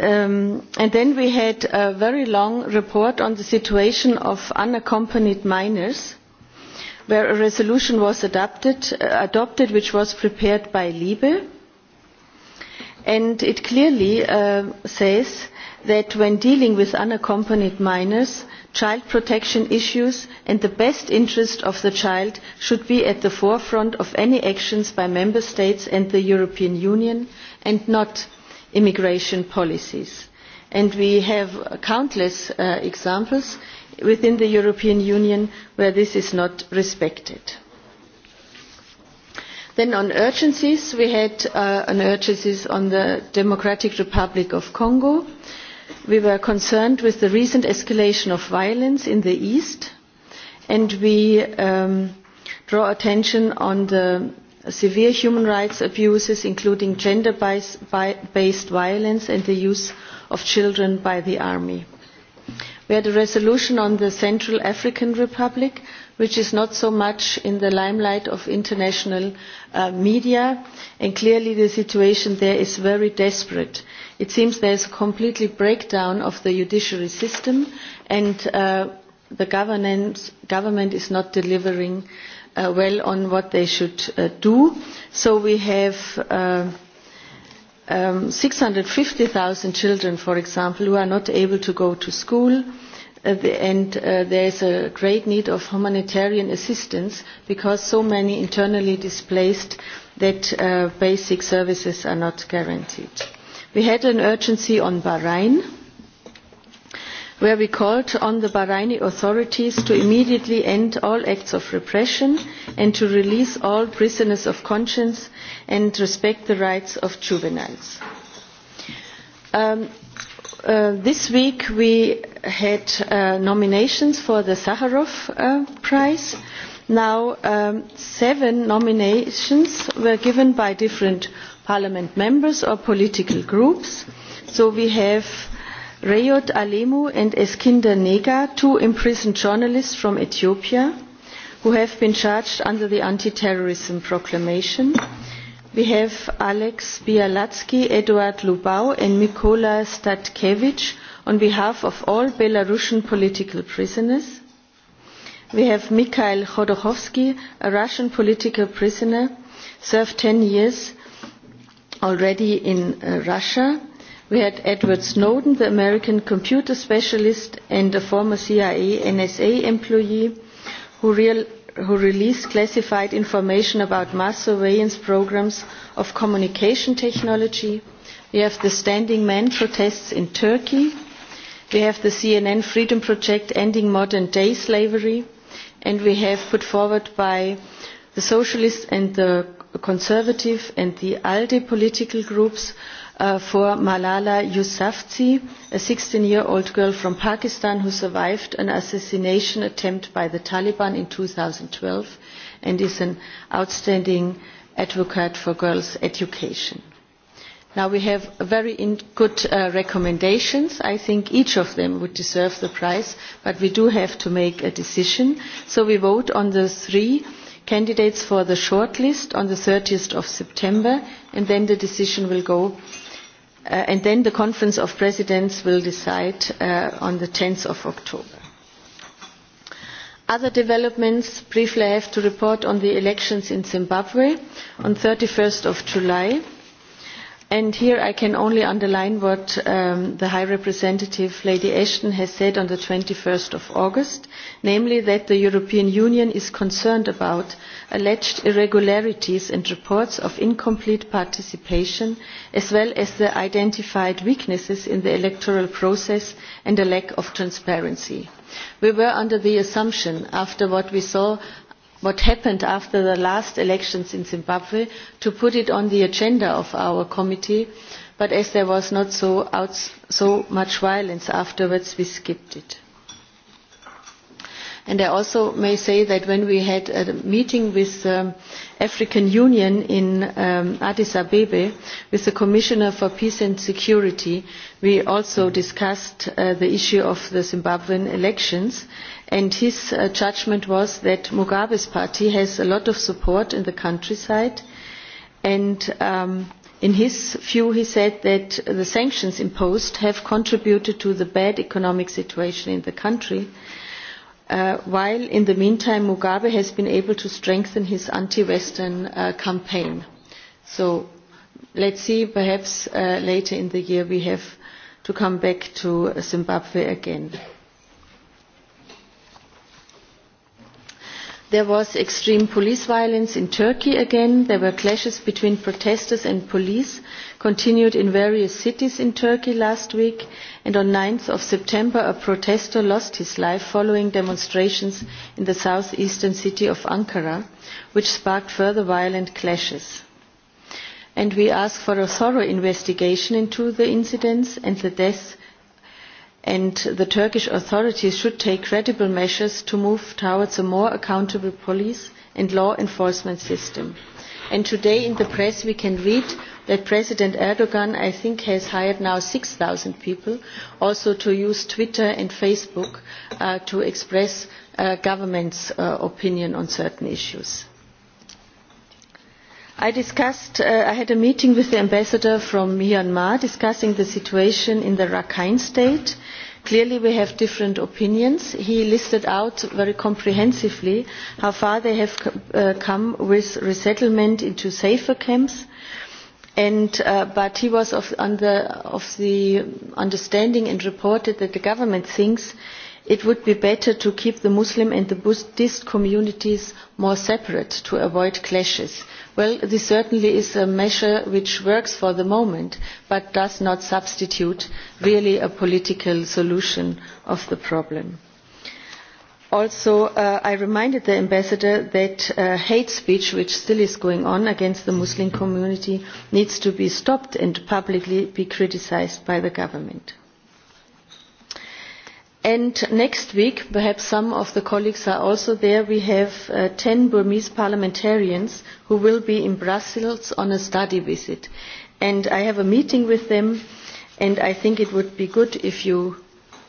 Um, and then we had a very long report on the situation of unaccompanied minors where a resolution was adopted, uh, adopted which was prepared by libe and it clearly uh, says that when dealing with unaccompanied minors child protection issues and the best interest of the child should be at the forefront of any actions by member states and the european union and not immigration policies. And we have countless uh, examples within the European Union where this is not respected. Then on urgencies, we had uh, an urgencies on the Democratic Republic of Congo. We were concerned with the recent escalation of violence in the east, and we um, draw attention on the severe human rights abuses including gender based violence and the use of children by the army. we had a resolution on the central african republic which is not so much in the limelight of international uh, media and clearly the situation there is very desperate. it seems there is a complete breakdown of the judiciary system and uh, the government is not delivering uh, uh, well on what they should uh, do. So we have uh, um, 650,000 children, for example, who are not able to go to school. Uh, the, and uh, there is a great need of humanitarian assistance because so many internally displaced that uh, basic services are not guaranteed. We had an urgency on Bahrain. Uh, where we called on the Bahraini authorities to immediately end all acts of repression and to release all prisoners of conscience and respect the rights of juveniles. Um, uh, this week we had uh, nominations for the Sakharov uh, Prize. Now, um, seven nominations were given by different parliament members or political groups. So we have uh, Rayot Alemu and Eskinder Nega, two imprisoned journalists from Ethiopia who have been charged under the anti-terrorism proclamation. We have Alex Bialatsky, Eduard Lubau and Mikola Statkevich on behalf of all Belarusian political prisoners. We have Mikhail Khodorkovsky, a Russian political prisoner, served 10 years already in uh, Russia we had edward snowden the american computer specialist and a former cia nsa employee who, real, who released classified information about mass surveillance programs of communication technology we have the standing man protests in turkey we have the cnn freedom project ending modern day slavery and we have put forward by the socialist and the conservative and the alde political groups uh, for Malala Yousafzai, a 16-year-old girl from Pakistan who survived an assassination attempt by the Taliban in 2012 and is an outstanding advocate for girls' education. Now we have very in good uh, recommendations. I think each of them would deserve the prize, but we do have to make a decision. So we vote on the three candidates for the shortlist on the 30th of September, and then the decision will go Uh, and then the Conference of Presidents will decide uh, on the 10th of October. Other developments, briefly I have to report on the elections in Zimbabwe on 31st of July. And here I can only underline what um, the High Representative Lady Ashton has said on the 21st of August, namely that the European Union is concerned about alleged irregularities and reports of incomplete participation, as well as the identified weaknesses in the electoral process and a lack of transparency. We were under the assumption, after what we saw what happened after the last elections in zimbabwe to put it on the agenda of our committee but as there was not so, out, so much violence afterwards we skipped it. And I also may say that when we had a meeting with the um, African Union in um, Addis Abebe with the Commissioner for Peace and Security, we also discussed uh, the issue of the Zimbabwean elections and his uh, judgment was that Mugabe's party has a lot of support in the countryside and um, in his view he said that the sanctions imposed have contributed to the bad economic situation in the country uh, while in the meantime Mugabe has been able to strengthen his anti-Western uh, campaign. So let's see, perhaps uh, later in the year we have to come back to Zimbabwe again. there was extreme police violence in turkey again there were clashes between protesters and police continued in various cities in turkey last week and on nine september a protester lost his life following demonstrations in the south eastern city of ankara which sparked further violent clashes. And we ask for a thorough investigation into the incidents and the deaths and the turkish authorities should take credible measures to move towards a more accountable police and law enforcement system. And today in the press we can read that President Erdogan, I think, has hired now 6,000 people also to use Twitter and Facebook uh, to express uh, government's uh, opinion on certain issues. I discussed, uh, I had a meeting with the ambassador from Myanmar discussing the situation in the Rakhine state clearly we have different opinions. he listed out very comprehensively how far they have uh, come with resettlement into safer camps and, uh, but he was of, under, of the understanding and reported that the government thinks that it would be better to keep the muslim and the buddhist communities more separate to avoid clashes. well this certainly is a measure which works for the moment but does not substitute really a political solution of the problem. also uh, i reminded the ambassador that uh, hate speech which still is going on against the muslim community needs to be stopped and publicly be criticised by the government. And next week, perhaps some of the colleagues are also there, we have uh, 10 Burmese parliamentarians who will be in Brussels on a study visit. And I have a meeting with them, and I think it would be good if you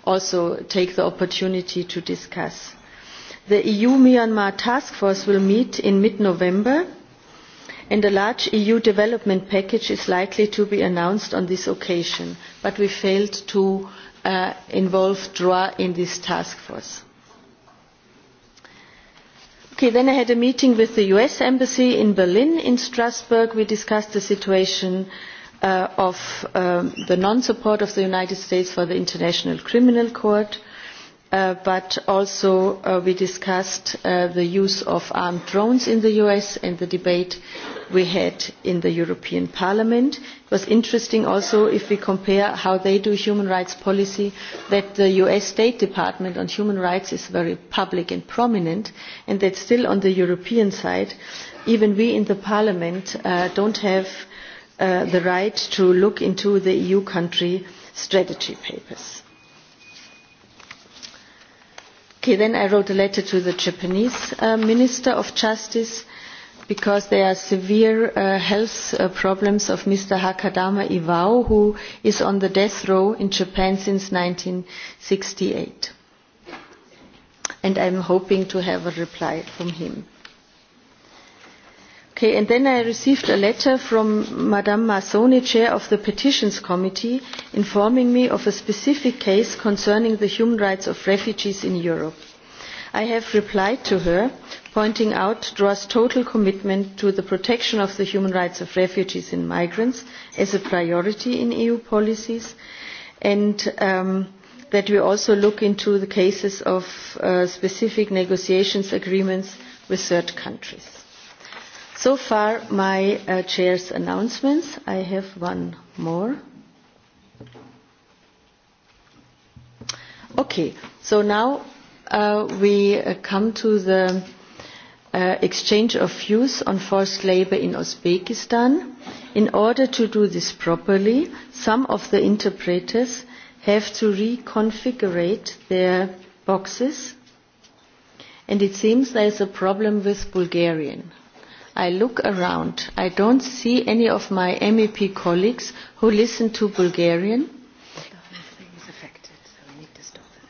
also take the opportunity to discuss. The EU-Myanmar Task Force will meet in mid-November, and a large EU development package is likely to be announced on this occasion, but we failed to uh, involve DROA in this task force. Okay, then I had a meeting with the US Embassy in Berlin. In Strasbourg, we discussed the situation uh, of um, the non-support of the United States for the International Criminal Court, uh, but also uh, we discussed uh, the use of armed drones in the US and the debate we had in the European Parliament. It was interesting also if we compare how they do human rights policy that the US State Department on human rights is very public and prominent and that still on the European side even we in the Parliament uh, don't have uh, the right to look into the EU country strategy papers. Okay, then I wrote a letter to the Japanese uh, Minister of Justice uh, because there are severe uh, health uh, problems of Mr. Hakadama Iwao, who is on the death row in Japan since 1968. And I'm hoping to have a reply from him. Okay, and then I received a letter from Madame Mazzoni, chair of the Petitions Committee, informing me of a specific case concerning the human rights of refugees in Europe. I have replied to her pointing out draws total commitment to the protection of the human rights of refugees and migrants as a priority in eu policies and um, that we also look into the cases of uh, specific negotiations agreements with third countries. So far, my uh, chair's announcements. I have one more. Okay, so now uh, we uh, come to the uh, exchange of views on forced labor in Uzbekistan. In order to do this properly, some of the interpreters have to reconfigure their boxes. And it seems there's a problem with Bulgarian. I look around. I don't see any of my MEP colleagues who listen to Bulgarian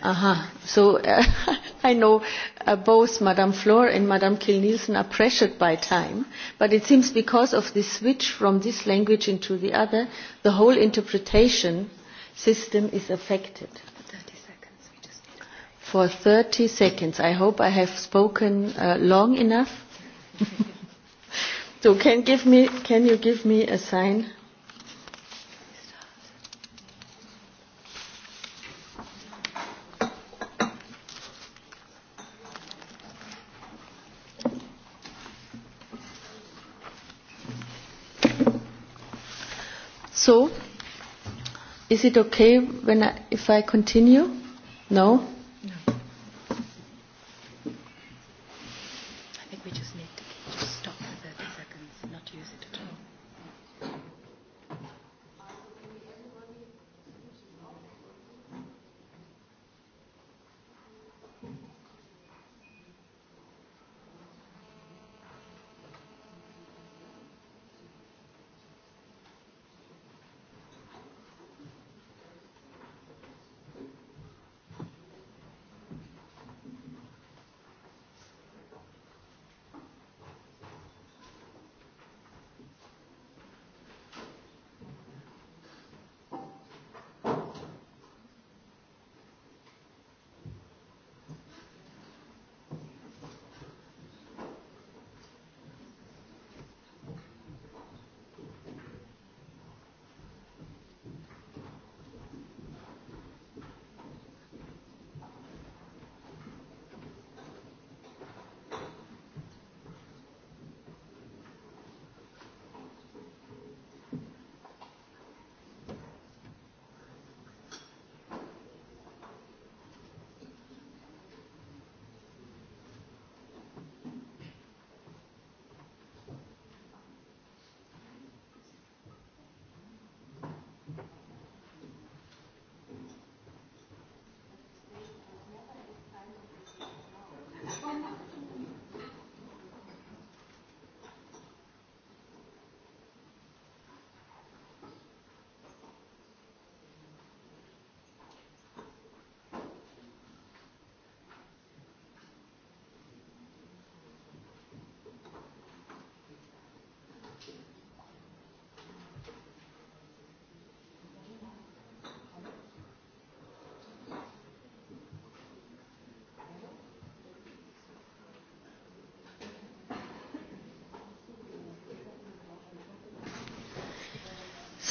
Aha, so uh, I know uh, both Madame Flor and Madame Kiel-Nielsen are pressured by time, but it seems because of the switch from this language into the other, the whole interpretation system is affected. 30 seconds, we just need to... For 30 seconds. I hope I have spoken uh, long enough. so can, give me, can you give me a sign? So, is it okay when I, if I continue? No?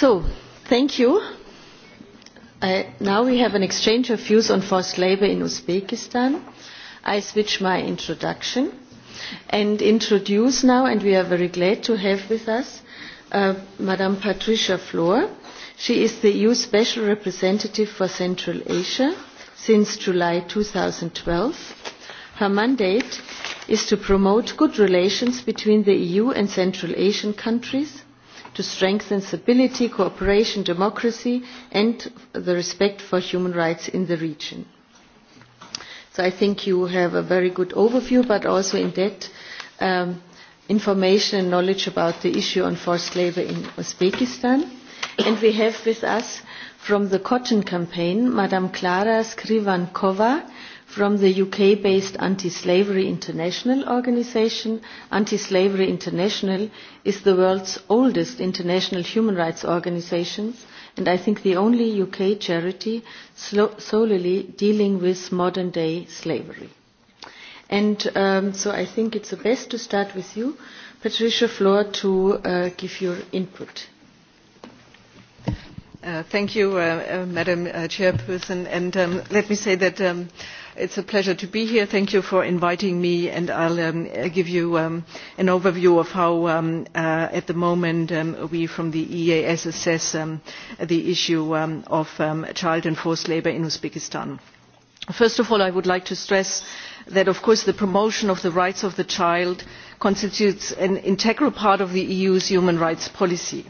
So, thank you. Uh, now we have an exchange of views on forced labor in Uzbekistan. I switch my introduction and introduce now, and we are very glad to have with us uh, Madame Patricia Floor. She is the EU Special Representative for Central Asia since July 2012. Her mandate is to promote good relations between the EU and Central Asian countries to strengthen stability cooperation democracy and respect for human rights in the region. so i think you have a very good overview but also in depth um, information and knowledge about the issue on forced labour in uzbekistan and we have with us from the cotton campaign madam klara skrivankova from the UK based Anti Slavery International organization. Anti Slavery International is the world's oldest international human rights organization and I think the only UK charity solely dealing with modern day slavery. And um, so I think it's best to start with you, Patricia Floor, to uh, give your input. Uh, thank you, uh, uh, Madam uh, Chairperson. And um, let me say that um, uh, it is a pleasure to be here. thank you for inviting me and i will um, give you um, an overview of how um, uh, at the moment um, we from the eeas assess um, the issue of child and forced labour in uzbekistan first of all i would like to stress that of course the promotion of the rights of the child constitutes an integral part of the eu's human rights policy.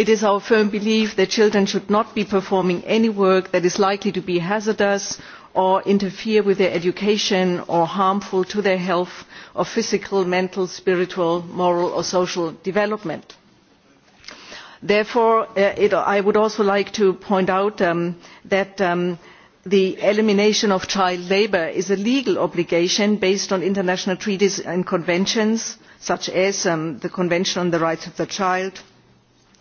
it is our firm belief that children should not be performing any work that is likely to be hazardous or interfere with their education or harmful to their health or physical mental spiritual moral or social development. therefore uh, it, i would also like to point out um, that um, the elimination of child labour is a legal obligation based on international treaties and conventions such as um, the convention on the rights of the child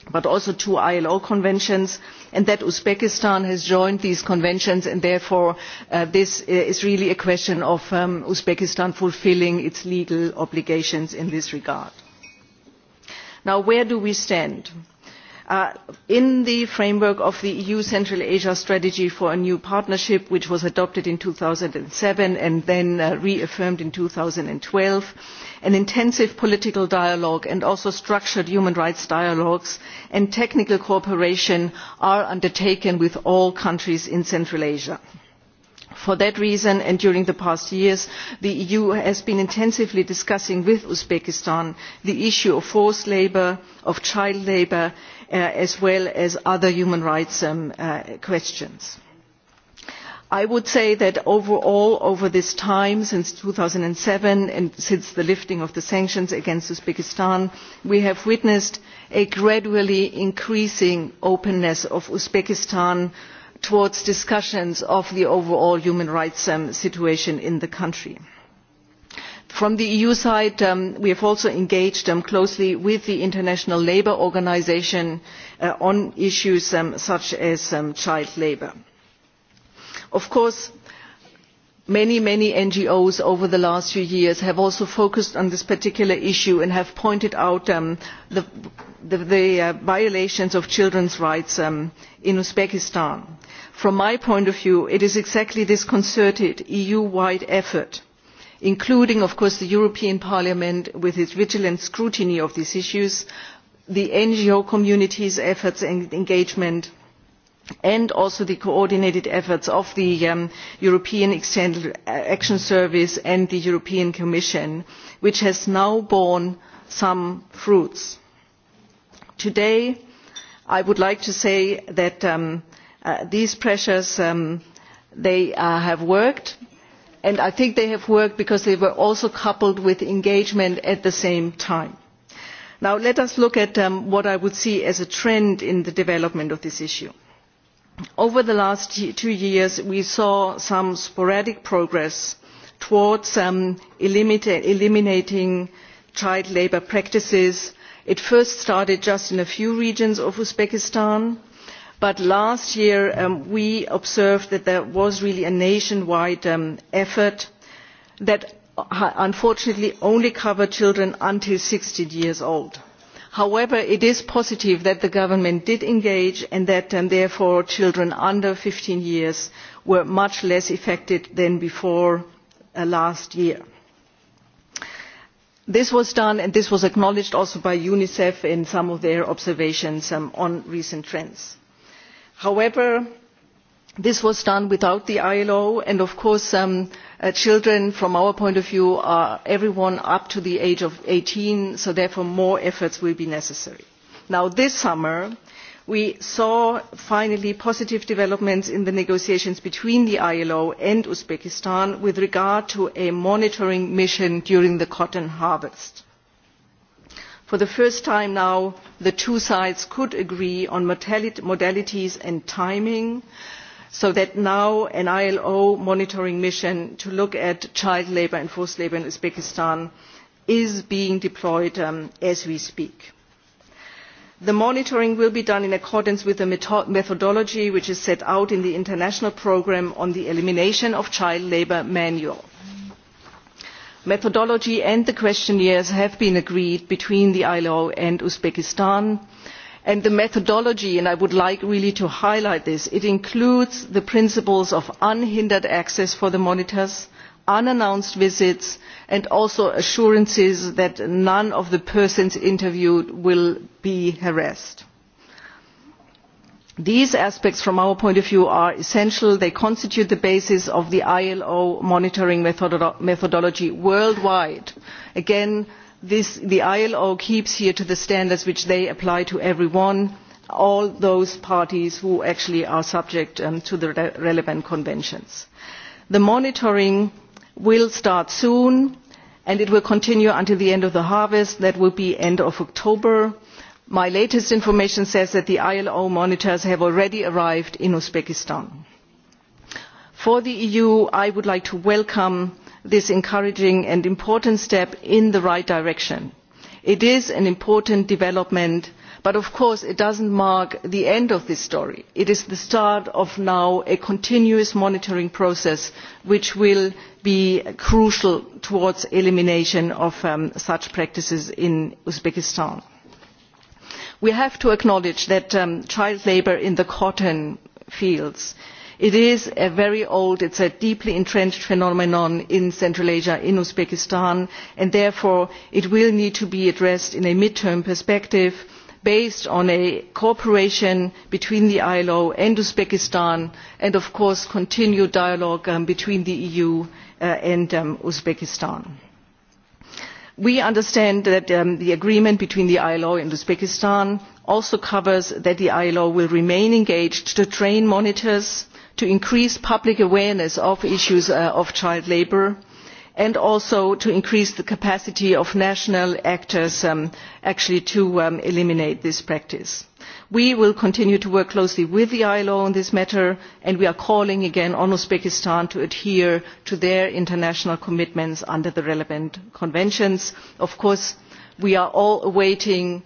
but also two ilo conventions and that uzbekistan has joined these conventions and therefore uh, this is really a question of um, uzbekistan fulfilling its legal obligations in this regard. now where do we stand? Uh, in the framework of the eu central asia strategy for a new partnership which was adopted in two thousand and seven and then uh, reaffirmed in two thousand and twelve an intensive political dialogue and also structured human rights dialogues and technical cooperation are undertaken with all countries in central asia for that reason and during the past years the eu has been intensively discussing with uzbekistan the issue of forced labour of child labour uh, as well as other human rights um, uh, questions. I would say that overall, over this time, since 2007 and since the lifting of the sanctions against Uzbekistan, we have witnessed a gradually increasing openness of Uzbekistan towards discussions of the overall human rights um, situation in the country from the eu side um, we have also engaged um, closely with the international labour organisation uh, on issues um, such as um, child labour. of course many many ngos over the last few years have also focused on this particular issue and have pointed out um, the, the, the uh, violations of children's rights um, in uzbekistan. from my point of view it is exactly this concerted eu wide effort including of course the european parliament with its vigilant scrutiny of these issues the ngo community's efforts and engagement and also the coordinated efforts of the um, european external action service and the european commission which has now borne some fruits. today i would like to say that um, uh, these pressures um, they, uh, have worked and i think they have worked because they were also coupled with engagement at the same time. now let us look at um, what i would see as a trend in the development of this issue. over the last two years we saw some sporadic progress towards um, eliminating child labour practices. it first started just in a few regions of uzbekistan but last year um, we observed that there was really a nationwide um, effort that uh, unfortunately only covered children until sixteen years old. however it is positive that the government did engage and that um, therefore children under fifteen years were much less affected than before uh, last year this was done and this was acknowledged also by unicef in some of their observations um, on recent trends however this was done without the ilo and of course um, uh, children from our point of view are everyone up to the age of eighteen so therefore more efforts will be necessary. Now, this summer we saw finally positive developments in the negotiations between the ilo and uzbekistan with regard to a monitoring mission during the cotton harvest for the first time now the two sides could agree on modalities and timing so that now an ilo monitoring mission to look at child labour and forced labour in uzbekistan is being deployed um, as we speak. the monitoring will be done in accordance with the methodology which is set out in the international programme on the elimination of child labour manual methodology and the questionnaires have been agreed between the ilo and uzbekistan and the methodology and i would like really to highlight this includes the principles of unhindered access for the monitors unannounced visits and also assurances that none of the persons interviewed will be harassed these aspects from our point of view are essential they constitute the basis of the ilo monitoring methodolo methodology worldwide. again this, the ilo keeps here to the standards which they apply to everyone all those parties who actually are subject um, to the re relevant conventions. the monitoring will start soon and it will continue until the end of the harvest that will be the end of october my latest information says that the ilo monitors have already arrived in uzbekistan. for the eu i would like to welcome this encouraging and important step in the right direction. it is an important development but of course it does not mark the end of this story. it is the start of now a continuous monitoring process which will be crucial towards the elimination of um, such practices in uzbekistan we have to acknowledge that um, child labour in the cotton fields it is very old it is a deeply entrenched phenomenon in central asia in uzbekistan and therefore it will need to be addressed in a mid term perspective based on cooperation between the ilo and uzbekistan and of course continued dialogue um, between the eu uh, and um, uzbekistan we understand that um, the agreement between the ilo and uzbekistan also covers that the ilo will remain engaged to train monitors to increase public awareness of issues uh, of child labour and also to increase the capacity of national actors um, actually to um, eliminate this practice we will continue to work closely with the ilo on this matter and we are calling again on uzbekistan to adhere to their international commitments under the relevant conventions. of course we are all awaiting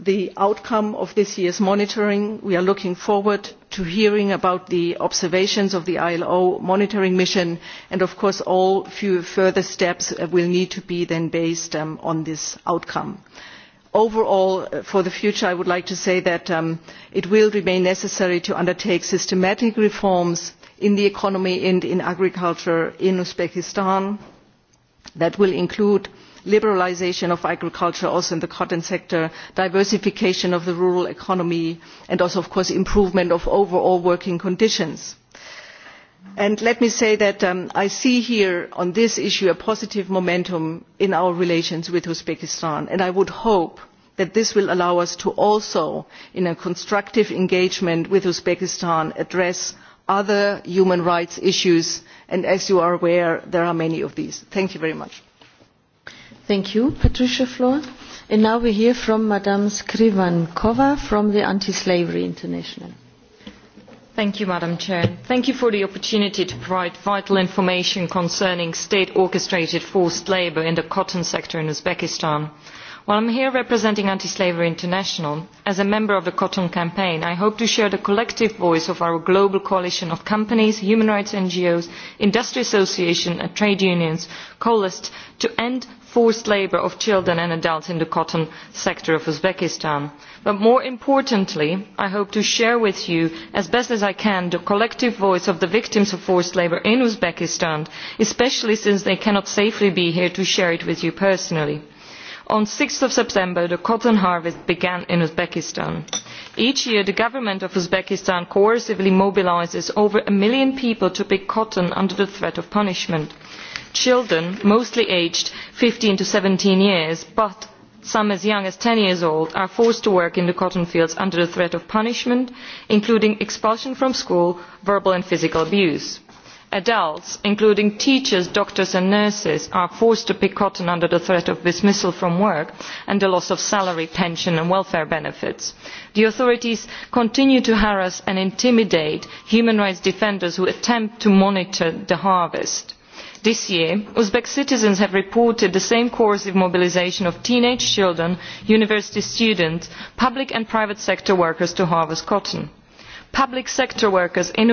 the outcome of this year's monitoring. we are looking forward to hearing about the observations of the ilo monitoring mission and of course all further steps will need to be then based um, on this outcome overall uh, for the future i would like to say that um, it will remain necessary to undertake systematic reforms in the economy and in agriculture in uzbekistan that will include liberalisation of agriculture also in the cotton sector diversification of the rural economy and also of course improvement of overall working conditions And let me say that um, i see here on this issue a positive momentum in our relations with uzbekistan and i would hope that this will allow us to also in a constructive engagement with uzbekistan address other human rights issues and as you are aware there are many of these. thank you very much. thank you patricia flohr. and now we hear from ms skrivankova from the anti slavery international. Thank you, Madam Chair. Thank you for the opportunity to provide vital information concerning state-orchestrated forced labour in the cotton sector in Uzbekistan. While I'm here representing Anti-Slavery International, as a member of the Cotton Campaign, I hope to share the collective voice of our global coalition of companies, human rights NGOs, industry associations and trade unions coalesced to end forced labour of children and adults in the cotton sector of Uzbekistan but more importantly i hope to share with you as best as i can the collective voice of the victims of forced labour in uzbekistan especially since they cannot safely be here to share it with you personally. on six september the cotton harvest began in uzbekistan. each year the government of uzbekistan coercively mobilises over a million people to pick cotton under the threat of punishment children mostly aged fifteen to seventeen years but some as young as ten years old are forced to work in the cotton fields under the threat of punishment including expulsion from school verbal and physical abuse. adults including teachers doctors and nurses are forced to pick cotton under the threat of dismissal from work and the loss of salary pension and welfare benefits. the authorities continue to harass and intimidate human rights defenders who attempt to monitor the harvest this year uzbek citizens have reported the same coercive mobilisation of teenage children university students public and private sector workers to harvest cotton. public sector workers in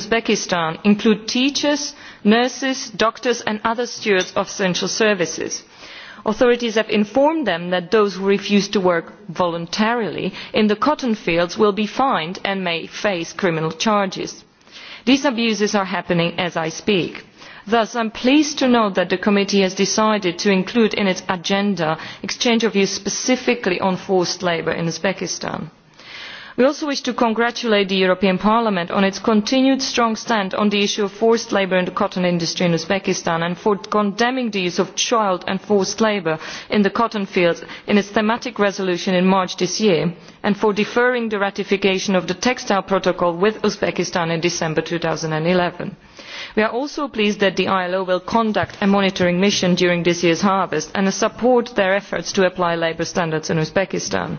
uzbekistan include teachers nurses doctors and other stewards of essential services authorities have informed them that those who refuse to work voluntarily in the cotton fields will be fined and may face criminal charges. these abuses are happening as i speak thus i am pleased to note that the committee has decided to include in its agenda exchange of views specifically on forced labour in uzbekistan. we also wish to congratulate the european parliament on its continued strong stand on the issue of forced labour in the cotton industry in uzbekistan and for condemning the use of child and forced labour in the cotton fields in its thematic resolution in march this year and for deferring the ratification of the textile protocol with uzbekistan in december. two thousand and eleven we are also pleased that the ilo will conduct a monitoring mission during this year's harvest and support their efforts to apply labour standards in uzbekistan.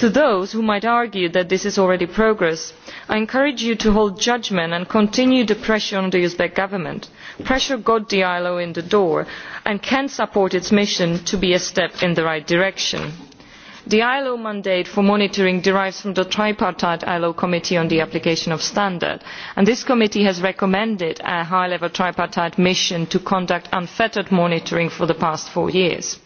to those who might argue that this is already progress i encourage you to hold judgment and continue the pressure on the uzbek government. pressure got the ilo in the door and can support its mission to be a step in the right direction the ilo mandate for monitoring derives from the tripartite ilo committee on the application of standards and this committee has recommended a high level tripartite mission to conduct unfettered monitoring for the past four years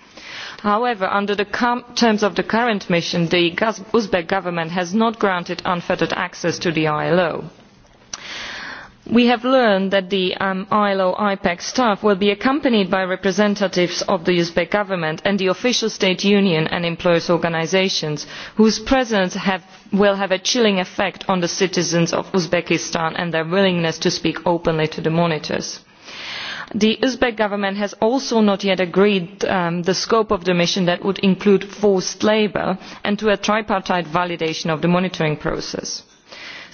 however under the terms of the current mission the uzbek government has not granted unfettered access to the ilo we have learned that the um, ilo ipac e staff will be accompanied by representatives of the uzbek government and the official state union and employers' organisations whose presence have, will have a chilling effect on the citizens of uzbekistan and their willingness to speak openly to the monitors the uzbek government has also not yet agreed um, the scope of the mission that would include forced labour and to a tripartite validation of the monitoring process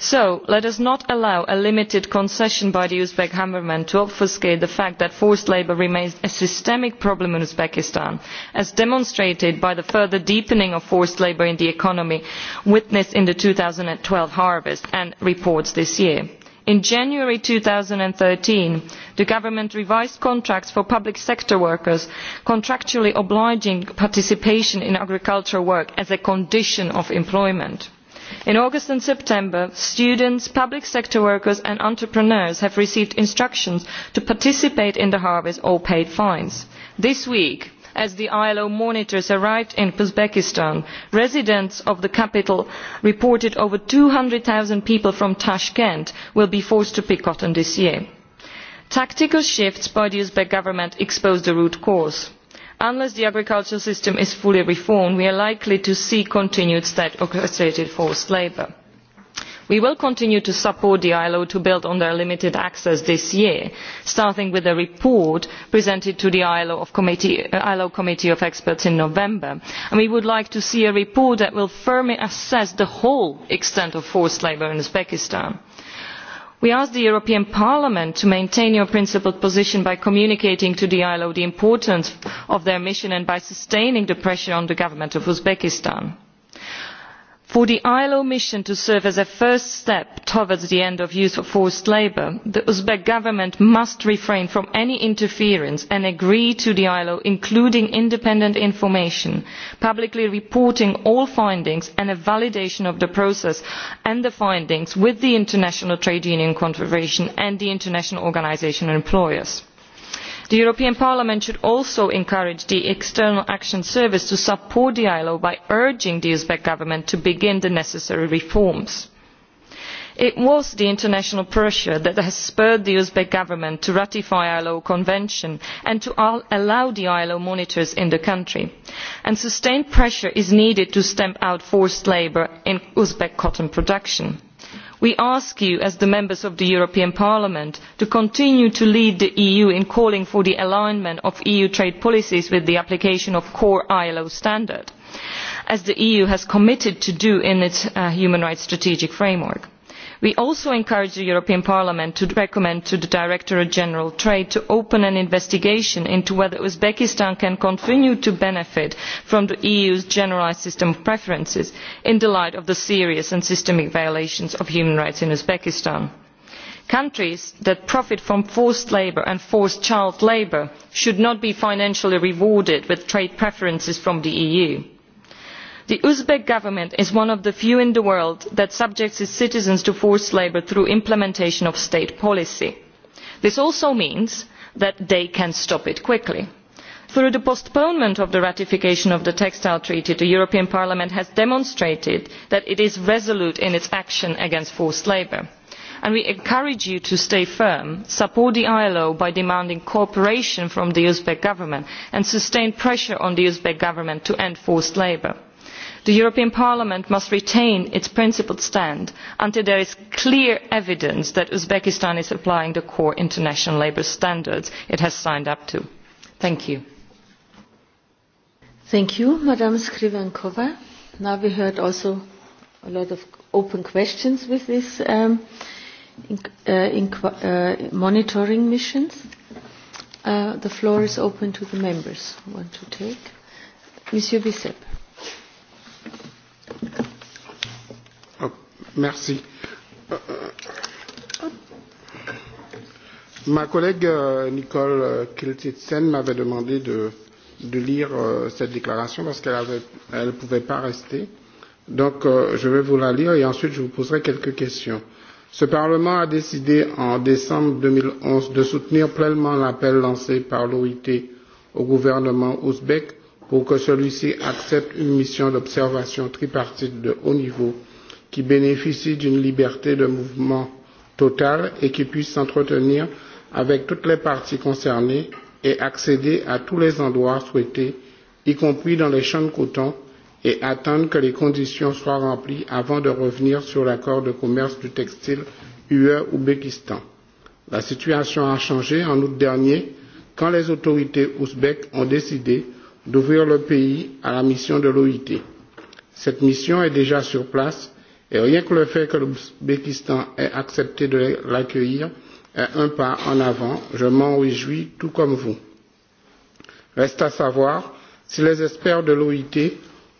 so let us not allow a limited concession by the uzbek government to obfuscate the fact that forced labour remains a systemic problem in uzbekistan as demonstrated by the further deepening of forced labour in the economy witnessed in the two thousand and twelve harvest and reports this year in january two thousand and thirteen the government revised contracts for public sector workers contractually obliging participation in agricultural work as a condition of employment in august and september students public sector workers and entrepreneurs have received instructions to participate in the harvest or pay fines. this week as the ilo monitors arrived in uzbekistan residents of the capital reported over two hundred zero people from tashkent will be forced to pick cotton this year. tactical shifts by the uzbek government expose the root cause unless the agricultural system is fully reformed we are likely to see continued state orchestrated forced labour. we will continue to support the ilo to build on their limited access this year starting with a report presented to the ilo committee, uh, ilo committee of experts in november and we would like to see a report that will firmly assess the whole extent of forced labour in uzbekistan we ask the european parliament to maintain your principled position by communicating to the ilo the importance of their mission and by sustaining the pressure on the government of uzbekistan for the ilo mission to serve as a first step towards the end of use of forced labour the uzbek government must refrain from any interference and agree to the ilo including independent information publicly reporting all findings and a validation of the process and the findings with the international trade union confederation and the international organisation of employers the european parliament should also encourage the external action service to support the ilo by urging the uzbek government to begin the necessary reforms. it was international pressure that has spurred the uzbek government to ratify the ilo convention and to allow the ilo monitors in the country and sustained pressure is needed to stamp out forced labour in uzbek cotton production we ask you as the members of the european parliament to continue to lead the eu in calling for the alignment of eu trade policies with the application of core ilo standards as the eu has committed to do in its uh, human rights strategic framework we also encourage the european parliament to recommend to the directorate general for trade to open an investigation into whether uzbekistan can continue to benefit from the eu's generalised system of preferences in the light of the serious and systemic violations of human rights in uzbekistan countries that profit from forced labour and forced child labour should not be financially rewarded with trade preferences from the eu the uzbek government is one of the few in the world that subjects its citizens to forced labour through implementation of state policy. this also means that they can stop it quickly. through the postponement of the ratification of the textile treaty the european parliament has demonstrated that it is resolute in its action against forced labour and we encourage you to stay firm support the ilo by demanding cooperation from the uzbek government and sustain pressure on the uzbek government to end forced labour the european parliament must retain its principled stand until there is clear evidence that uzbekistan is applying the core international labour standards it has signed up to. thank you. thank you madam skrivankova. now we heard also a lot of open questions with these um, in, uh, in, uh, monitoring missions. Uh, the floor is open to the members who want to take. Monsieur Bissep. Oh, merci. Euh, euh, ma collègue euh, Nicole Kiltitsen m'avait demandé de, de lire cette déclaration parce qu'elle ne elle pouvait pas rester. Donc je vais vous la lire et ensuite je vous poserai quelques questions. Ce Parlement a décidé en décembre 2011 de soutenir pleinement l'appel lancé par l'OIT au gouvernement ouzbek pour que celui-ci accepte une mission d'observation tripartite de haut niveau qui bénéficie d'une liberté de mouvement totale et qui puisse s'entretenir avec toutes les parties concernées et accéder à tous les endroits souhaités, y compris dans les champs de coton, et attendre que les conditions soient remplies avant de revenir sur l'accord de commerce du textile UE-Ouzbékistan. La situation a changé en août dernier quand les autorités ouzbèques ont décidé d'ouvrir le pays à la mission de l'OIT. Cette mission est déjà sur place et rien que le fait que l'Ouzbékistan ait accepté de l'accueillir est un pas en avant. Je m'en réjouis tout comme vous. Reste à savoir si les experts de l'OIT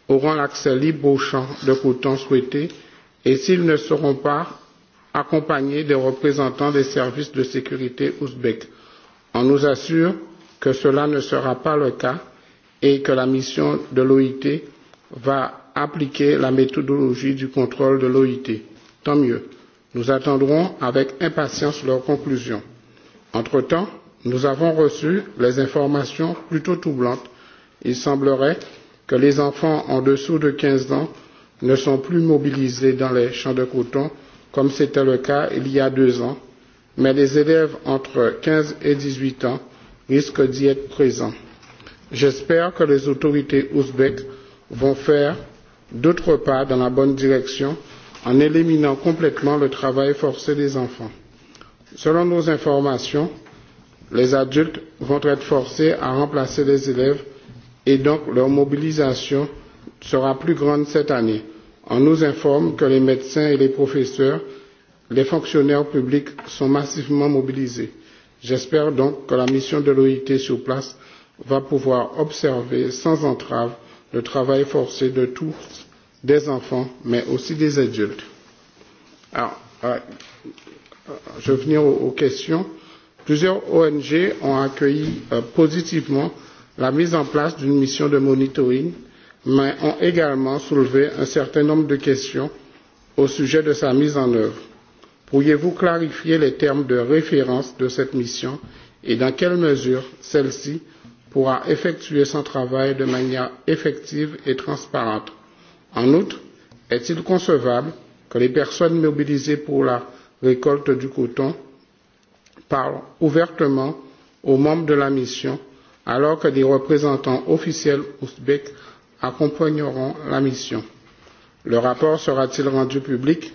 auront l'accès libre au champ de coton souhaité et s'ils ne seront pas accompagnés des représentants des services de sécurité ouzbeks. On nous assure que cela ne sera pas le cas et que la mission de l'OIT va appliquer la méthodologie du contrôle de l'OIT. Tant mieux. Nous attendrons avec impatience leurs conclusions. Entre-temps, nous avons reçu les informations plutôt troublantes. Il semblerait que les enfants en dessous de 15 ans ne sont plus mobilisés dans les champs de coton comme c'était le cas il y a deux ans, mais les élèves entre 15 et 18 ans risquent d'y être présents j'espère que les autorités ouzbèques vont faire d'autres pas dans la bonne direction en éliminant complètement le travail forcé des enfants. Selon nos informations, les adultes vont être forcés à remplacer les élèves et donc leur mobilisation sera plus grande cette année. On nous informe que les médecins et les professeurs, les fonctionnaires publics sont massivement mobilisés. J'espère donc que la mission de l'OIT sur place va pouvoir observer sans entrave le travail forcé de tous, des enfants, mais aussi des adultes. Alors, euh, euh je vais venir aux, aux questions. Plusieurs ONG ont accueilli euh, positivement la mise en place d'une mission de monitoring, mais ont également soulevé un certain nombre de questions au sujet de sa mise en œuvre. Pourriez-vous clarifier les termes de référence de cette mission et dans quelle mesure celle-ci pourra effectuer son travail de manière effective et transparente. En outre, est-il concevable que les personnes mobilisées pour la récolte du coton parlent ouvertement aux membres de la mission alors que des représentants officiels ouzbeks accompagneront la mission. Le rapport sera-t-il rendu public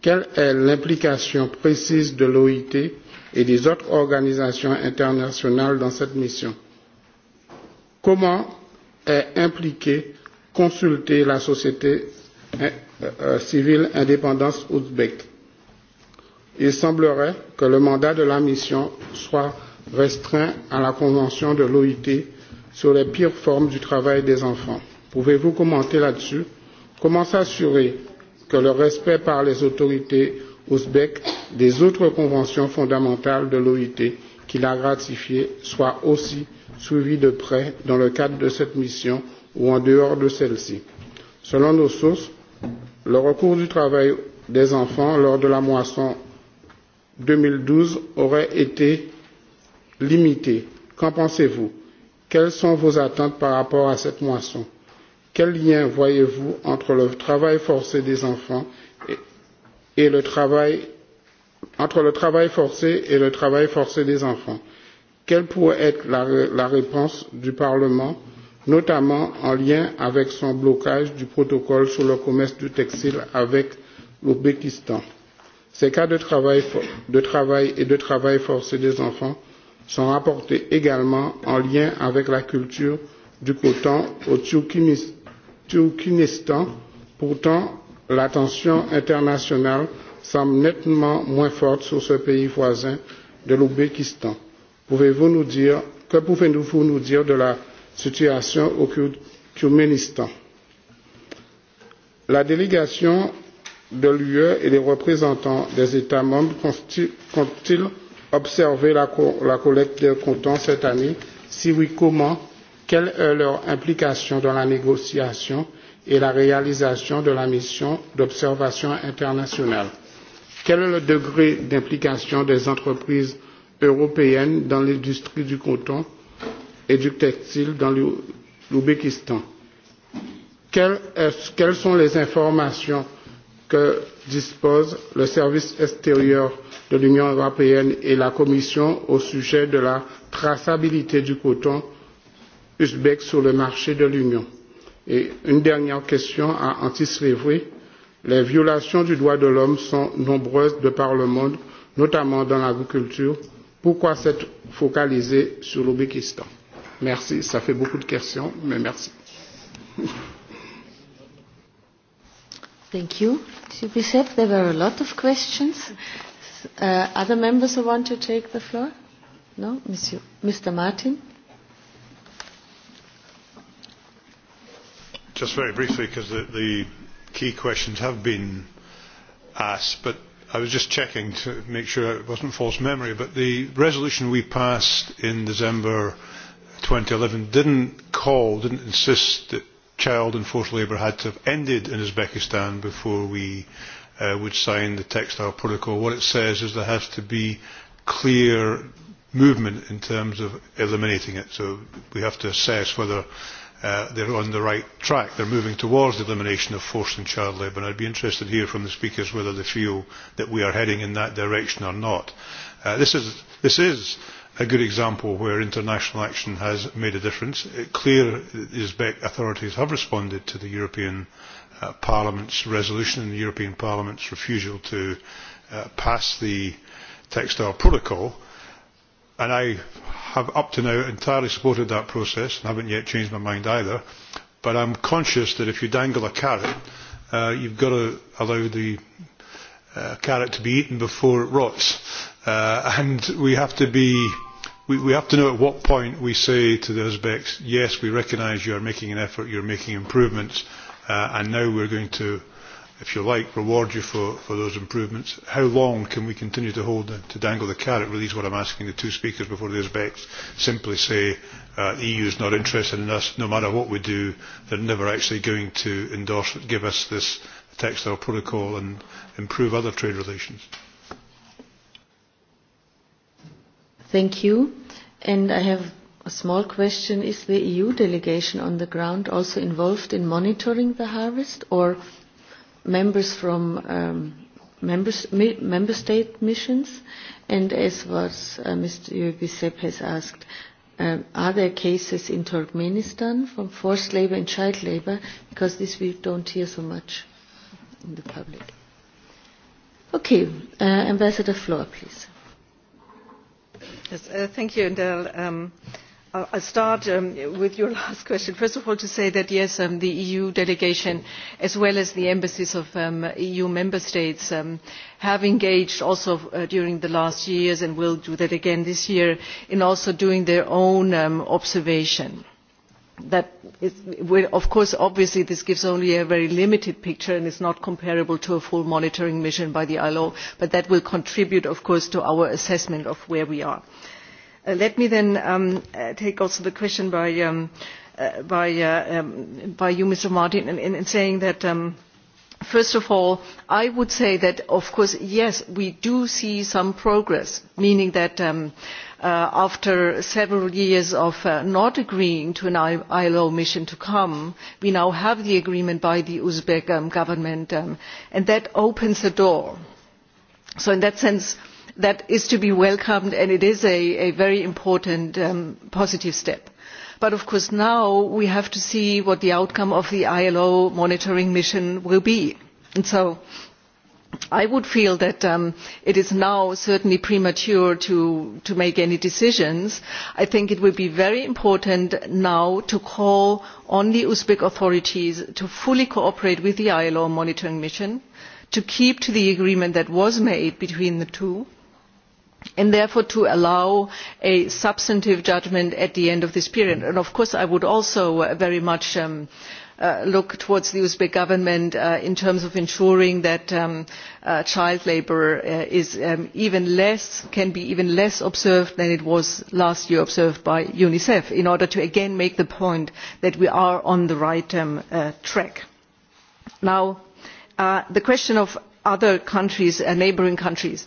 Quelle est l'implication précise de l'OIT et des autres organisations internationales dans cette mission Comment impliquer, consulter la société euh, euh, civile indépendante ouzbek Il semblerait que le mandat de la mission soit restreint à la Convention de l'OIT sur les pires formes du travail des enfants. Pouvez-vous commenter là-dessus Comment s'assurer que le respect par les autorités ouzbèques des autres conventions fondamentales de l'OIT qu'il a ratifiées soit aussi suivis de près dans le cadre de cette mission ou en dehors de celle-ci. Selon nos sources, le recours du travail des enfants lors de la moisson 2012 aurait été limité. Qu'en pensez-vous Quelles sont vos attentes par rapport à cette moisson Quel lien voyez-vous entre le travail forcé des enfants et, et le travail entre le travail forcé et le travail forcé des enfants Quelle pourrait être la, la réponse du Parlement, notamment en lien avec son blocage du protocole sur le commerce du textile avec l'Ouzbékistan Ces cas de travail, de travail et de travail forcé des enfants sont rapportés également en lien avec la culture du coton au Turkménistan. Pourtant, l'attention internationale semble nettement moins forte sur ce pays voisin de l'Ouzbékistan. Pouvez-vous nous dire, que pouvez-vous nous dire de la situation au Turkménistan La délégation de l'UE et les représentants des États membres comptent-ils observer la, co la collecte des comptants cette année Si oui, comment Quelle est leur implication dans la négociation et la réalisation de la mission d'observation internationale Quel est le degré d'implication des entreprises européenne dans l'industrie du coton et du textile dans l'Ouzbékistan. Quelles, quelles sont les informations que dispose le service extérieur de l'Union européenne et la Commission au sujet de la traçabilité du coton uzbek sur le marché de l'Union Et une dernière question à anti-slavery. Les violations du droit de l'homme sont nombreuses de par le monde, notamment dans l'agriculture, Pourquoi s'être focalisé sur l'Ouzbékistan Merci, ça fait beaucoup de questions, mais merci. Thank you. To be said, there were a lot of questions. Uh, other members who want to take the floor? No? Monsieur, Mr. Martin? Just very briefly, because the, the key questions have been asked, but I was just checking to make sure it wasn't false memory, but the resolution we passed in December 2011 didn't call, didn't insist that child and forced labour had to have ended in Uzbekistan before we uh, would sign the textile protocol. What it says is there has to be clear movement in terms of eliminating it. So we have to assess whether uh, they're on the right track. They're moving towards the elimination of forced and child labour. And I'd be interested to hear from the speakers whether they feel that we are heading in that direction or not. Uh, this is, this is a good example where international action has made a difference. It uh, clear the Uzbek authorities have responded to the European uh, Parliament's resolution and the European Parliament's refusal to uh, pass the textile protocol and I have up to now entirely supported that process and haven't yet changed my mind either. But I'm conscious that if you dangle a carrot, uh, you've got to allow the uh, carrot to be eaten before it rots. Uh, and we have to be, we, we have to know at what point we say to the Uzbeks, yes, we recognise you are making an effort, you're making improvements, uh, and now we're going to uh, if you like, reward you for, for those improvements. How long can we continue to hold the, to dangle the carrot? Really, is what I'm asking the two speakers before the Uzbeks. Simply say uh, the EU is not interested in us. No matter what we do, they're never actually going to endorse, give us this textile protocol, and improve other trade relations. Thank you. And I have a small question: Is the EU delegation on the ground also involved in monitoring the harvest, or? members from um, members, mi- member state missions, and as was uh, Mr. Yubisep has asked, um, are there cases in Turkmenistan from forced labor and child labor? Because this we don't hear so much in the public. Okay, uh, Ambassador Floor, please. Yes, uh, thank you, Indel. Um, uh, I'll start um, with your last question. First of all, to say that yes, um, the EU delegation, as well as the embassies of um, EU member states, um, have engaged also uh, during the last years and will do that again this year in also doing their own um, observation that is, of course obviously this gives only a very limited picture and is not comparable to a full monitoring mission by the ilo but that will contribute of course to our assessment of where we are. Uh, let me then um, uh, take also the question by, um, uh, by, uh, um, by you, Mr. Martin, in, in, in saying that um, first of all i would say that of course yes we do see some progress meaning that um, uh, after several years of uh, not agreeing to an ilo mission to come we now have the agreement by the uzbek um, government um, and that opens the door. so in that sense that is to be welcomed and it is a, a very important um, positive step. But of course now we have to see what the outcome of the ILO monitoring mission will be. And so I would feel that um, it is now certainly premature to, to make any decisions. I think it would be very important now to call on the Uzbek authorities to fully cooperate with the ILO monitoring mission, to keep to the agreement that was made between the two, and therefore to allow a substantive judgment at the end of this period. And of course i would also uh, very much um, uh, look towards the uzbek government uh, in terms of ensuring that um, uh, child labour uh, um, can be even less observed than it was last year observed by unicef in order to again make the point that we are on the right um, uh, track. now the question of other countries neighbouring countries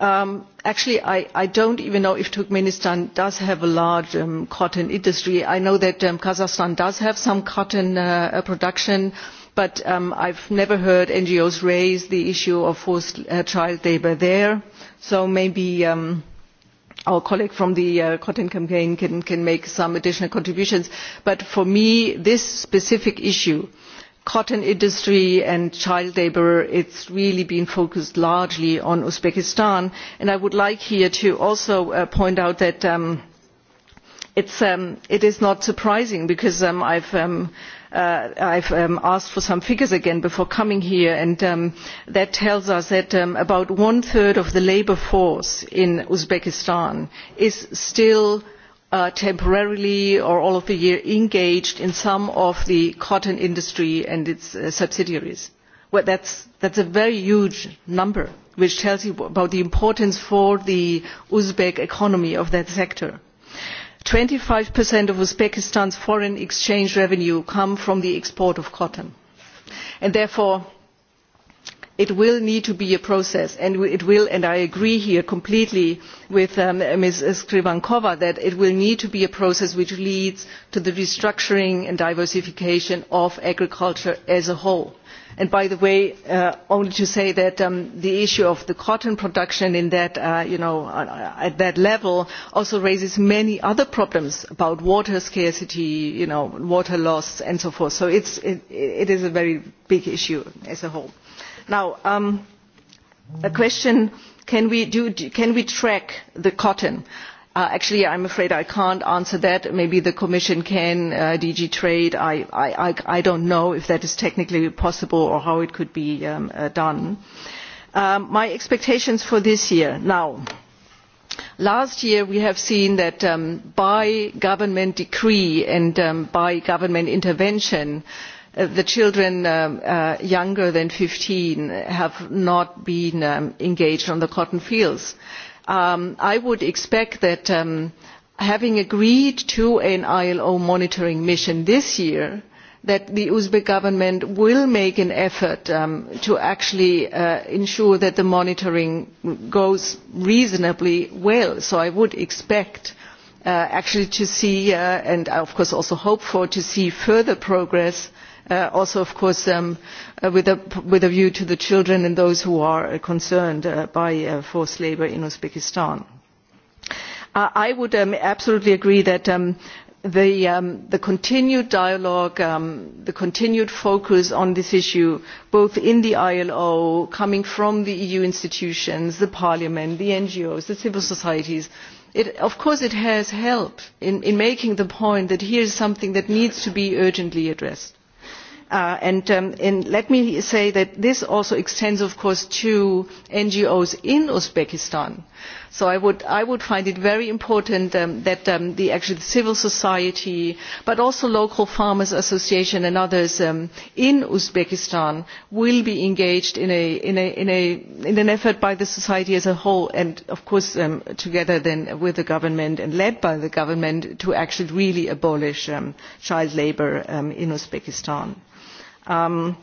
Um, actually I, i do not even know if turkmenistan does have a large um, cotton industry. i know that um, kazakhstan does have some cotton uh, uh production but um, i have never heard ngos raise the issue of forced uh, child labour there so maybe um, our colleague from the uh, cotton campaign can, can make some additional contributions. but for me this specific issue cotton industry and child labour it has really been focused largely on uzbekistan and i would like here to also uh, point out that um, um, it is not surprising because um, i have um, Uh, i have um, asked for some figures again before coming here and um, that tells us that um, about one third of the labour force in uzbekistan is still uh, temporarily or all of the year engaged in some of the cotton industry and its uh, subsidiaries. Well, that's, that's a very huge number, which tells you about the importance for the Uzbek economy of that sector. 25% of Uzbekistan's foreign exchange revenue come from the export of cotton. And therefore, it will need to be a process and it will and i agree here completely with um, ms skrivankov that it will need to be a process which leads to the restructuring and diversification of agriculture as a whole. And by the way uh, only to say that um, the issue of the cotton production uh, you know, uh, at that level also raises many other problems about water scarcity you know, water loss and so forth so it is a very big issue as a whole now um, a question can we, do, can we track the cotton? Uh, actually i am afraid i cannot answer that maybe the commission can uh, dg trade i, I, I do not know if that is technically possible or how it could be um, uh, done. Um, my expectations for this year now last year we have seen that um, by government decree and um, by government intervention Uh, the children um, uh, younger than fifteen have not been um, engaged on the cotton fields. Um, i would expect that um, having agreed to an ilo monitoring mission this year that the uzbek government will make an effort um, to actually uh, ensure that the monitoring goes reasonably well so i would expect uh, actually to see uh, and of course also hope for to see further progress uh, also of course um, uh, with, a, with a view to the children and those who are uh, concerned uh, by uh, forced labour in Uzbekistan. Uh, I would um, absolutely agree that um, the, um, the continued dialogue, um, the continued focus on this issue, both in the ILO, coming from the EU institutions, the Parliament, the NGOs, the civil societies, It, of course it has helped in, in making the point that here is something that needs to be urgently addressed. Uh, and, um, and let me say that this also extends of course to ngos in uzbekistan so i would, I would find it very important um, that um, the, actually the civil society but also local farmers associations and others um, in uzbekistan will be engaged in, a, in, a, in, a, in an effort by the society as a whole and of course um, together then with the government and led by the government to actually really abolish um, child labour um, in uzbekistan. Um,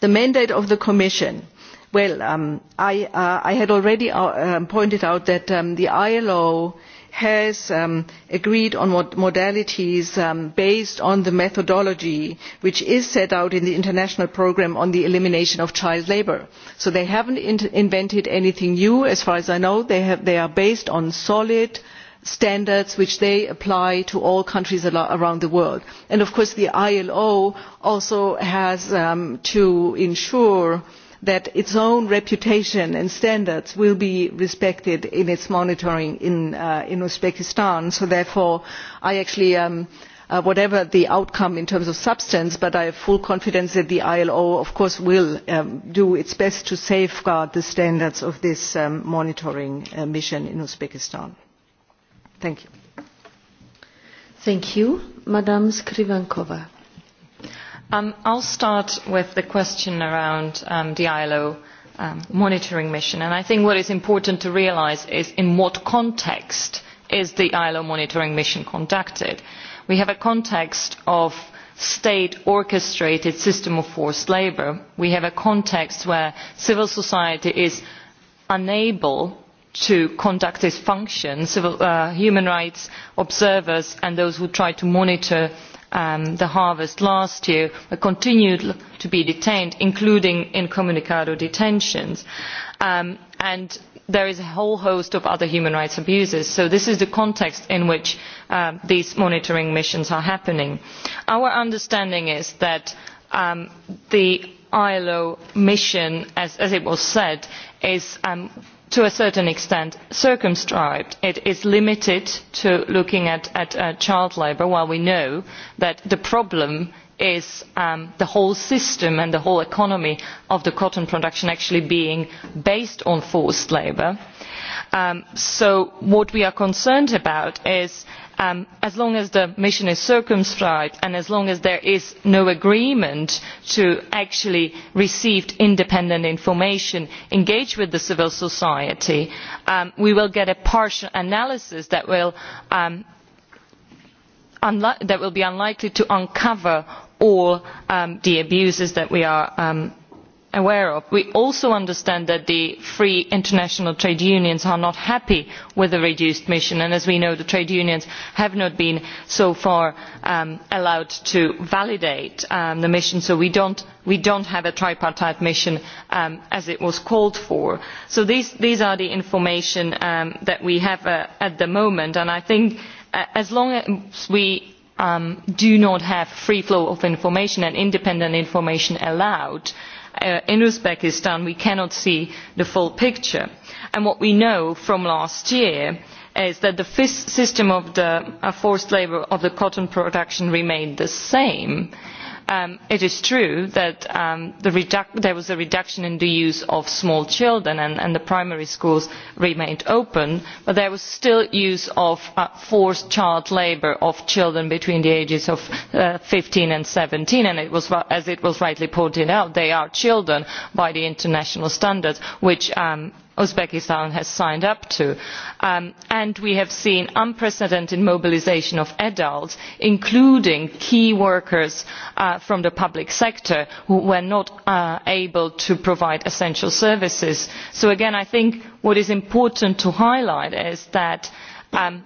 the mandate of the Commission. Well, um, I, uh, I had already uh, um, pointed out that um, the ILO has um, agreed on what modalities um, based on the methodology which is set out in the international programme on the elimination of child labour. so they have not in invented anything new as far as i know they, have, they are based on solid standards which they apply to all countries around the world. And of course the ilo also has um, to ensure that its own reputation and standards will be respected in its monitoring in, uh, in uzbekistan so therefore i actually um, uh, whatever the outcome in terms of substance but i have full confidence that the ilo of course will um, do its best to safeguard the standards of this um, monitoring uh, mission in uzbekistan. Thank you. Thank you. Madam Skrivankova. Um, I'll start with the question around um, the ILO um, monitoring mission. And I think what is important to realize is in what context is the ILO monitoring mission conducted. We have a context of state orchestrated system of forced labour. We have a context where civil society is unable to conduct its functions civil, uh, human rights observers and those who tried to monitor um, the harvest last year continued to be detained including incommunicado detentions um, and there is a whole host of other human rights abuses so this is the context in which uh, these monitoring missions are happening. our understanding is that um, the ilo mission as, as was said is um, to a certain extent circumscribed. it is limited to looking at, at uh, child labour while we know that the problem is um, the whole system and the whole economy of the cotton production actually being based on forced labour. Um, so what we are concerned about is um, as long as the mission is circumscribed and as long as there is no agreement to actually receive independent information engage with civil society um, we will get a partial analysis that will, um, that will be unlikely to uncover all um, the abuses that we are um, aware of we also understand that the three international trade unions are not happy with the reduced mission and as we know the trade unions have not been so far um, allowed to validate um, the mission so we do not have a tripartite mission um, as it was called for. so these, these is the information um, that we have uh, at the moment and i think uh, as long as we um, do not have free flow of information and independent information allowed uh, in uzbekistan we cannot see the full picture and what we know from last year is that the system of the uh, forced labour of the cotton production remained the same and Um, it is true that um, the there was a reduction in the use of small children and, and the primary schools remained open but there was still use of uh, forced child labour of children between the ages of uh, fifteen uh, and seventeen and it was, as it was rightly pointed out they are children by the international standards which um, uzbekistan has signed up to um, and we have seen unprecedented mobilisation of adults including key workers uh, from the public sector who were not uh, able to provide essential services. so again i think what is important to highlight is that um,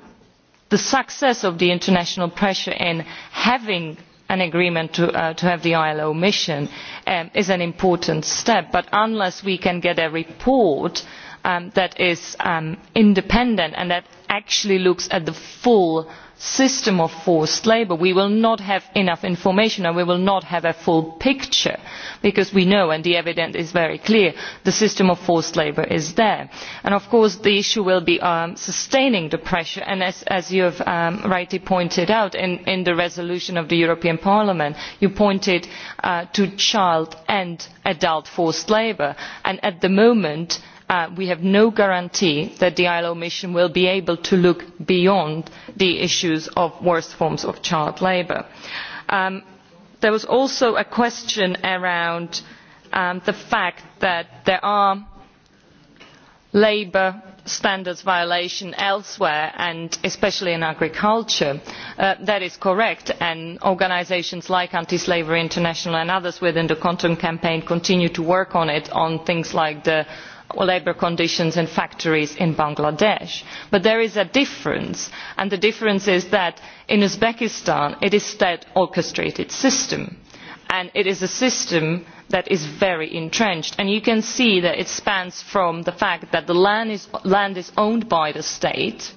the success of the international pressure in having an agreement to, uh, to have the ilo mission um, is an important step but unless we can get a report from um, that is um, independent and that actually looks at the full system of forced labour we will not have enough information and we will not have a full picture because we know and the evidence is very clear the system of forced labour is there. And of course the issue will be um, sustaining the pressure and as, as you have um, rightly pointed out in, in the resolution of the european parliament you pointed uh, to child and adult forced labour and at the moment uh, Uh, we have no guarantee that the ilo mission will be able to look beyond the issues of the worst forms of child labour. Um, there was also a question around um, the fact that there are labour standards violations elsewhere and especially in agriculture. Uh, that is correct and organisations like anti slavery international and others within the cotton campaign continue to work on it on things like the labour conditions in factories in bangladesh but there is a difference and the difference is that in uzbekistan it is a state orchestrated system and it is a system that is very entrenched and you can see that it spans from the fact that the land is, land is owned by the state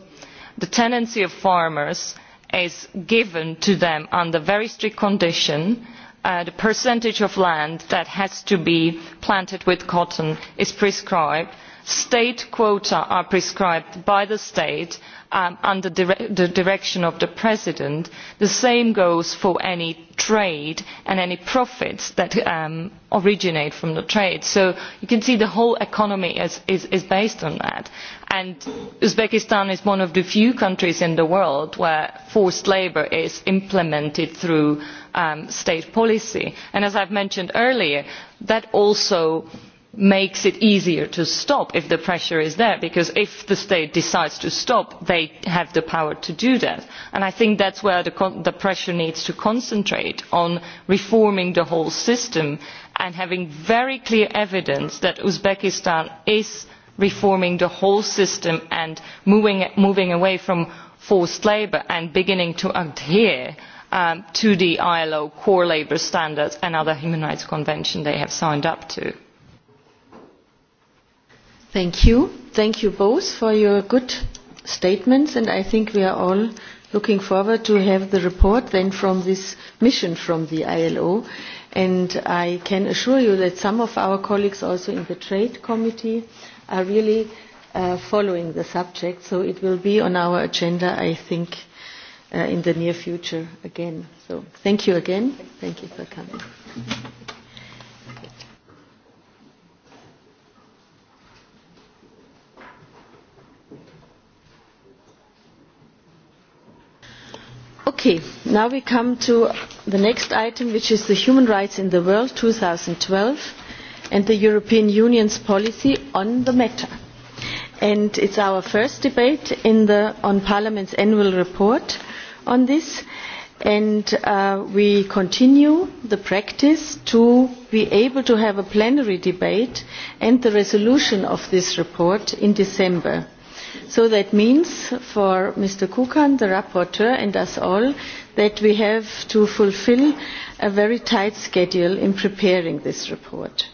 the tenancy of farmers is given to them under very strict conditions uh, the percentage of land that has to be planted with cotton is prescribed state quotas are prescribed by the state um, under dire the direction of the president. the same goes for any trade and any profits that um, originate from the trade. so you can see the whole economy is, is, is based on that. and uzbekistan is one of the few countries in the world where forced labour is implemented through um, state policy and as i mentioned earlier that also makes it easier to stop if the pressure is there because if the state decides to stop they have the power to do that and i think that is where the, the pressure needs to concentrate on reforming the whole system and having very clear evidence that uzbekistan is reforming the whole system and moving, moving away from forced labour and beginning to adhere um, to the ILO core labour standards and other human rights convention they have signed up to. Thank you. Thank you both for your good statements and I think we are all looking forward to have the report then from this mission from the ILO and I can assure you that some of our colleagues also in the trade committee are really uh, following the subject so it will be on our agenda I think uh, in the near future again. So thank you again. Thank you for coming. Okay, now we come to the next item, which is the Human Rights in the World 2012 and the European Union's policy on the matter and it's our first debate in the, on Parliament's annual report on this and uh, we continue the practice to be able to have a plenary debate and the resolution of this report in December. So that means for Mr. Kukan, the rapporteur, and us all, that we have to fulfill a very tight schedule in preparing this report.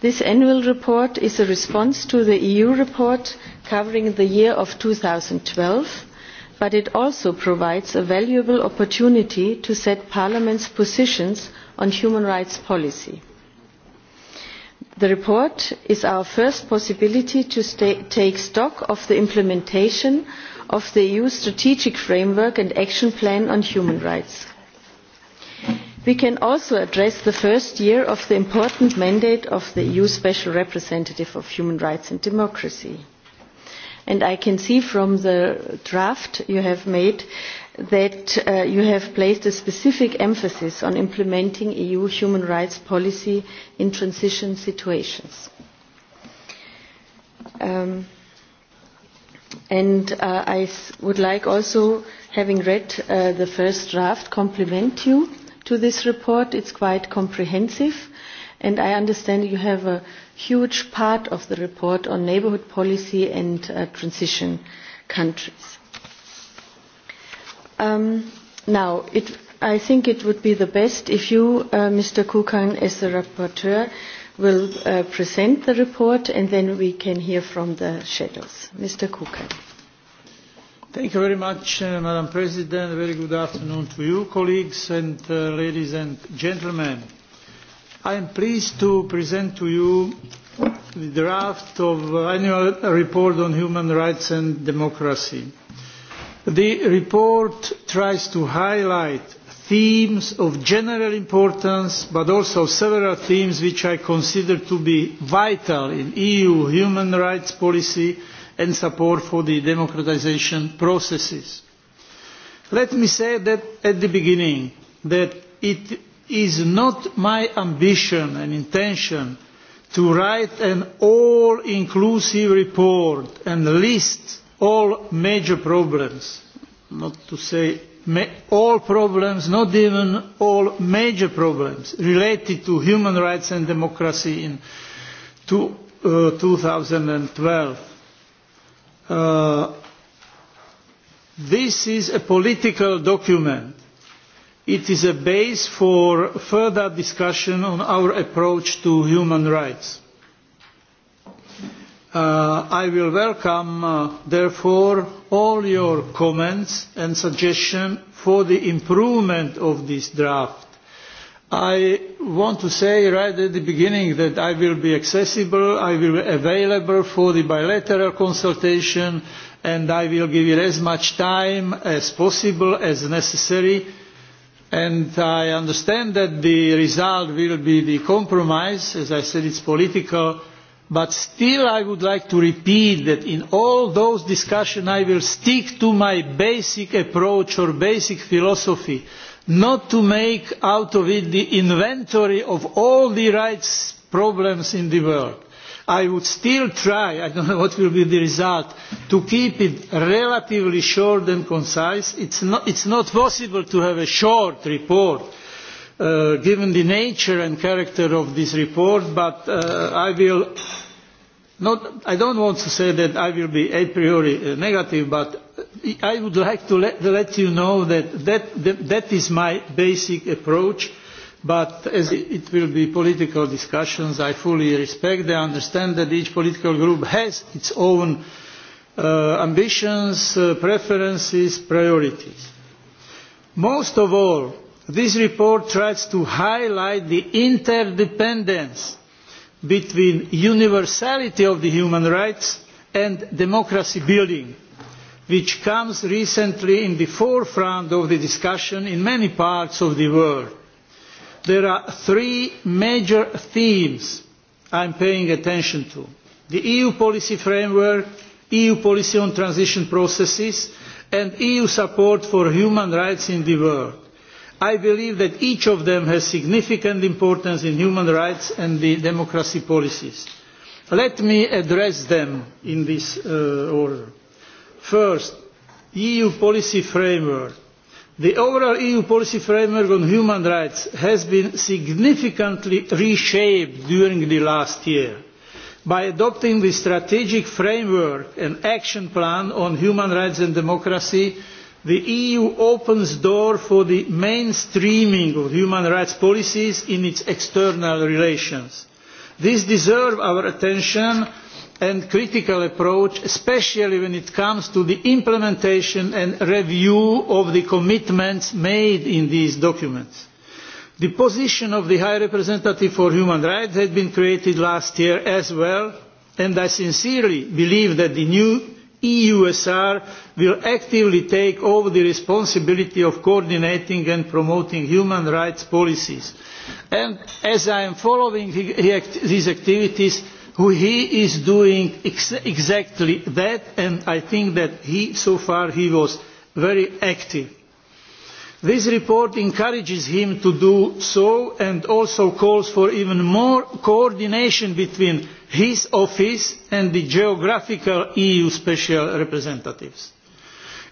This annual report is a response to the EU report covering the year of 2012 but it also provides a valuable opportunity to set parliament's positions on human rights policy. the report is our first possibility to take stock of the implementation of the eu strategic framework and action plan on human rights. we can also address the first year of the important mandate of the eu special representative for human rights and democracy and I can see from the draft you have made that uh, you have placed a specific emphasis on implementing EU human rights policy in transition situations. Um, and uh, I would like also, having read uh, the first draft, compliment you to this report. It's quite comprehensive, and I understand you have a huge part of the report on neighbourhood policy and uh, transition countries. Um, now, it, I think it would be the best if you, uh, Mr. Kukan, as the rapporteur, will uh, present the report and then we can hear from the shadows. Mr. Kukan. Thank you very much, uh, Madam President. Very good afternoon to you, colleagues and uh, ladies and gentlemen. Uh, I am pleased to present to you the draft of annual report on human rights and democracy. The report tries to highlight themes of general importance, but also several themes which I consider to be vital in EU human rights policy and support for the democratization processes. Let me say that at the beginning that it is not my ambition and intention to write an all inclusive report and list all major problems not to say all problems not even all major problems related to human rights and democracy in two, uh, 2012 uh, this is a political document it is a base for further discussion on our approach to human rights. Uh, I will welcome, uh, therefore, all your comments and suggestions for the improvement of this draft. I want to say right at the beginning that I will be accessible, I will be available for the bilateral consultation, and I will give it as much time as possible, as necessary, uh, and I understand that the result will be the compromise. As I said, it's political. But still, I would like to repeat that in all those discussions, I will stick to my basic approach or basic philosophy, not to make out of it the inventory of all the rights problems in the world I would still try, I don't know what will be the result, to keep it relatively short and concise. It's not, it's not possible to have a short report uh, given the nature and character of this report, but uh, I will not, I don't want to say that I will be a priori uh, negative, but I would like to let, let you know that that, that that is my basic approach but as it will be political discussions i fully respect them. i understand that each political group has its own uh, ambitions uh, preferences priorities. most of all this report tries to highlight the interdependence between universality of the human rights and democracy building which comes recently in the forefront of the discussion in many parts of the world there are three major themes i am paying attention to the eu policy framework eu policy on transition processes and eu support for human rights in the world. i believe that each of them has significant importance in human rights and the democracy policies. let me address them in this uh, order. first eu policy framework the overall eu policy framework on human rights has been significantly reshaped during the last year by adopting the strategic framework and action plan on human rights and democracy the eu opens the door for the mainstreaming of human rights policies in its external relations. this deserves our attention and and critical approach especially when it comes to the implementation and review of the commitments made in these documents. the position of the high representative for human rights had been created last year as well and i sincerely believe that the new eusr will actively take over the responsibility of coordinating and promoting human rights policies and as i am following his activities he is doing ex exactly that and i think that he so far he was very active this report encourages him to do so and also calls for even more coordination between his office and the geographical eu special representatives.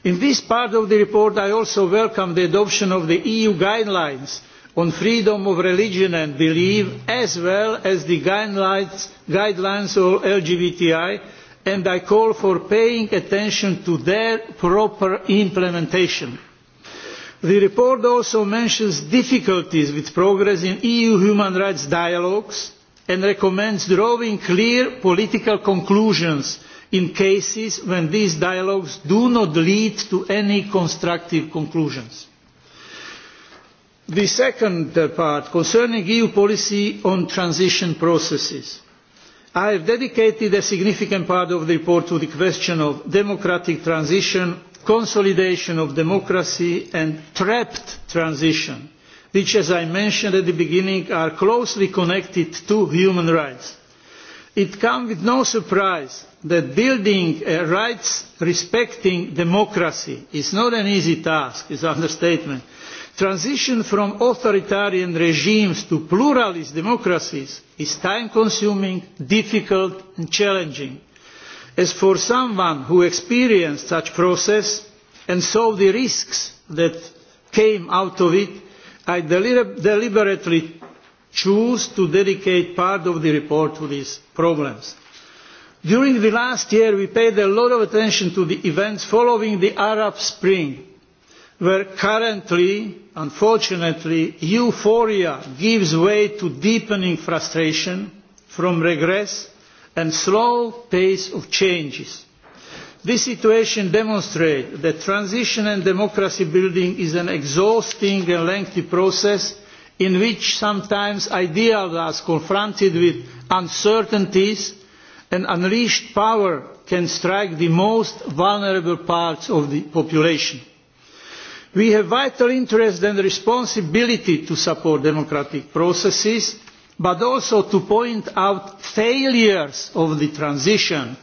in this part of the report i also welcome the adoption of the eu guidelines on freedom of religion and belief as well as the guidelines, guidelines on lgbti and i call for paying attention to their proper implementation. the report also mentions difficulties with progress in eu human rights dialogues and recommends drawing clear political conclusions in cases when these dialogues do not lead to any constructive conclusions the second uh, part concerning eu policy on transition processes i have dedicated a significant part of the report to the question of democratic transition consolidation of democracy and trapped transition which as i mentioned at the beginning are closely connected to human rights. it comes as no surprise that building a rights respecting democracy is not an easy task it is an understatement transition from authoritarian regimes to pluralist democracies is time consuming difficult and challenging. as for someone who experienced such a process and saw the risks that came out of it i deliberately chose to dedicate part of the report to these problems. during the last year we paid a lot of attention to the events following the arab spring where currently, unfortunately, euphoria gives way to deepening frustration from regress and slow pace of changes. This situation demonstrates that transition and democracy building is an exhausting and lengthy process in which sometimes ideas are confronted with uncertainties and unleashed power can strike the most vulnerable parts of the population we have vital interest and responsibility to support democratic processes but also to point out failures of the transition.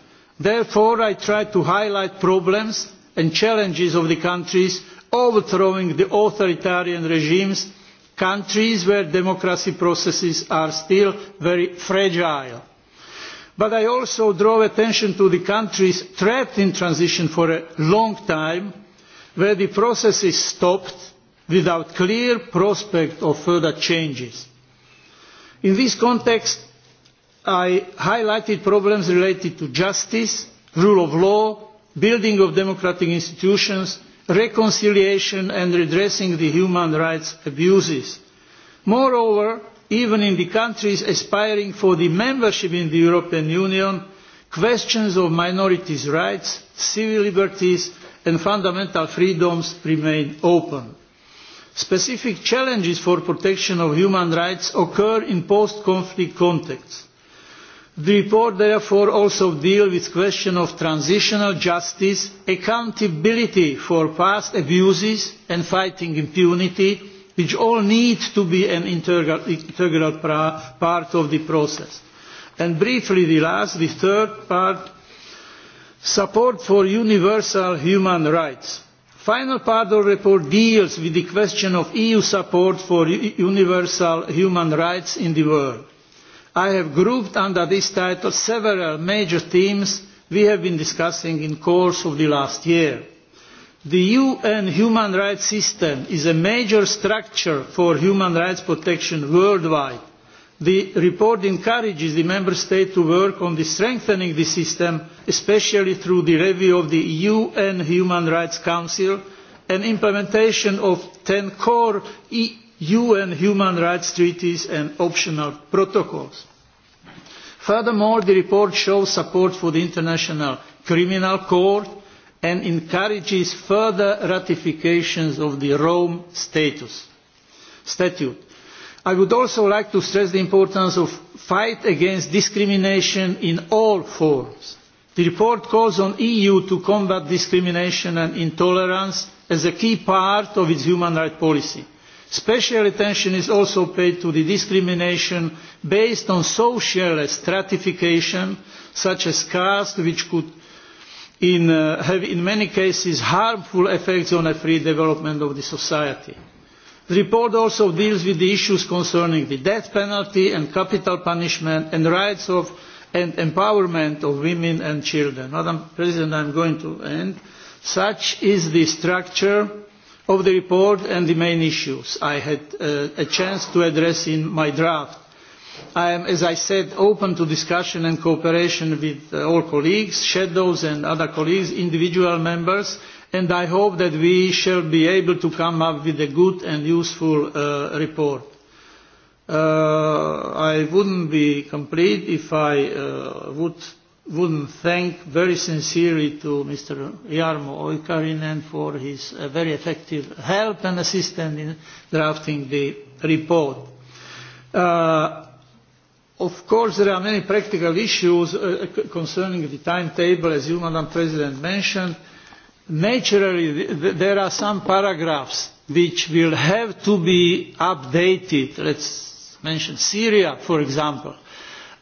therefore i tried to highlight problems and challenges of the countries overthrowing the authoritarian regimes countries where democracy processes are still very fragile. but i also drew attention to the countries trapped in transition for a long time where the process is stopped without clear prospect of further changes. In this context, I highlighted problems related to justice, rule of law, building of democratic institutions, reconciliation and redressing the human rights abuses. Moreover, even in the countries aspiring for the membership in the European Union, questions of minorities' rights, civil liberties, and fundamental freedoms remain open. Specific challenges for protection of human rights occur in post-conflict contexts. The report therefore also deals with the question of transitional justice, accountability for past abuses and fighting impunity, which all need to be an integral, integral part of the process. And briefly, the last, the third part support for universal human rights. the final part of the report deals with the question of eu support for universal human rights in the world. i have grouped under this title several major themes we have been discussing in the course of the last year. the un human rights system is a major structure for human rights protection worldwide the report encourages the member states to work on the strengthening the system especially through the review of the un human rights council and implementation of ten core e-, un human rights treaties and optional protocols. furthermore the report shows support for the international criminal court and encourages further ratifications of the rome status, statute I would also like to stress the importance of fight against discrimination in all forms. The report calls on EU to combat discrimination and intolerance as a key part of its human rights policy. Special attention is also paid to the discrimination based on social stratification, such as caste, which could in, uh, have in many cases harmful effects on the free development of the society The report also deals with the issues concerning the death penalty and capital punishment and rights of and empowerment of women and children. Madam President, I am going to end. Such is the structure of the report and the main issues I had uh, a chance to address in my draft. I am, as I said, open to discussion and cooperation with uh, all colleagues, shadows and other colleagues, individual members, uh, and I hope that we shall be able to come up with a good and useful uh, report. Uh, I wouldn't be complete if I uh, would, wouldn't thank very sincerely to Mr. Jarmo Oikarinen for his uh, very effective help and assistance in drafting the report. Uh, Of course, there are many practical issues uh, concerning the timetable, as you, Madam President, mentioned. Uh, naturally th there are some paragraphs which will have to be updated. Let's mention Syria, for example.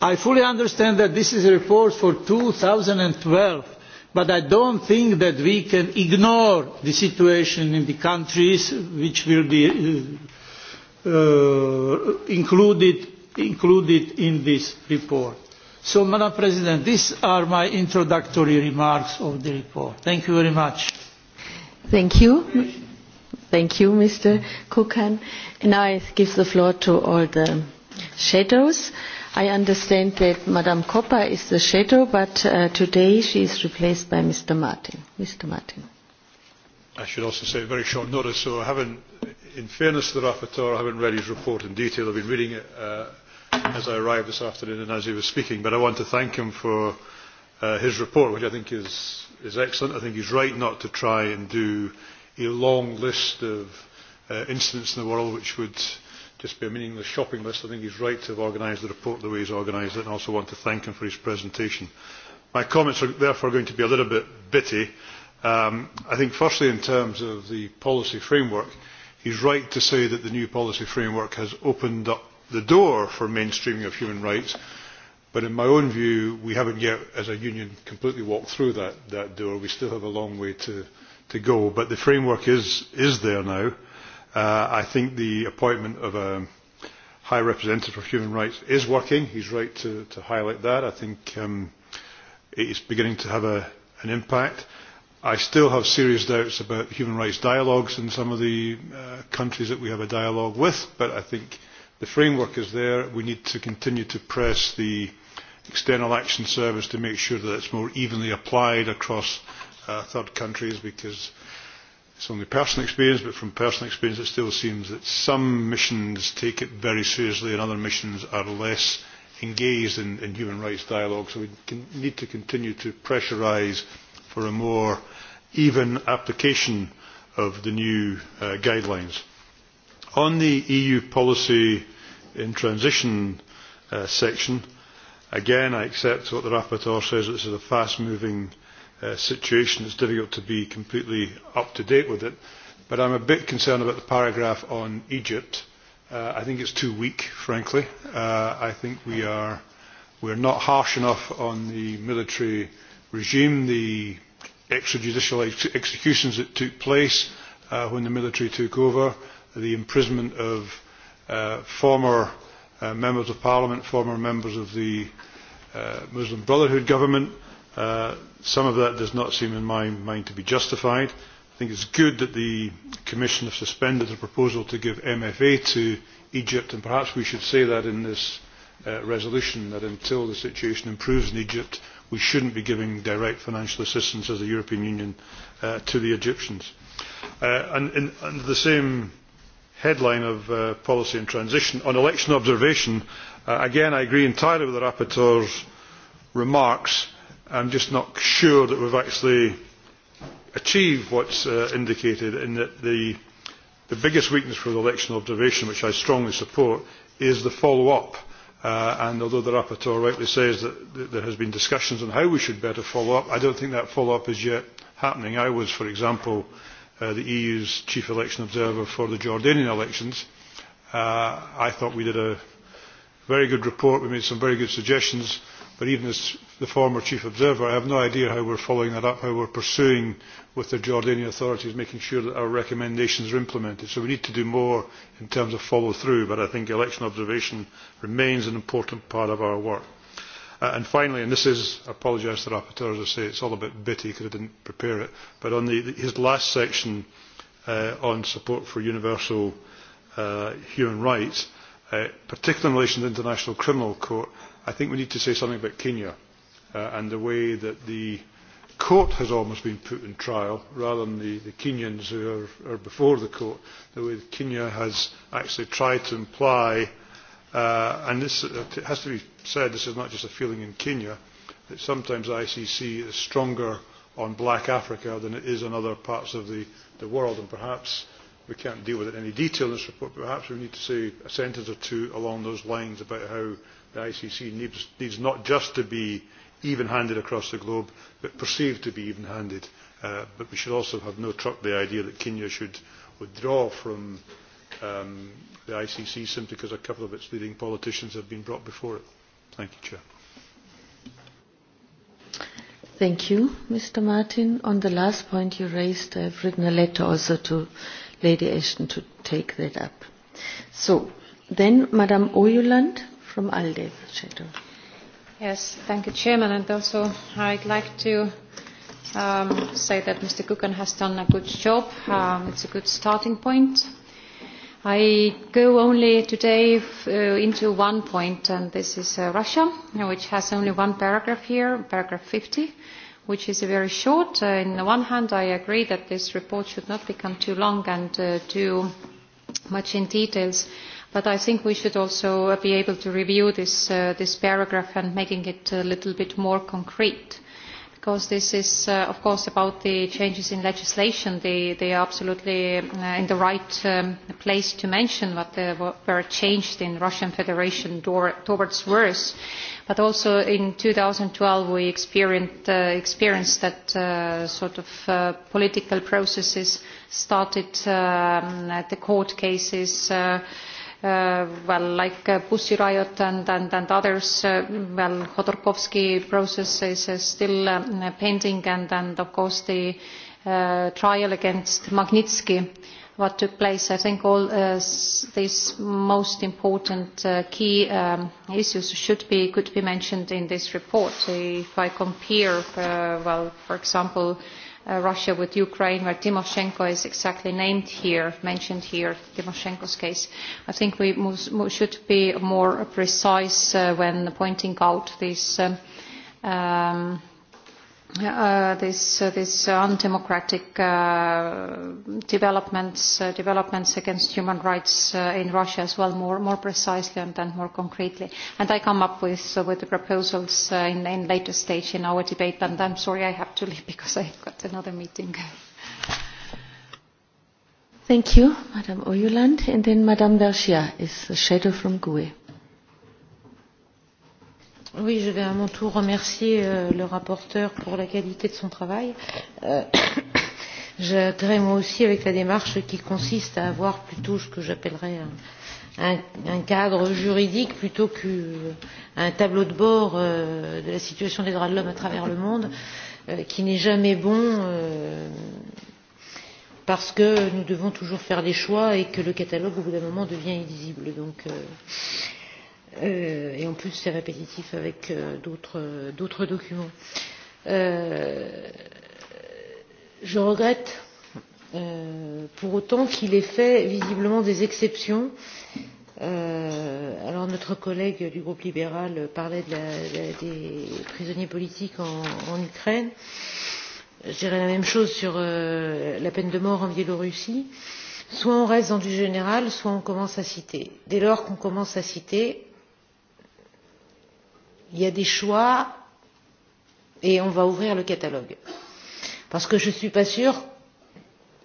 I fully understand that this is a report for 2012, but I don't think that we can ignore the situation in the countries which will be uh, uh, included, included in this report So, Madam President, these are my introductory remarks of the report. Thank you very much. Thank you. Thank you, Mr. Kukan. And now I give the floor to all the shadows. I understand that Madame Koppa is the shadow, but uh, today she is replaced by Mr. Martin. Mr. Martin. I should also say very short notice, so I haven't, in fairness to the rapporteur, I haven't read his report in detail. I've been reading it uh, as I arrived this afternoon and as he was speaking, but I want to thank him for uh, his report, which I think is, is excellent. I think he's right not to try and do a long list of uh, incidents in the world which would just be a meaningless shopping list. I think he's right to have organised the report the way he's organised it, and also want to thank him for his presentation. My comments are therefore going to be a little bit bitty. Um, I think firstly in terms of the policy framework, he's right to say that the new policy framework has opened up the door for mainstreaming of human rights. But in my own view, we haven't yet, as a union, completely walked through that, that door. We still have a long way to, to go. But the framework is, is there now. Uh, I think the appointment of a High Representative for Human Rights is working. He's right to, to highlight that. I think um, it's beginning to have a, an impact. I still have serious doubts about human rights dialogues in some of the uh, countries that we have a dialogue with, but I think uh, the framework is there. We need to continue to press the External Action Service to make sure that it's more evenly applied across uh, third countries because it's only personal experience, but from personal experience it still seems that some missions take it very seriously and other missions are less engaged in, in human rights dialogue. So we can, need to continue to pressurise for a more even application of the new uh, guidelines. On the EU policy in transition uh, section. Again, I accept what the rapporteur says, this is a fast-moving uh, situation. It's difficult to be completely up to date with it. But I'm a bit concerned about the paragraph on Egypt. Uh, I think it's too weak, frankly. Uh, I think we are we're not harsh enough on the military regime, the extrajudicial ex executions that took place uh, when the military took over, the imprisonment of uh, former uh, members of parliament, former members of the uh, Muslim Brotherhood government. Uh, some of that does not seem in my mind to be justified. I think it's good that the Commission has suspended the proposal to give MFA to Egypt, and perhaps we should say that in this uh, resolution, that until the situation improves in Egypt, we shouldn't be giving direct financial assistance as the European Union uh, to the Egyptians. Uh, and, and under the same headline of uh, policy and transition. on election observation uh, again i agree entirely with the rapporteur's remarks. i am just not sure that we have actually achieved what is uh, indicated in that the, the biggest weakness for the election observation which i strongly support is the follow up. Uh, and although the rapporteur rightly says that, that there has been discussions on how we should better follow up, I don't think that follow up is yet happening. I was, for example, uh, uh, the EU's chief election observer for the Jordanian elections. Uh, I thought we did a very good report. We made some very good suggestions. But even as the former chief observer, I have no idea how we're following that up, how we're pursuing with the Jordanian authorities, making sure that our recommendations are implemented. So we need to do more in terms of follow through. But I think election observation remains an important part of our work. Uh, and finally, and this is, I apologise to the rapporteur, as I say, it's all a bit bitty because I didn't prepare it, but on the, his last section uh, on support for universal uh, human rights, uh, particularly in relation to the International Criminal Court, I think we need to say something about Kenya uh, and the way that the court has almost been put in trial rather than the, the Kenyans who are, are before the court, the way Kenya has actually tried to imply uh, Uh, and this it has to be said, this is not just a feeling in Kenya, that sometimes ICC is stronger on black Africa than it is on other parts of the, the world. And perhaps we can't deal with it in any detail in this report, but perhaps we need to say a sentence or two along those lines about how the ICC needs, needs not just to be even-handed across the globe, but perceived to be even-handed. Uh, but we should also have no truck the idea that Kenya should withdraw from um, the ICC simply because a couple of its leading politicians have been brought before it. Thank you, Chair. Thank you, Mr. Martin. On the last point you raised, I've written a letter also to Lady Ashton to take that up. So, then Madame Oyuland from ALDE. Shadow. Yes, thank you, Chairman. And also I'd like to um, say that Mr. Kukan has done a good job. Um, it's a good starting point I go only today uh, into one point, and this is uh, Russia, which has only one paragraph here, paragraph 50, which is very short. Uh, on the one hand, I agree that this report should not become too long and uh, too much in details, but I think we should also uh, be able to review this, uh, this paragraph and making it a little bit more concrete. Uh, because this is, uh, of course, about the changes in legislation. They, they are absolutely uh, in the right um, place to mention what they were changed in Russian Federation door, towards worse. But also in 2012 we experienced, uh, experienced that uh, sort of uh, political processes started um, at the court cases, uh, uh, well, like uh, Pussy Riot and, and, and others, uh, well, Khodorkovsky process is uh, still um, pending and, and of course the uh, trial against Magnitsky, what took place. I think all uh, these most important uh, key um, issues should be, could be mentioned in this report. If I compare, uh, well, for example, uh, uh, Russia with Ukraine, where Timoshenko is exactly named here, mentioned here, Timoshenko's case. I think we must, should be more precise uh, when pointing out these um, um, Uh, this uh, this undemocratic uh, developments uh, developments against human rights uh, in Russia as well more more precisely and, and more concretely and I come up with uh, with the proposals uh, in in later stage in our debate and I'm sorry I have to leave because I've got another meeting Thank you Madam Oyuland and then Madam Vergia is the shadow from GUE Oui, je vais à mon tour remercier euh, le rapporteur pour la qualité de son travail. Euh, J'adhère moi aussi avec la démarche qui consiste à avoir plutôt ce que j'appellerais un, un, un cadre juridique plutôt qu'un tableau de bord euh, de la situation des droits de l'homme à travers le monde euh, qui n'est jamais bon euh, parce que nous devons toujours faire des choix et que le catalogue au bout d'un moment devient illisible. Donc, euh, Euh, et en plus, c'est répétitif avec euh, euh, d'autres documents. Euh, je regrette euh, pour autant qu'il ait fait visiblement des exceptions. Euh, alors notre collègue du groupe libéral parlait de la, la, des prisonniers politiques en, en Ukraine. Je dirais la même chose sur euh, la peine de mort en Biélorussie. Soit on reste dans du général, soit on commence à citer. Dès lors qu'on commence à citer, il y a des choix et on va ouvrir le catalogue. Parce que je ne suis pas sûre,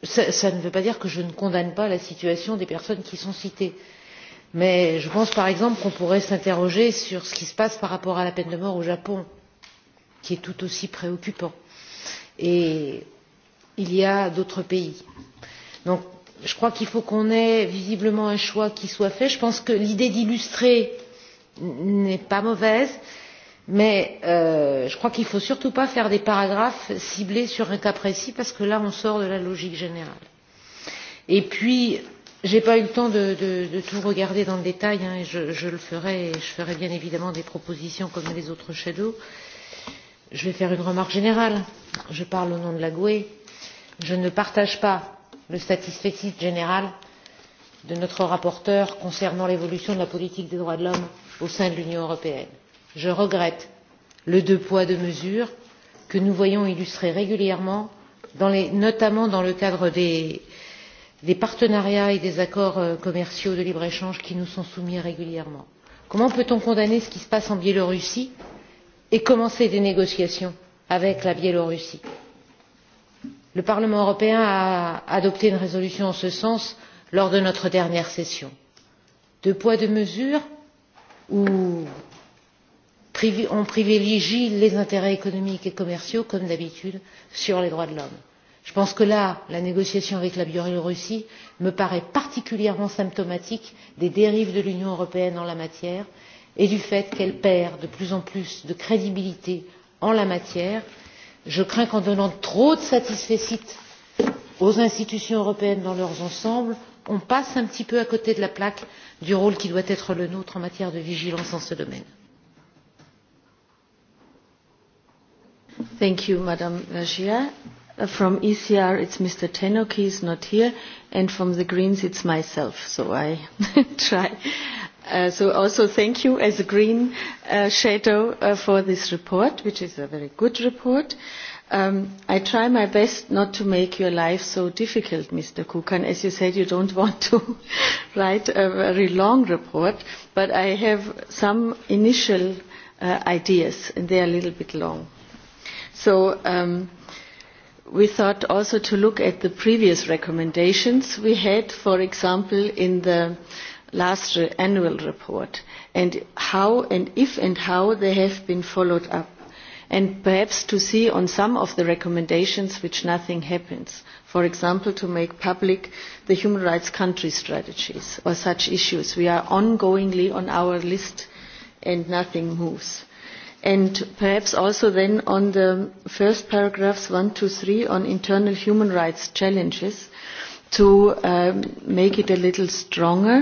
ça, ça ne veut pas dire que je ne condamne pas la situation des personnes qui sont citées. Mais je pense par exemple qu'on pourrait s'interroger sur ce qui se passe par rapport à la peine de mort au Japon, qui est tout aussi préoccupant. Et il y a d'autres pays. Donc je crois qu'il faut qu'on ait visiblement un choix qui soit fait. Je pense que l'idée d'illustrer euh, n'est pas mauvaise mais euh, je crois qu'il ne faut surtout pas faire des paragraphes ciblés sur un cas précis parce que là on sort de la logique générale. et puis je n'ai pas eu le temps de, de, de tout regarder dans le détail hein, et je, je le ferai et je ferai bien évidemment des propositions comme les autres shadows. je vais faire une remarque générale je parle au nom de la gue je ne partage pas le satisfecit général de notre rapporteur concernant l'évolution de la politique des droits de l'homme au sein de l'union européenne. je regrette le deux poids deux mesures que nous voyons illustré régulièrement dans les, notamment dans le cadre des, des partenariats et des accords euh, commerciaux de libre échange qui nous sont soumis régulièrement. comment peut on condamner ce qui se passe en biélorussie et commencer des négociations avec la biélorussie? le parlement européen a adopté une résolution en ce sens lors de notre dernière session deux poids deux mesures où on privilégie les intérêts économiques et commerciaux comme d'habitude sur les droits de l'homme. je pense que là la négociation avec la biélorussie me paraît particulièrement symptomatique des dérives de l'union européenne en la matière et du fait qu'elle perd de plus en plus de crédibilité en la matière. je crains qu'en donnant trop de satisfecit aux institutions européennes dans leur ensemble on passe un petit peu à côté de la plaque du rôle qui doit être le nôtre en matière de vigilance dans ce domaine. Thank you, Madam Vergier. From ECR, it's Mr. Tenok, he's not here, and from the Greens, it's myself, so I try. Uh, so also thank you as a Green uh, shadow uh, for this report, which is a very good report. Uh, Um, I try my best not to make your life so difficult, Mr. Kukan. As you said, you don't want to write a very long report, but I have some initial uh, ideas, and they are a little bit long. So um, we thought also to look at the previous recommendations we had, for example, in the last re annual report, and how and if and how they have been followed up and perhaps to see on some of the recommendations which nothing happens for example to make public the human rights country strategies or such issues. we are ongoingly on our list and nothing moves. and perhaps also then on the first paragraphs one to three on internal human rights challenges to um, make it a little stronger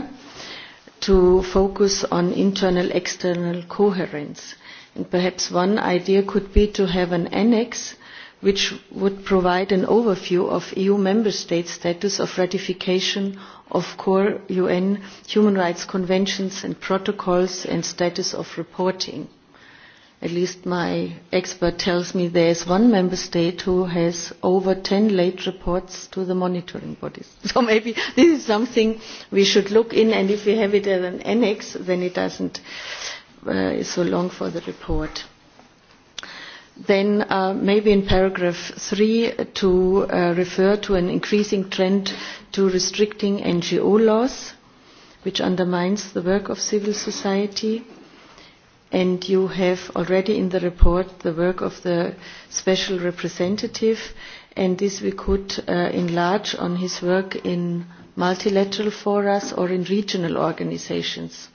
to focus on internal external coherence And perhaps one idea could be to have an annex which would provide an overview of EU member state status of ratification of core UN human rights conventions and protocols and status of reporting. At least my expert tells me there is one member state who has over 10 late reports to the monitoring bodies. So maybe this is something we should look in and if we have it as an annex then it doesn't uh, uh, is so long for the report. Then uh, maybe in paragraph 3 to uh, refer to an increasing trend to restricting NGO laws, which undermines the work of civil society. And you have already in the report the work of the special representative, and this we could uh, enlarge on his work in multilateral forums or in regional organizations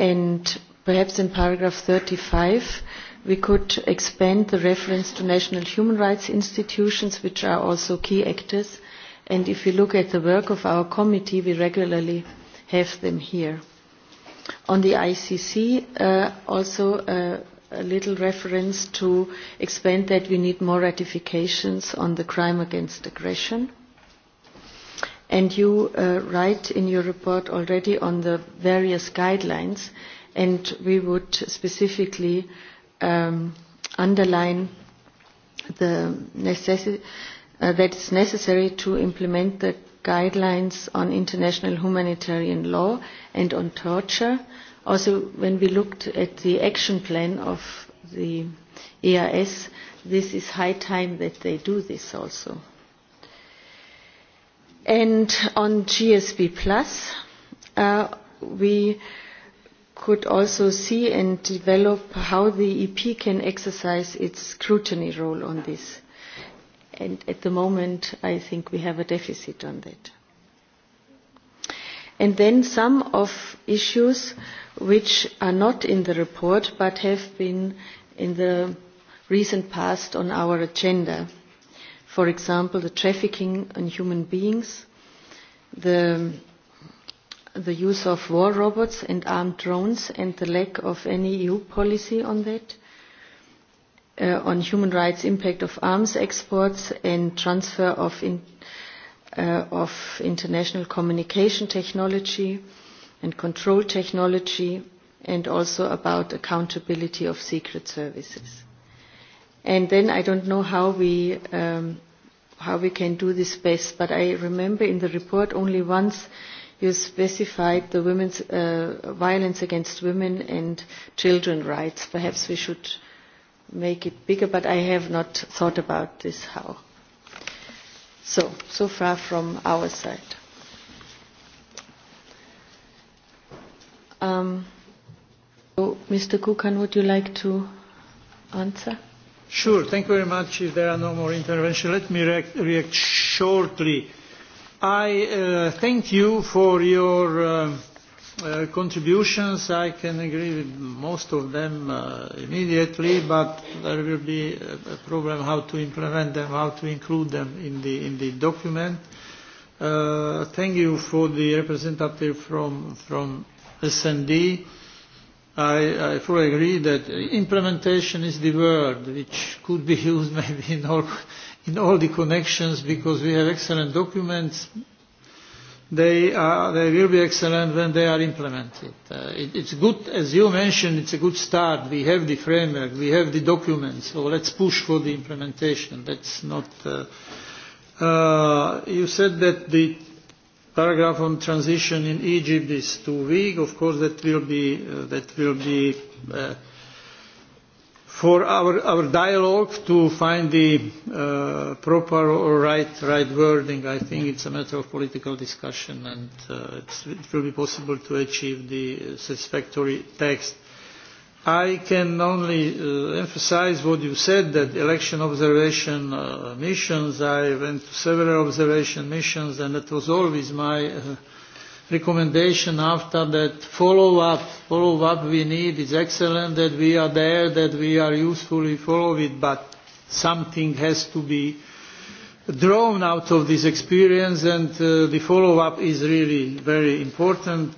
and perhaps in paragraph 35 we could expand the reference to national human rights institutions, which are also key actors. And if you look at the work of our committee, we regularly have them here. On the ICC, uh, also uh, a little reference to expand that we need more ratifications on the crime against aggression and you uh, write in your report already on the various guidelines, and we would specifically um, underline the necessity uh, that it's necessary to implement the guidelines on international humanitarian law and on torture. Also, when we looked at the action plan of the EIS, this is high time that they do this also. And on GSB Plus, uh, we could also see and develop how the EP can exercise its scrutiny role on this. And at the moment, I think we have a deficit on that. And then some of issues which are not in the report but have been in the recent past on our agenda for example, the trafficking in human beings, the, the use of war robots and armed drones, and the lack of any EU policy on that, uh, on human rights impact of arms exports and transfer of, in, uh, of international communication technology and control technology, and also about accountability of secret services. And then I don't know how we, um, how we can do this best, but I remember in the report only once you specified the women's uh, violence against women and children rights. Perhaps we should make it bigger, but I have not thought about this how. So, so far from our side. Um, so Mr. Kukan, would you like to answer? Sure, thank you very much. If there are no more interventions, let me react, react shortly. I uh, thank you for your uh, uh, contributions. I can agree with most of them uh, immediately, but there will be a problem how to implement them, how to include them in the, in the document. Uh, thank you for the representative from, from S&D. Uh, I, I fully agree that implementation is the word which could be used maybe in all, in all the connections because we have excellent documents. They, are, they will be excellent when they are implemented. Uh, it, it's good, as you mentioned, it's a good start. We have the framework, we have the documents, so let's push for the implementation. That's not. Uh, uh, you said that the paragraph on transition in Egypt is too weak. Of course, that will be uh, that will be uh, for our our dialogue to find the uh, proper or right right wording. I think it's a matter of political discussion, and uh, it's, it will be possible to achieve the satisfactory text. I can only uh, emphasize what you said that election observation uh, missions, I went to several observation missions, and that was always my uh, recommendation after that follow up. Follow up we need. It's excellent that we are there, that we are usefully follow it, but something has to be drawn out of this experience, and uh, the follow up is really very important. Uh,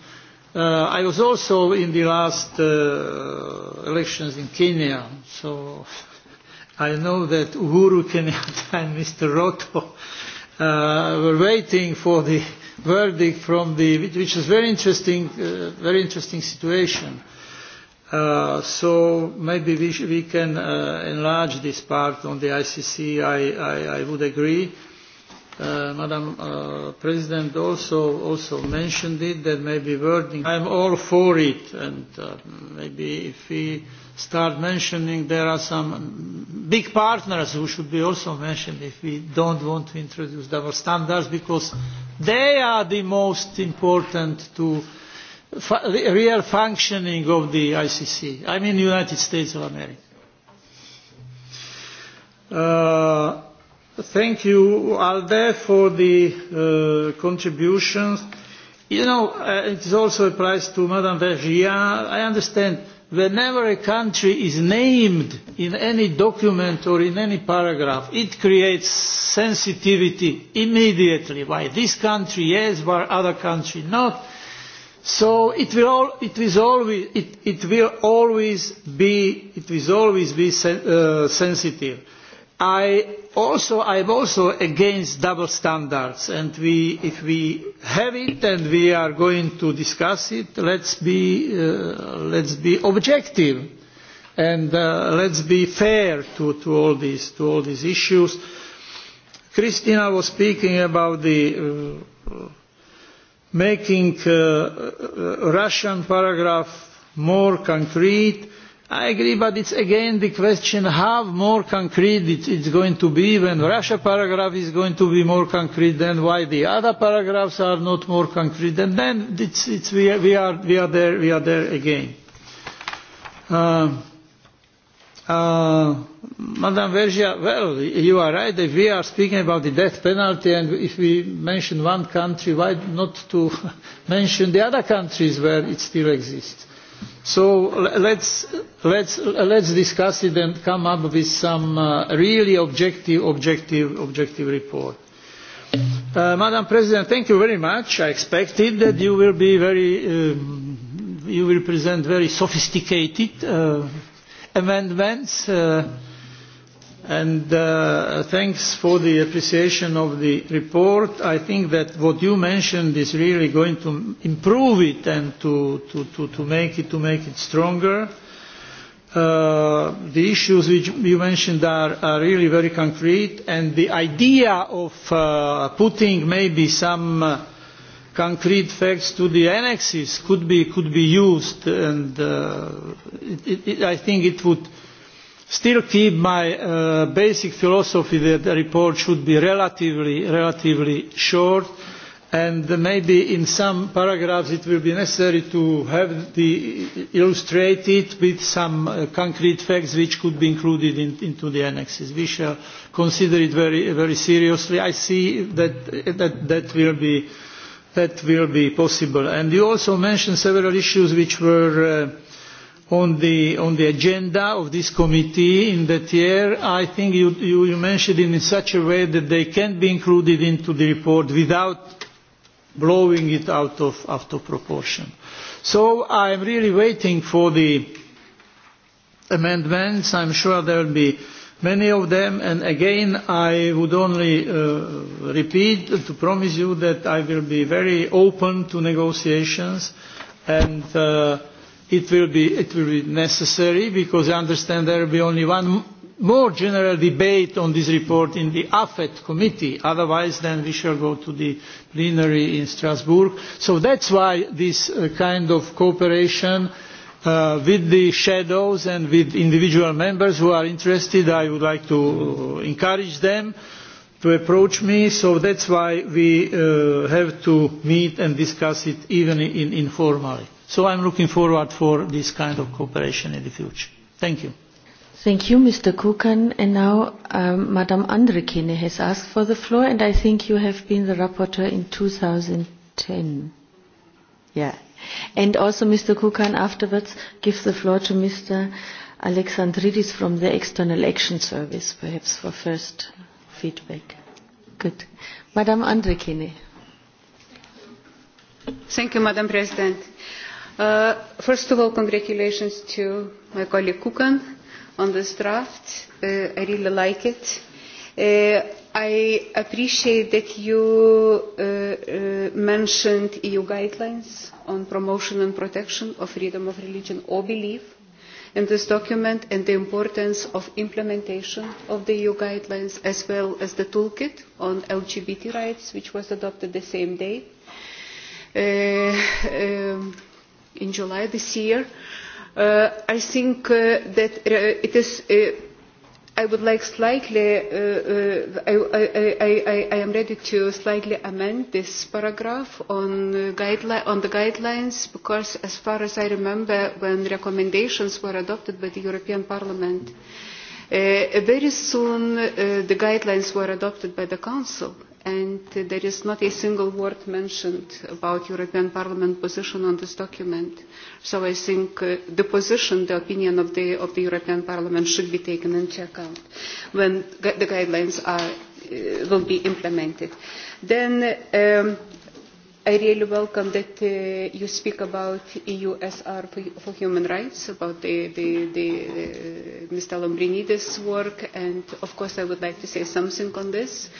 Uh, I was also in the last uh, elections in Kenya, so I know that Uhuru Kenyatta and Mr. Roto uh, were waiting for the verdict from the, which is very interesting, uh, very interesting situation. Uh, so maybe we, sh- we can uh, enlarge this part on the ICC. I, I, I would agree. Uh, uh, Madam uh, President also also mentioned it that maybe wording I'm all for it and uh, maybe if we start mentioning there are some big partners who should be also mentioned if we don't want to introduce double standards because they are the most important to fu real functioning of the ICC. I mean United States of America. Uh, Thank you, Alde, for the uh, contributions. You know, uh, it's also a prize to Madame Vergia. I understand whenever a country is named in any document or in any paragraph, it creates sensitivity immediately. Why this country yes, why other country not. So it will, all, it is always, it, it will always be, it will always be sen, uh, sensitive I also, I'm also against double standards, and we, if we have it and we are going to discuss it, let's be, uh, let's be objective and uh, let's be fair to, to, all these, to all these issues. Christina was speaking about the uh, making uh, Russian paragraph more concrete I agree, but it's again the question how more concrete it, it's going to be when Russia paragraph is going to be more concrete, then why the other paragraphs are not more concrete, and then it's, it's, we, are, we, are, we, are there, we are there again. Uh, uh, Madam Vergia, well, you are right. If we are speaking about the death penalty and if we mention one country, why not to mention the other countries where it still exists? So let's, let's, let's discuss it and come up with some uh, really objective, objective, objective report. Uh, Madam President, thank you very much. I expected that you will be very, um, you will present very sophisticated uh, amendments. Uh, and uh, thanks for the appreciation of the report. I think that what you mentioned is really going to improve it and to, to, to, to, make, it, to make it stronger. Uh, the issues which you mentioned are, are really very concrete and the idea of uh, putting maybe some uh, concrete facts to the annexes could be, could be used and uh, it, it, I think it would – still keep my uh, basic philosophy that the report should be relatively, relatively short and maybe in some paragraphs it will be necessary to have the illustrate it with some uh, concrete facts which could be included in, into the annexes. We shall consider it very, very seriously. I see that that, that will be that will be possible. And you also mentioned several issues which were uh, on the, on the agenda of this committee in that year, I think you, you, you mentioned it in such a way that they can be included into the report without blowing it out of, out of proportion. So I'm really waiting for the amendments. I'm sure there will be many of them. And again, I would only uh, repeat to promise you that I will be very open to negotiations and uh, it will be it will be necessary because I understand there will be only one more general debate on this report in the AFET committee. Otherwise, then we shall go to the plenary in Strasbourg. So that's why this uh, kind of cooperation uh, with the shadows and with individual members who are interested, I would like to uh, encourage them to approach me. So that's why we uh, have to meet and discuss it even in, informally. In so i am looking forward to this kind of cooperation in the future. thank you. Thank you, Mr. Kukan. And now um, Madame Andrikine has asked for the floor, and I think you have been the rapporteur in 2010. Yeah. And also, Mr. Kukan, afterwards, give the floor to Mr. Alexandridis from the External Action Service, perhaps for first feedback. Good. Madame Andrikine. Thank you, Madam President. Uh, Uh, first of all, congratulations to my colleague Kukan on this draft. Uh, I really like it. Uh, I appreciate that you uh, uh, mentioned EU guidelines on promotion and protection of freedom of religion or belief in this document and the importance of implementation of the EU guidelines as well as the toolkit on LGBT rights which was adopted the same day. Uh, um, in July this year. Uh, I think uh, that uh, it is. Uh, I would like slightly. Uh, uh, I, I, I, I am ready to slightly amend this paragraph on, uh, guideline, on the guidelines because, as far as I remember, when recommendations were adopted by the European Parliament, uh, very soon uh, the guidelines were adopted by the Council. Uh, and there is not a single word mentioned about European Parliament position on this document. So I think uh, the position, the opinion of the, of the European Parliament should be taken into account when gu the guidelines are, uh, will be implemented. Then um, I really welcome that uh, you speak about EUSR for, for human rights, about the, the, the, uh, Mr. Lombrinidis' work, and of course I would like to say something on this. Uh,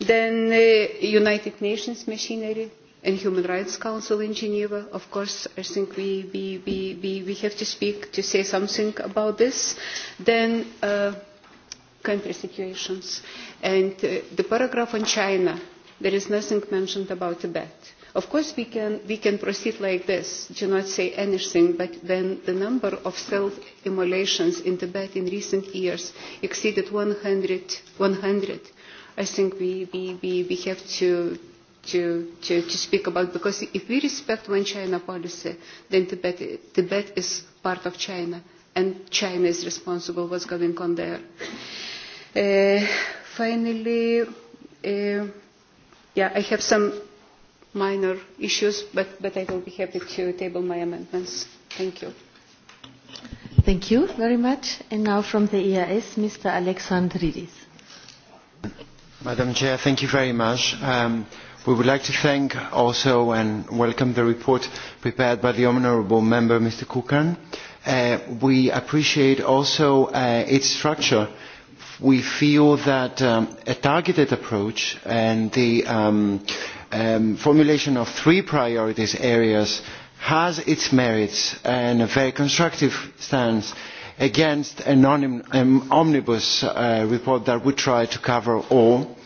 Then uh, United Nations machinery and Human Rights Council in Geneva. Of course, I think we, we, we, we, we have to speak to say something about this. Then uh, country situations. And uh, the paragraph on China, there is nothing mentioned about Tibet. Of course, we can, we can proceed like this, do not say anything, but when the number of self-immolations in Tibet in recent years exceeded 100, 100 I think we, we, we, we have to, to, to, to speak about because if we respect one China policy, then Tibet, Tibet is part of China and China is responsible what's going on there. Uh, finally, uh, yeah, I have some minor issues, but, but I will be happy to table my amendments. Thank you. Thank you very much. And now from the EIS, Mr. Alexandridis. Madam Chair, thank you very much. Um, we would like to thank also and welcome the report prepared by the Honourable Member, Mr Kukan. Uh, we appreciate also uh, its structure. We feel that um, a targeted approach and the um, um, formulation of three priorities areas has its merits and a very constructive stance. Uh, against an um, omnibus uh, report that would try to cover all.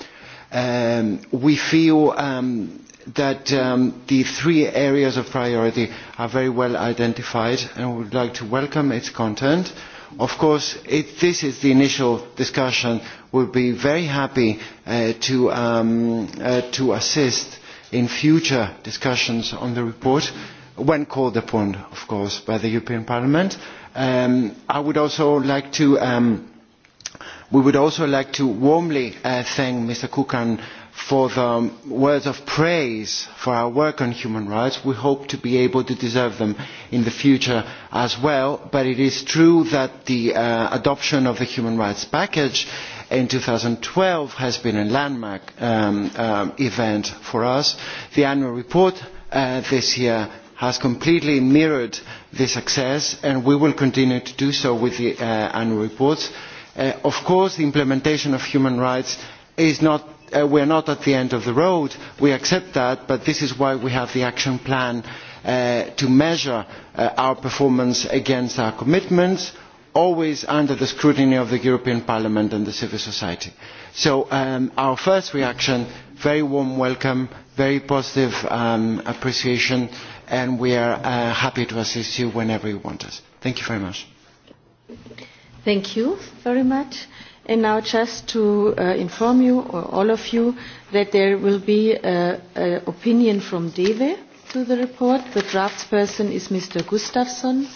Um, we feel um, that um, the three areas of priority are very well identified and we would like to welcome its content. Of course, if this is the initial discussion, we'll be very happy uh, to, um, uh, to assist in future discussions on the report, when called upon, of course, by the European Parliament. Uh, Um, I would also like to, um, we would also like to warmly uh, thank Mr. Kukan for the words of praise for our work on human rights. We hope to be able to deserve them in the future as well. But it is true that the uh, adoption of the human rights package in 2012 has been a landmark um, um, event for us. The annual report uh, this year has completely mirrored the success and we will continue to do so with the uh, annual reports. Uh, of course the implementation of human rights is not uh, we are not at the end of the road we accept that but this is why we have the action plan uh, to measure uh, our performance against our commitments always under the scrutiny of the european parliament and the civil society. so um, our first reaction very warm welcome very positive um, appreciation and we are uh, happy to assist you whenever you want us. Thank you very much. Thank you very much. And now just to uh, inform you, or all of you, that there will be an opinion from DEWE to the report. The draftsperson is Mr. Gustafsson,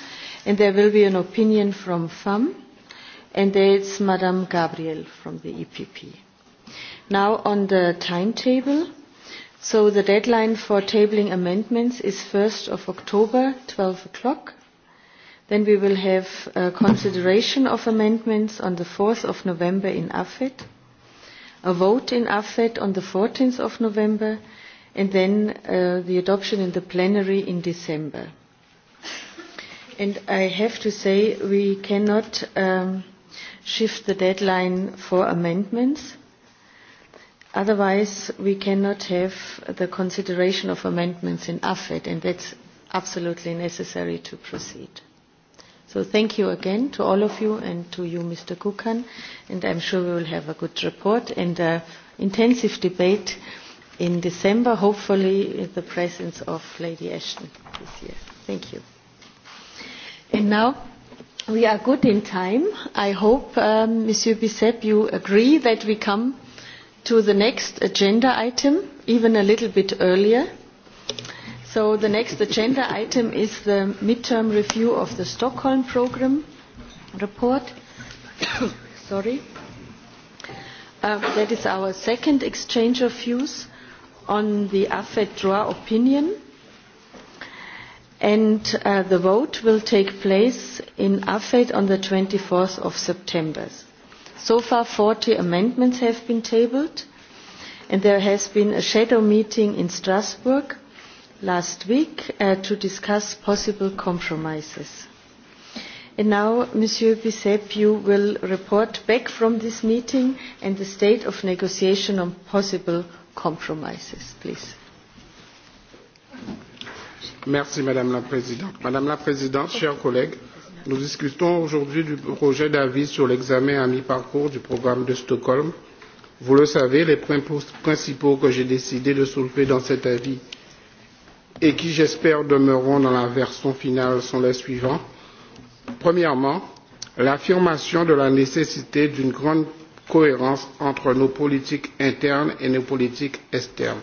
and there will be an opinion from FAM, and it's Madame Gabriel from the EPP. Now on the timetable, So the deadline for tabling amendments is 1st of October, 12 o'clock. Then we will have a consideration of amendments on the 4th of November in AFET, a vote in AFET on the 14th of November, and then uh, the adoption in the plenary in December. And I have to say we cannot um, shift the deadline for amendments Otherwise, we cannot have the consideration of amendments in AFED, and that's absolutely necessary to proceed. So thank you again to all of you and to you, Mr. Kukan, and I'm sure we will have a good report and an intensive debate in December, hopefully in the presence of Lady Ashton this year. Thank you. And now we are good in time. I hope, um, Monsieur Bissep, you agree that we come to the next agenda item, even a little bit earlier. So the next agenda item is the midterm review of the Stockholm Programme report. Sorry. Uh, that is our second exchange of views on the AFET DROA opinion. And uh, the vote will take place in AFET on the 24th of September. So far, 40 amendments have been tabled, and there has been a shadow meeting in Strasbourg last week uh, to discuss possible compromises. And now, Monsieur Bissep, you will report back from this meeting and the state of negotiation on possible compromises, please. Merci, Madame la Présidente. Madame la Présidente, chers collègues, nous discutons aujourd'hui du projet d'avis sur l'examen à mi parcours du programme de stockholm. vous le savez les points principaux que j'ai décidé de soulever dans cet avis et qui j'espère demeureront dans la version finale sont les suivants premièrement l'affirmation de la nécessité d'une grande cohérence entre nos politiques internes et nos politiques externes.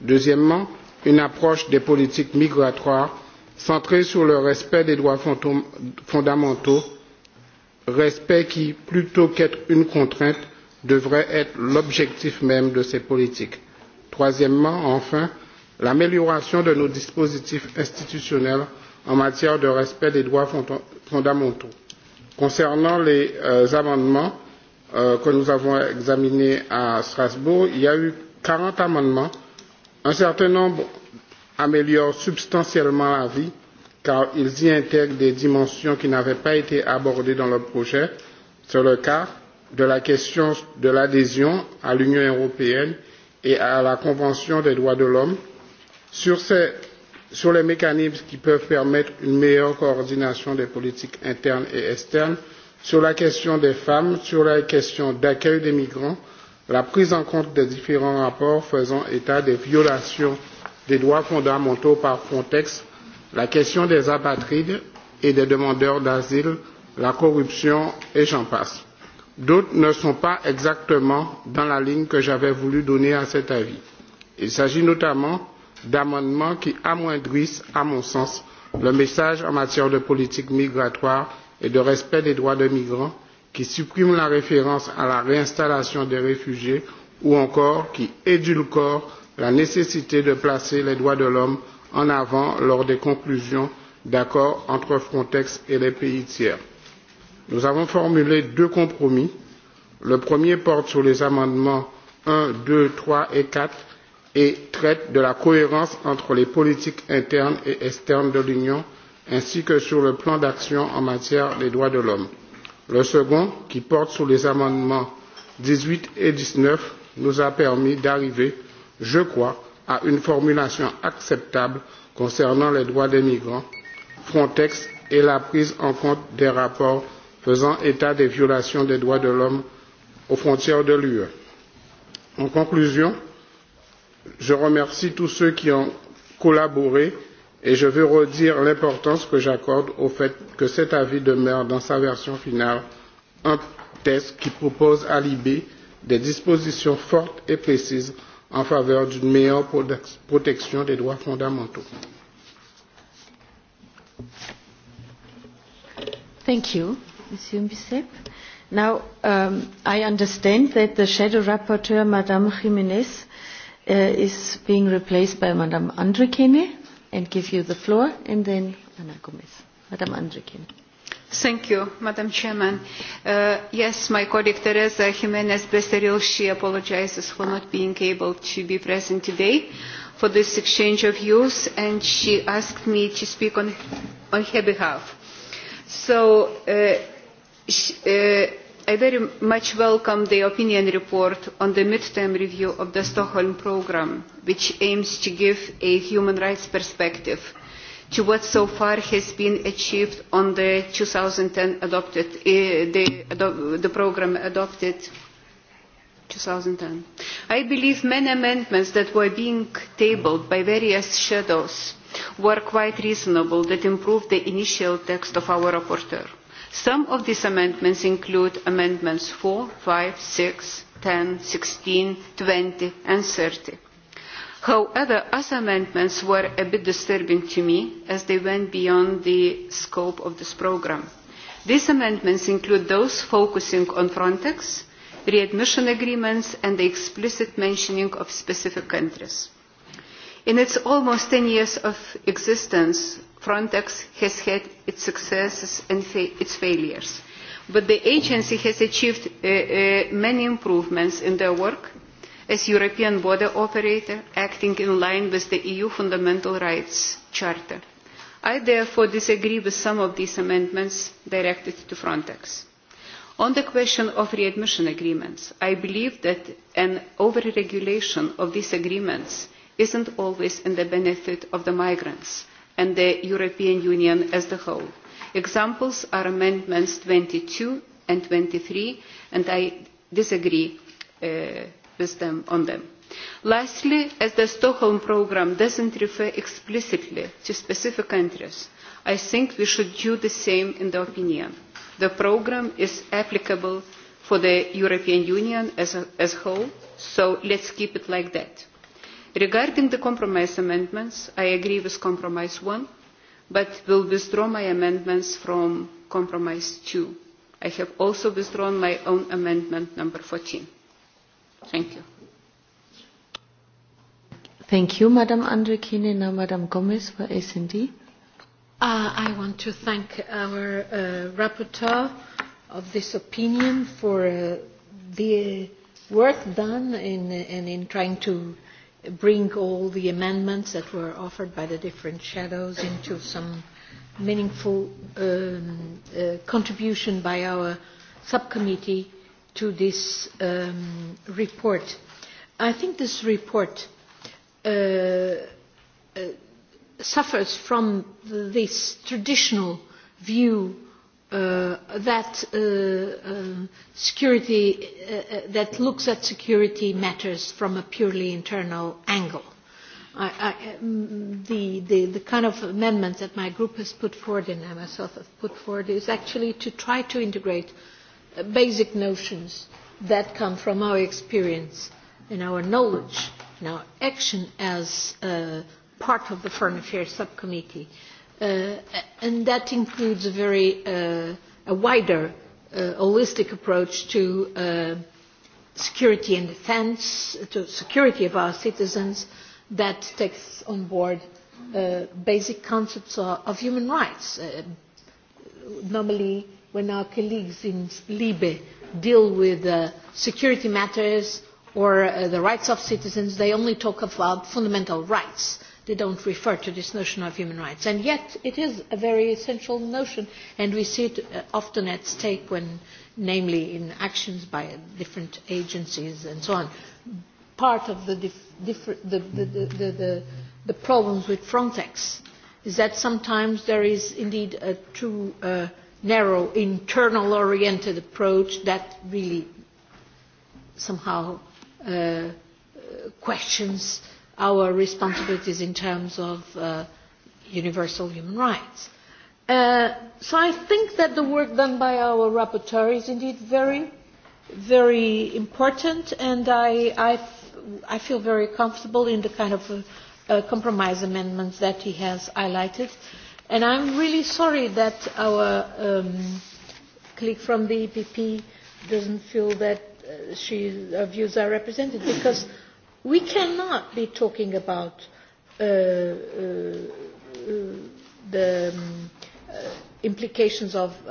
deuxièmement une approche des politiques migratoires centrée sur le respect des droits fondamentaux respect qui plutôt qu'être une contrainte devrait être l'objectif même de ces politiques. troisièmement enfin l'amélioration de nos dispositifs institutionnels en matière de respect des droits fondamentaux. concernant les euh, amendements euh, que nous avons examinés à strasbourg il y a eu quarante amendements un certain nombre améliore substantiellement la vie car ils y intègrent des dimensions qui n'avaient pas été abordées dans le projet. C'est le cas de la question de l'adhésion à l'Union européenne et à la Convention des droits de l'homme sur, ces, sur les mécanismes qui peuvent permettre une meilleure coordination des politiques internes et externes, sur la question des femmes, sur la question d'accueil des migrants, la prise en compte des différents rapports faisant état des violations des droits fondamentaux par Frontex, la question des apatrides et des demandeurs d'asile, la corruption et j'en passe. D'autres ne sont pas exactement dans la ligne que j'avais voulu donner à cet avis. Il s'agit notamment d'amendements qui amoindrissent, à mon sens, le message en matière de politique migratoire et de respect des droits des migrants, qui suppriment la référence à la réinstallation des réfugiés ou encore qui édulcorent la nécessité de placer les droits de l'homme en avant lors des conclusions d'accords entre Frontex et les pays tiers. Nous avons formulé deux compromis. Le premier porte sur les amendements 1, 2, 3 et 4 et traite de la cohérence entre les politiques internes et externes de l'Union ainsi que sur le plan d'action en matière des droits de l'homme. Le second, qui porte sur les amendements 18 et 19, nous a permis d'arriver je crois, à une formulation acceptable concernant les droits des migrants, Frontex et la prise en compte des rapports faisant état des violations des droits de l'homme aux frontières de l'UE. En conclusion, je remercie tous ceux qui ont collaboré et je veux redire l'importance que j'accorde au fait que cet avis demeure dans sa version finale un texte qui propose à l'IB des dispositions fortes et précises en faveur d'une meilleure protection des droits fondamentaux. Thank you, Monsieur Mbisep. Now, um, I understand that the shadow rapporteur, Madame Jiménez, uh, is being replaced by Madame Andrikene, and give you the floor, and then Ana Gomez. Madame Andrikene. You, madam president uh, yes my colleague teresa jimnez becerril apologises for not being able to be present today for this exchange of views and she asked me to speak on, on her behalf. so uh, she, uh, i very much welcome the opinion report on the mid term review of the stockholm programme which aims to give a human rights perspective to what so far has been achieved on the 2010 adopted, uh, the, the program adopted 2010. I believe many amendments that were being tabled by various shadows were quite reasonable that improved the initial text of our rapporteur. Some of these amendments include amendments 4, 5, 6, 10, 16, 20 and 30 However, other amendments were a bit disturbing to me as they went beyond the scope of this programme. These amendments include those focusing on Frontex, readmission agreements and the explicit mentioning of specific countries. In its almost 10 years of existence, Frontex has had its successes and fa its failures. But the agency has achieved uh, uh, many improvements in their work as European border operator acting in line with the EU Fundamental Rights Charter. I therefore disagree with some of these amendments directed to Frontex. On the question of readmission agreements, I believe that an over-regulation of these agreements isn't always in the benefit of the migrants and the European Union as a whole. Examples are amendments 22 and 23, and I disagree uh, with them on them. Lastly, as the Stockholm programme doesn't refer explicitly to specific countries, I think we should do the same in the opinion. The programme is applicable for the European Union as a as whole, so let's keep it like that. Regarding the compromise amendments, I agree with compromise one, but will withdraw my amendments from compromise two. I have also withdrawn my own amendment number 14. Thank you. Thank you, Madam Andrikine. Now, Madam Gomez for S&D. Uh, I want to thank our uh, rapporteur of this opinion for uh, the work done in, in, in trying to bring all the amendments that were offered by the different shadows into some meaningful um, uh, contribution by our subcommittee to this um, report. I think this report uh, uh, suffers from this traditional view uh, that uh, um, uh, security uh, that looks at security matters from a purely internal angle. I, I, um, the, the, the kind of amendment that my group has put forward and I myself have put forward is actually to try to integrate uh, basic notions that come from our experience and our knowledge and our action as uh, part of the Foreign Affairs Subcommittee. Uh, and that includes a very uh, a wider, uh, holistic approach to uh, security and defense, to security of our citizens that takes on board uh, basic concepts of, of human rights. Uh, normally, uh, when our colleagues in Libe deal with uh, security matters or uh, the rights of citizens, they only talk about fundamental rights. They don't refer to this notion of human rights. And yet it is a very essential notion, and we see it uh, often at stake when, namely in actions by different agencies and so on. Part of the, dif- differ- the, the, the, the, the, the problems with Frontex is that sometimes there is indeed a true uh, narrow, internal oriented approach that really somehow uh, questions our responsibilities in terms of uh, universal human rights. Uh, so I think that the work done by our rapporteur is indeed very, very important, and I, I, f- I feel very comfortable in the kind of uh, uh, compromise amendments that he has highlighted. Uh, And I'm really sorry that our um, colleague from the EPP doesn't feel that uh, she, her views are represented because we cannot be talking about uh, uh, uh, the um, uh, implications of uh,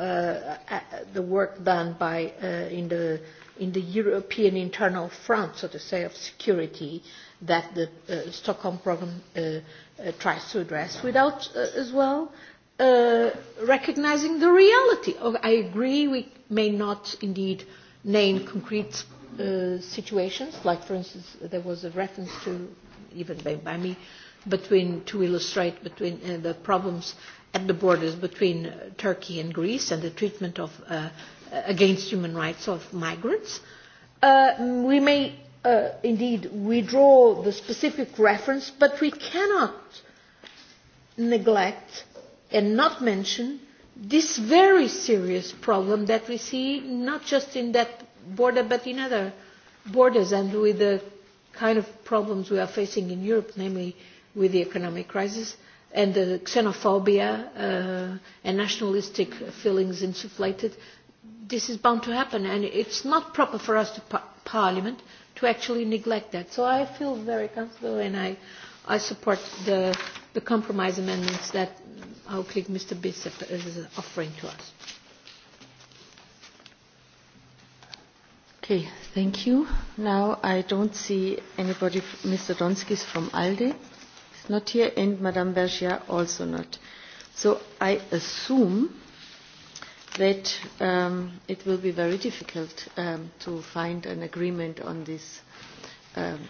uh, the work done by, uh, in, the, in the European internal front, so to say, of security that the uh, Stockholm Programme uh, uh, tries to address without uh, as well uh, recognizing the reality. Oh, I agree we may not indeed name concrete uh, situations, like for instance there was a reference to, even by, by me, between, to illustrate between uh, the problems at the borders between uh, Turkey and Greece and the treatment of, uh, against human rights of migrants. Uh, we may uh, indeed withdraw the specific reference, but we cannot neglect and not mention this very serious problem that we see not just in that border but in other borders and with the kind of problems we are facing in Europe, namely with the economic crisis and the xenophobia uh, and nationalistic feelings insufflated. This is bound to happen and it's not proper for us to par Parliament to actually neglect that. So I feel very comfortable and I, I support the, the compromise amendments that our colleague Mr. Bishop is offering to us. Okay, thank you. Now I don't see anybody, Mr. Donskis from ALDE is not here and Madame Bergia also not. So I assume that um, it will be very difficult um, to find an agreement on this. Um,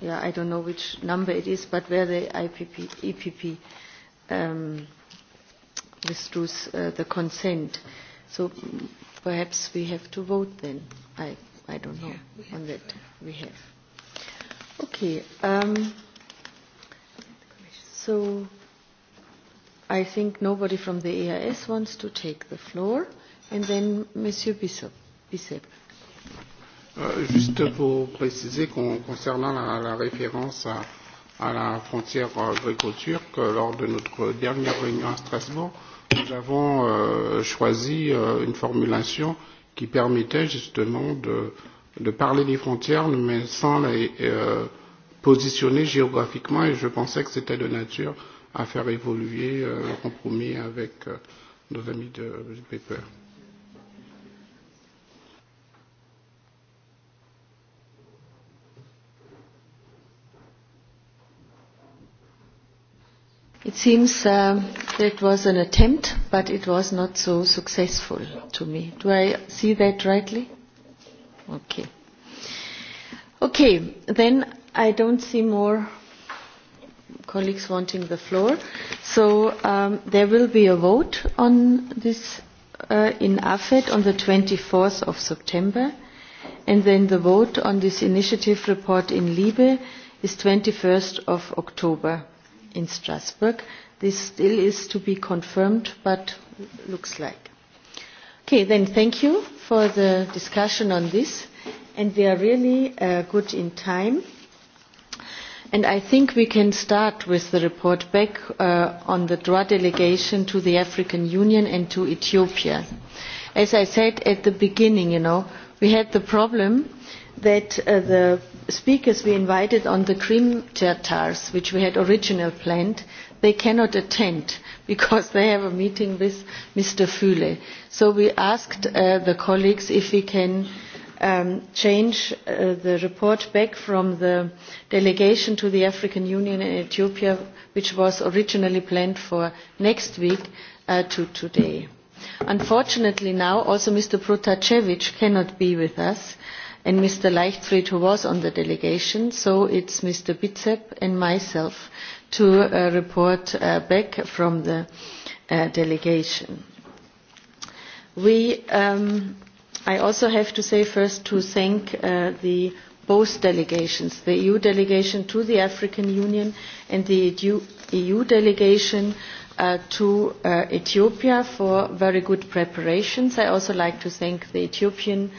yeah, I don't know which number it is, but where the IPP, EPP um, withdraws uh, the consent. So perhaps we have to vote then. I, I don't know yeah, on that. We have. Okay. Um, so I think nobody from the EIS wants to take the floor. And then Monsieur Bissep. Bissep. Euh, juste pour préciser qu'on, concernant la, la référence à, à la frontière euh, gréco-turque, euh, lors de notre dernière réunion à Strasbourg, nous avons euh, choisi euh, une formulation qui permettait justement de, de parler des frontières, mais sans les euh, positionner géographiquement, et je pensais que c'était de nature euh, à faire évoluer un euh, compromis avec euh, nos amis de, du PPR. It seems uh, that was an attempt, but it was not so successful to me. Do I see that rightly? Okay. Okay, then I don't see more colleagues wanting the floor. So um, there will be a vote on this uh, in AFED on the 24th of September. And then the vote on this initiative report in Liebe is 21st of October in Strasbourg. This still is to be confirmed, but looks like. Okay, then thank you for the discussion on this. And we are really uh, good in time. And I think we can start with the report back uh, on the DRA delegation to the African Union and to Ethiopia. As I said at the beginning, you know, we had the problem that uh, the speakers we invited on the Krim Tatars, which we had originally planned, they cannot attend because they have a meeting with Mr. Füle. So we asked uh, the colleagues if we can uh, um, change uh, the report back from the delegation to the African Union in Ethiopia, which was originally planned for next week, uh, to today. Unfortunately now also Mr. Protasevich cannot be with us and Mr. Leichtfried who was on the delegation, so it's Mr. Bitsep and myself to uh, report uh, back from the uh, delegation. We um, I also have to say first to thank uh, the both delegations, the EU delegation to the African Union and the EU, EU delegation uh, to uh, Ethiopia for very good preparations. I also like to thank the Ethiopian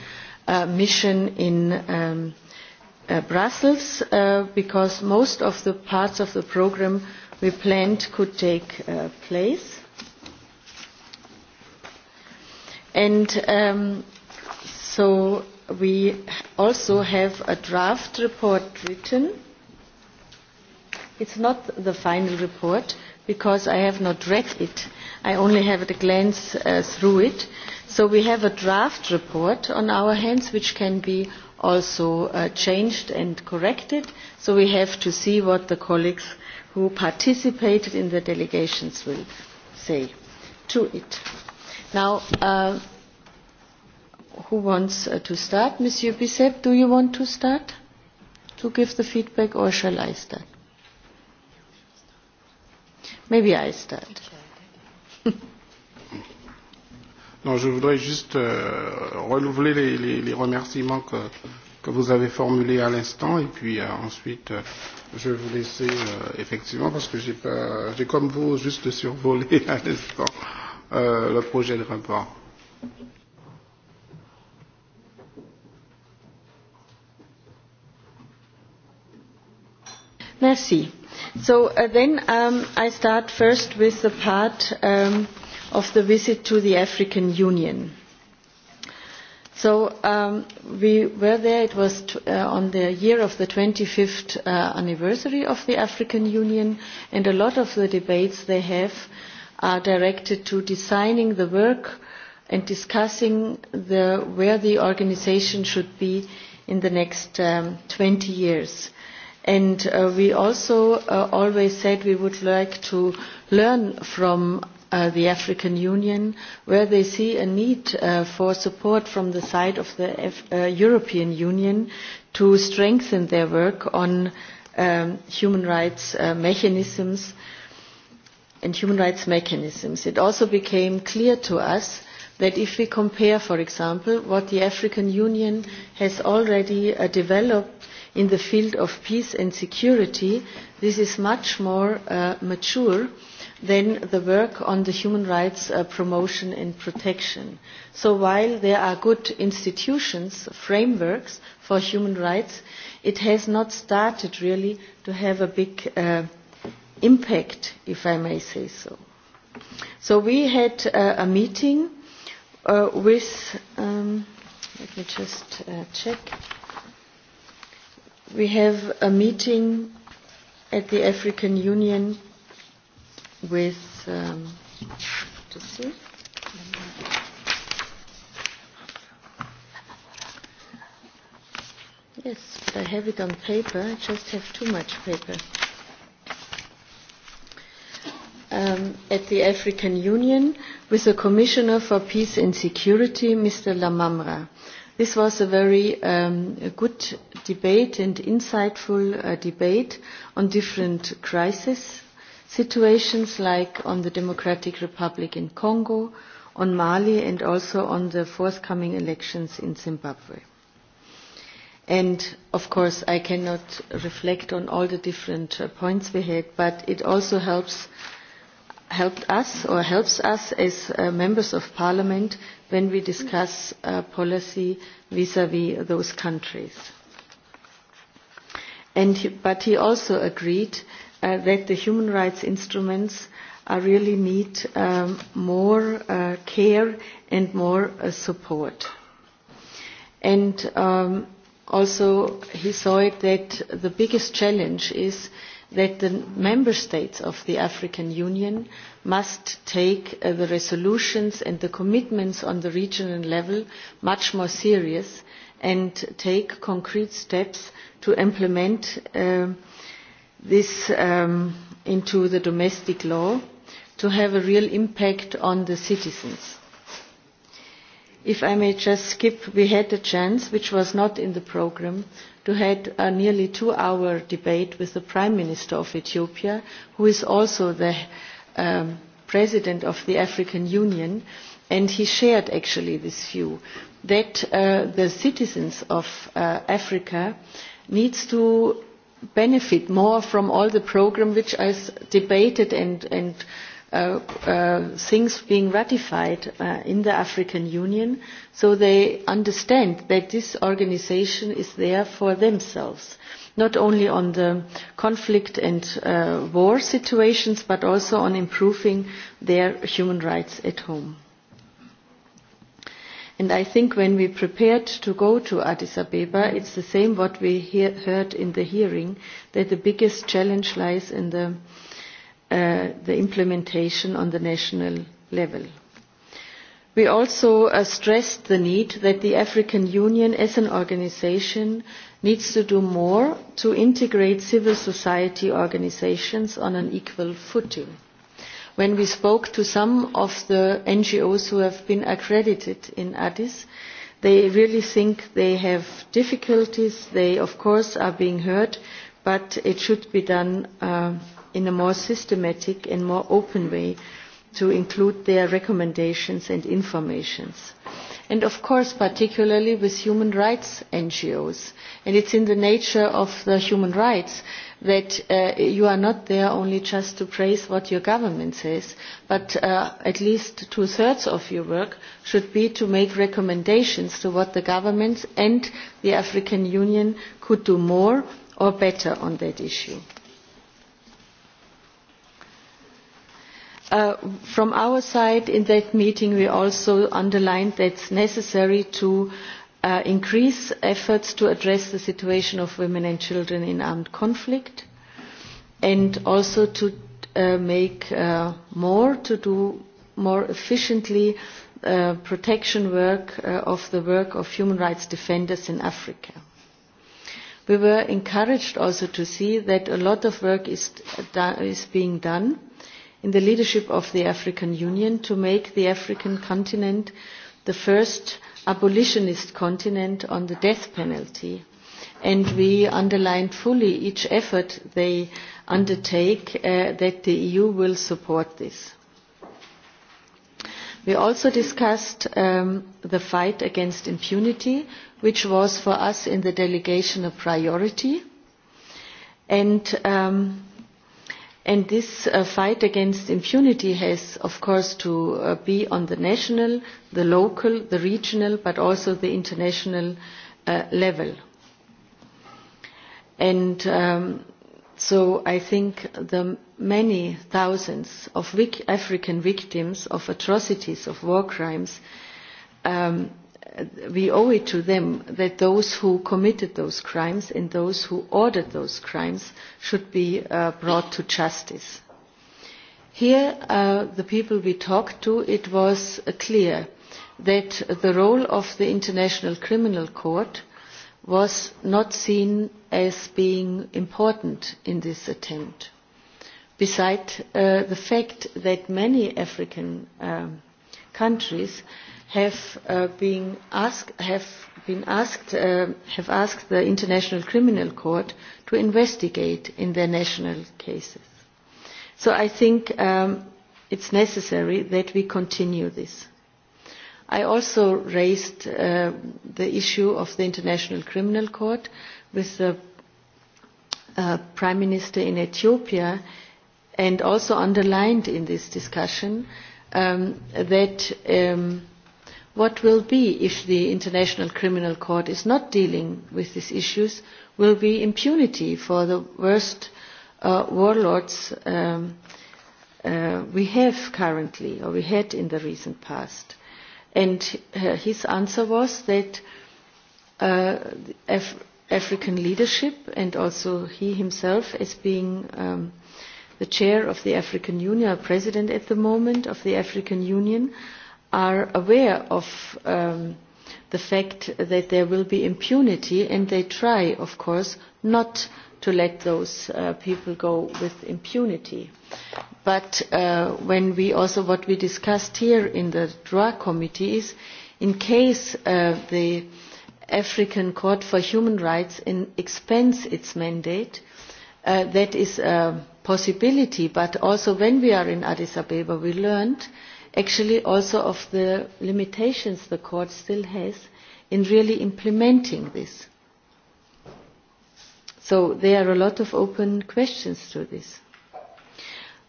uh, mission in um, uh, Brussels uh, because most of the parts of the program we planned could take uh, place. And um, So we also have a draft report written. It's not the final report because I have not read it. I only have at a glance uh, through it. So we have a draft report on our hands which can be also uh, changed and corrected. So we have to see what the colleagues who participated in the delegations will say to it. Now, uh, who wants uh, to start? Monsieur Bissep, do you want to start to give the feedback or shall I start? Maybe I start. non, je voudrais juste euh, renouveler les, les, les remerciements que, que vous avez formulés à l'instant et puis euh, ensuite euh, je vais vous laisser euh, effectivement parce que j'ai pas j'ai comme vous juste survolé à l'instant euh, le projet de rapport. Merci. Merci. So uh, then um, I start first with the part um, of the visit to the African Union. So um, we were there, it was t uh, on the year of the 25th uh, anniversary of the African Union, and a lot of the debates they have are directed to designing the work and discussing the, where the organization should be in the next um, 20 years. And uh, we also uh, always said we would like to learn from uh, the African Union where they see a need uh, for support from the side of the F- uh, European Union to strengthen their work on um, human rights uh, mechanisms and human rights mechanisms. It also became clear to us that if we compare, for example, what the African Union has already uh, developed in the field of peace and security, this is much more uh, mature than the work on the human rights uh, promotion and protection. So while there are good institutions, frameworks for human rights, it has not started really to have a big uh, impact, if I may say so. So we had uh, a meeting uh, with, um, let me just uh, check. Uh, we have a meeting at the African Union with um, to see. Yes, but I have it on paper. I just have too much paper. Um, at the African Union with the Commissioner for Peace and Security, Mr. Lamamra. Uh, This was a very um, good debate and insightful uh, debate on different crises situations like on the Democratic Republic in Congo, on Mali, and also on the forthcoming elections in Zimbabwe. And of course, I cannot reflect on all the different uh, points we had, but it also helps helped us or helps us as uh, members of parliament when we discuss uh, policy vis-à-vis -vis those countries. And, but he also agreed uh, that the human rights instruments uh, really need um, more uh, care and more uh, support. And um, also he saw it that the biggest challenge is uh, that the member states of the African Union must take uh, the resolutions and the commitments on the regional level much more serious and take concrete steps to implement uh, this um, into the domestic law to have a real impact on the citizens. If I may just skip, we had a chance, which was not in the programme, to had a nearly two hour debate with the Prime Minister of Ethiopia, who is also the um, President of the African Union, and he shared actually this view that uh, the citizens of uh, Africa needs to benefit more from all the program which is debated and, and uh, uh, uh, things being ratified uh, in the African Union, so they understand that this organization is there for themselves, not only on the conflict and uh, war situations, but also on improving their human rights at home. And I think when we prepared to go to Addis Abeba, it's the same what we hear, heard in the hearing, that the biggest challenge lies in the uh, the implementation on the national level. We also uh, stressed the need that the African Union as an organization needs to do more to integrate civil society organizations on an equal footing. When we spoke to some of the NGOs who have been accredited in Addis, they really think they have difficulties. They, of course, are being heard, but it should be done uh, in a more systematic and more open way to include their recommendations and information. And of course, particularly with human rights NGOs. And it's in the nature of the human rights that uh, you are not there only just to praise what your government says, but uh, at least two-thirds of your work should be to make recommendations to what the governments and the African Union could do more or better on that issue. Uh, from our side in that meeting we also underlined that it is necessary to uh, increase efforts to address the situation of women and children in armed conflict and also to uh, make uh, more to do more efficiently uh, protection work uh, of the work of human rights defenders in africa. we were encouraged also to see that a lot of work is, is being done in the leadership of the African Union to make the African continent the first abolitionist continent on the death penalty. And we underlined fully each effort they undertake uh, that the EU will support this. We also discussed um, the fight against impunity, which was for us in the delegation a priority. And um, And this uh, fight against impunity has, of course, to uh, be on the national, the local, the regional, but also the international uh, level. And um, so I think the many thousands of African victims of atrocities, of war crimes, um, we owe it to them that those who committed those crimes and those who ordered those crimes should be uh, brought to justice. Here, uh, the people we talked to, it was uh, clear that the role of the International Criminal Court was not seen as being important in this attempt. Besides uh, the fact that many African um, countries uh, have uh, been asked have been asked uh, have asked the International Criminal Court to investigate in their national cases. So I think um, it's necessary that we continue this. I also raised uh, the issue of the International Criminal Court with the uh, Prime Minister in Ethiopia and also underlined in this discussion um, that um, what will be if the International Criminal Court is not dealing with these issues will be impunity for the worst uh, warlords um, uh, we have currently or we had in the recent past. And uh, his answer was that uh, Af African leadership and also he himself as being um, the chair of the African Union, or president at the moment of the African Union, uh, are aware of um, the fact that there will be impunity and they try, of course, not to let those uh, people go with impunity. But uh, when we also, what we discussed here in the DRA committee is in case uh, the African Court for Human Rights in expands its mandate, uh, that is a possibility. But also when we are in Addis Ababa, we learned uh, actually also of the limitations the court still has in really implementing this. So there are a lot of open questions to this.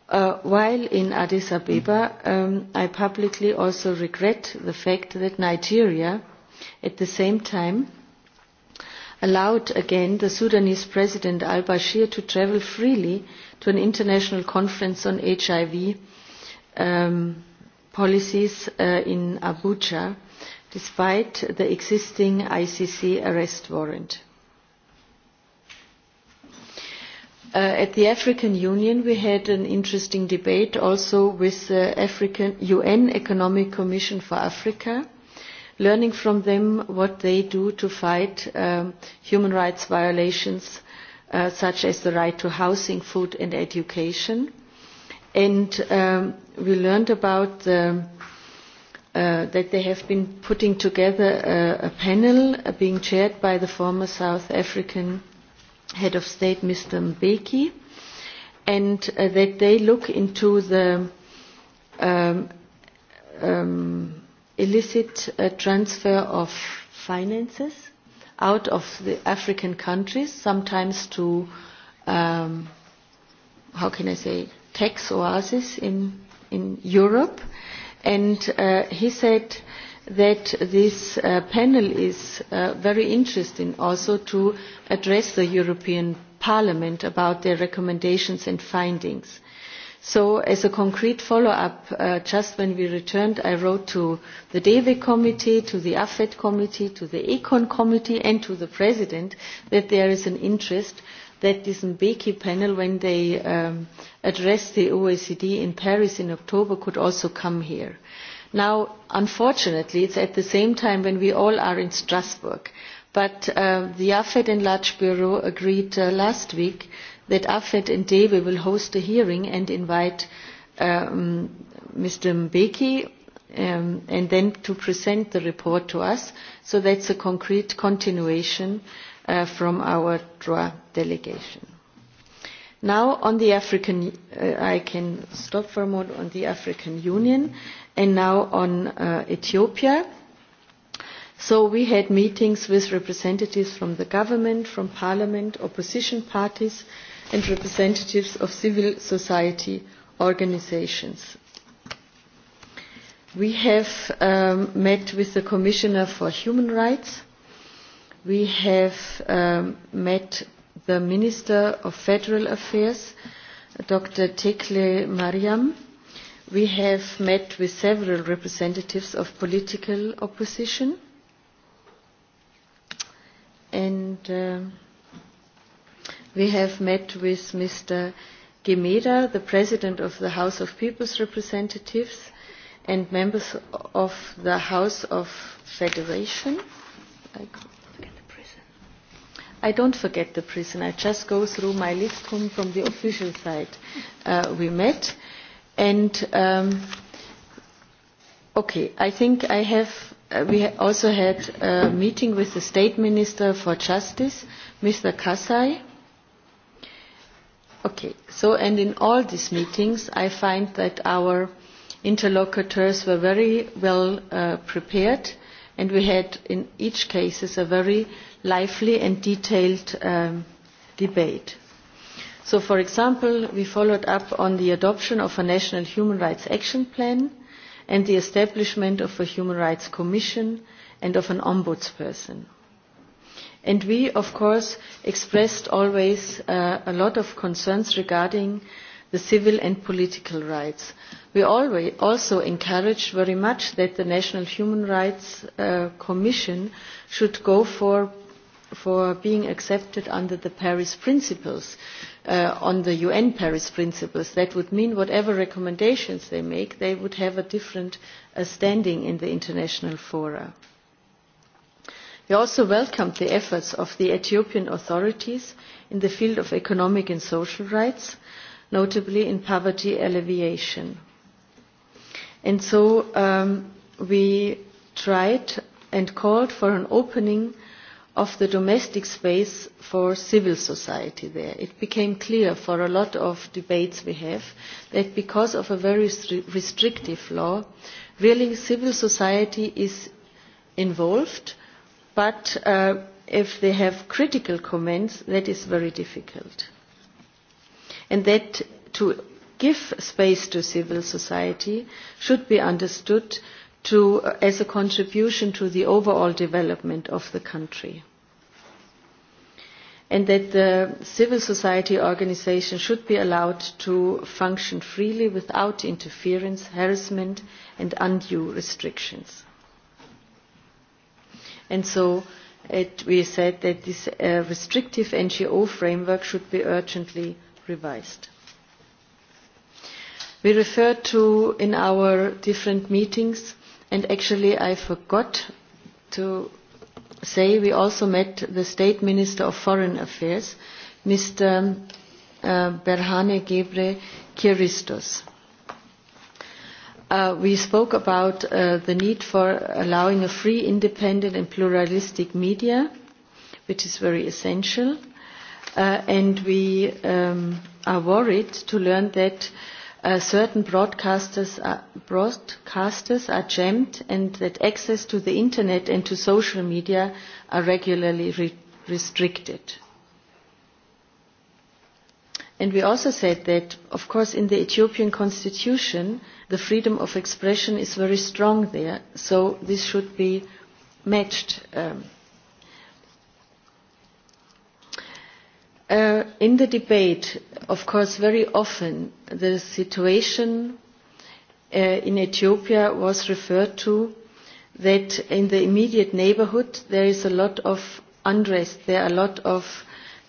Uh, while in Addis Abeba, um, I publicly also regret the fact that Nigeria, at the same time, allowed again the Sudanese President al Bashir to travel freely to an international conference on HIV um, policies uh, in Abuja despite the existing ICC arrest warrant. Uh, at the African Union, we had an interesting debate also with the African UN Economic Commission for Africa, learning from them what they do to fight um, human rights violations uh, such as the right to housing, food and education and um, we learned about the, um, uh, that they have been putting together a, a panel uh, being chaired by the former South African head of state, Mr. Mbeki, and uh, that they look into the um, um, illicit uh, transfer of finances out of the African countries, sometimes to, um, how can I say, tax oasis in, in Europe. And uh, he said that this uh, panel is uh, very interesting also to address the European Parliament about their recommendations and findings. So as a concrete follow-up, uh, just when we returned, I wrote to the DEWE committee, to the AFED committee, to the ECON committee and to the President that there is an interest uh, that this Mbeki panel, when they um, addressed the OECD in Paris in October, could also come here. Now, unfortunately, it's at the same time when we all are in Strasbourg. But uh, the AFED Enlarged Bureau agreed uh, last week that AFED and DEWE will host a hearing and invite um, Mr. Mbeki um, and then to present the report to us. So that's a concrete continuation uh, uh, from our DROA delegation. Now on the African, uh, I can stop for a moment on the African Union and now on uh, Ethiopia. So we had meetings with representatives from the government, from parliament, opposition parties and representatives of civil society organizations. We have um, met with the Commissioner for Human Rights we have um, met the Minister of Federal Affairs, Dr. Tekle Mariam. We have met with several representatives of political opposition. And uh, we have met with Mr. Gemeda, the President of the House of People's Representatives, and members of the House of Federation. I I don't forget the prison. I just go through my list whom from the official side uh, we met. And um, okay, I think I have, uh, we also had a meeting with the State Minister for Justice, Mr. Kasai. Okay, so and in all these meetings I find that our interlocutors were very well uh, prepared and we had in each case a very uh, lively and detailed um, debate. So, for example, we followed up on the adoption of a national human rights action plan and the establishment of a human rights commission and of an ombudsperson. And we, of course, expressed always uh, a lot of concerns regarding the civil and political rights. We always also encouraged very much that the National Human Rights uh, Commission should go for for being accepted under the Paris principles, uh, on the UN Paris principles. That would mean whatever recommendations they make, they would have a different uh, standing in the international fora. We also welcomed the efforts of the Ethiopian authorities in the field of economic and social rights, notably in poverty alleviation. And so um, we tried and called for an opening uh, of the domestic space for civil society there. It became clear for a lot of debates we have that because of a very restrictive law, really civil society is involved, but uh, if they have critical comments, that is very difficult. And that to give space to civil society should be understood uh, to, uh, as a contribution to the overall development of the country. And that the civil society organization should be allowed to function freely without interference, harassment, and undue restrictions. And so it, we said that this uh, restrictive NGO framework should be urgently revised. We referred to in our different meetings And actually, I forgot to say we also met the State Minister of Foreign Affairs, Mr. Uh, Berhane Gebre Kiristos. Uh, we spoke about uh, the need for allowing a free, independent and pluralistic media, which is very essential. Uh, and we um, are worried to learn that uh, uh, certain broadcasters are, broadcasters are jammed and that access to the internet and to social media are regularly re restricted. And we also said that, of course, in the Ethiopian constitution, the freedom of expression is very strong there, so this should be matched. Um, Uh, in the debate, of course, very often the situation uh, in Ethiopia was referred to that in the immediate neighborhood there is a lot of unrest, there are a lot of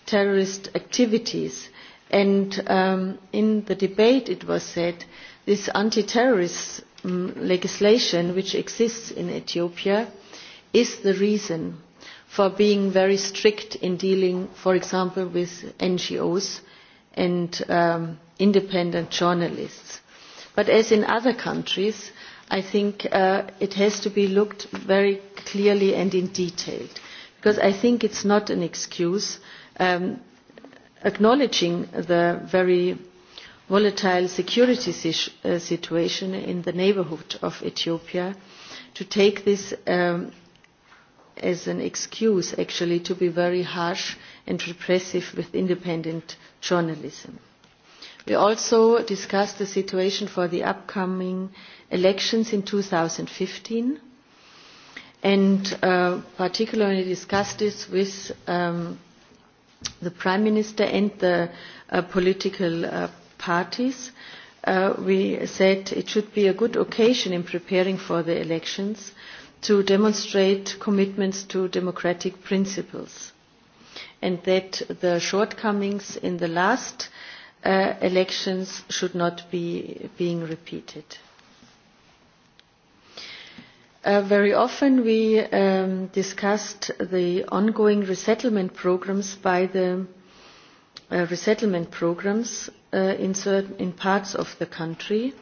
terrorist activities. And um, in the debate it was said this anti-terrorism um, legislation which exists in Ethiopia is the reason for being very strict in dealing, for example, with NGOs and um, independent journalists. But as in other countries, I think uh, it has to be looked very clearly and in detail, because I think it's not an excuse. Um, acknowledging the very volatile security uh, situation in the neighbourhood of Ethiopia, to take this um, as an excuse actually to be very harsh and repressive with independent journalism. We also discussed the situation for the upcoming elections in 2015 and uh, particularly discussed this with um, the Prime Minister and the uh, political uh, parties. Uh, we said it should be a good occasion in preparing for the elections to demonstrate commitments to democratic principles and that the shortcomings in the last uh, elections should not be being repeated. Uh, very often we um, discussed the ongoing resettlement programs by the uh, resettlement programs uh, in, certain, in parts of the country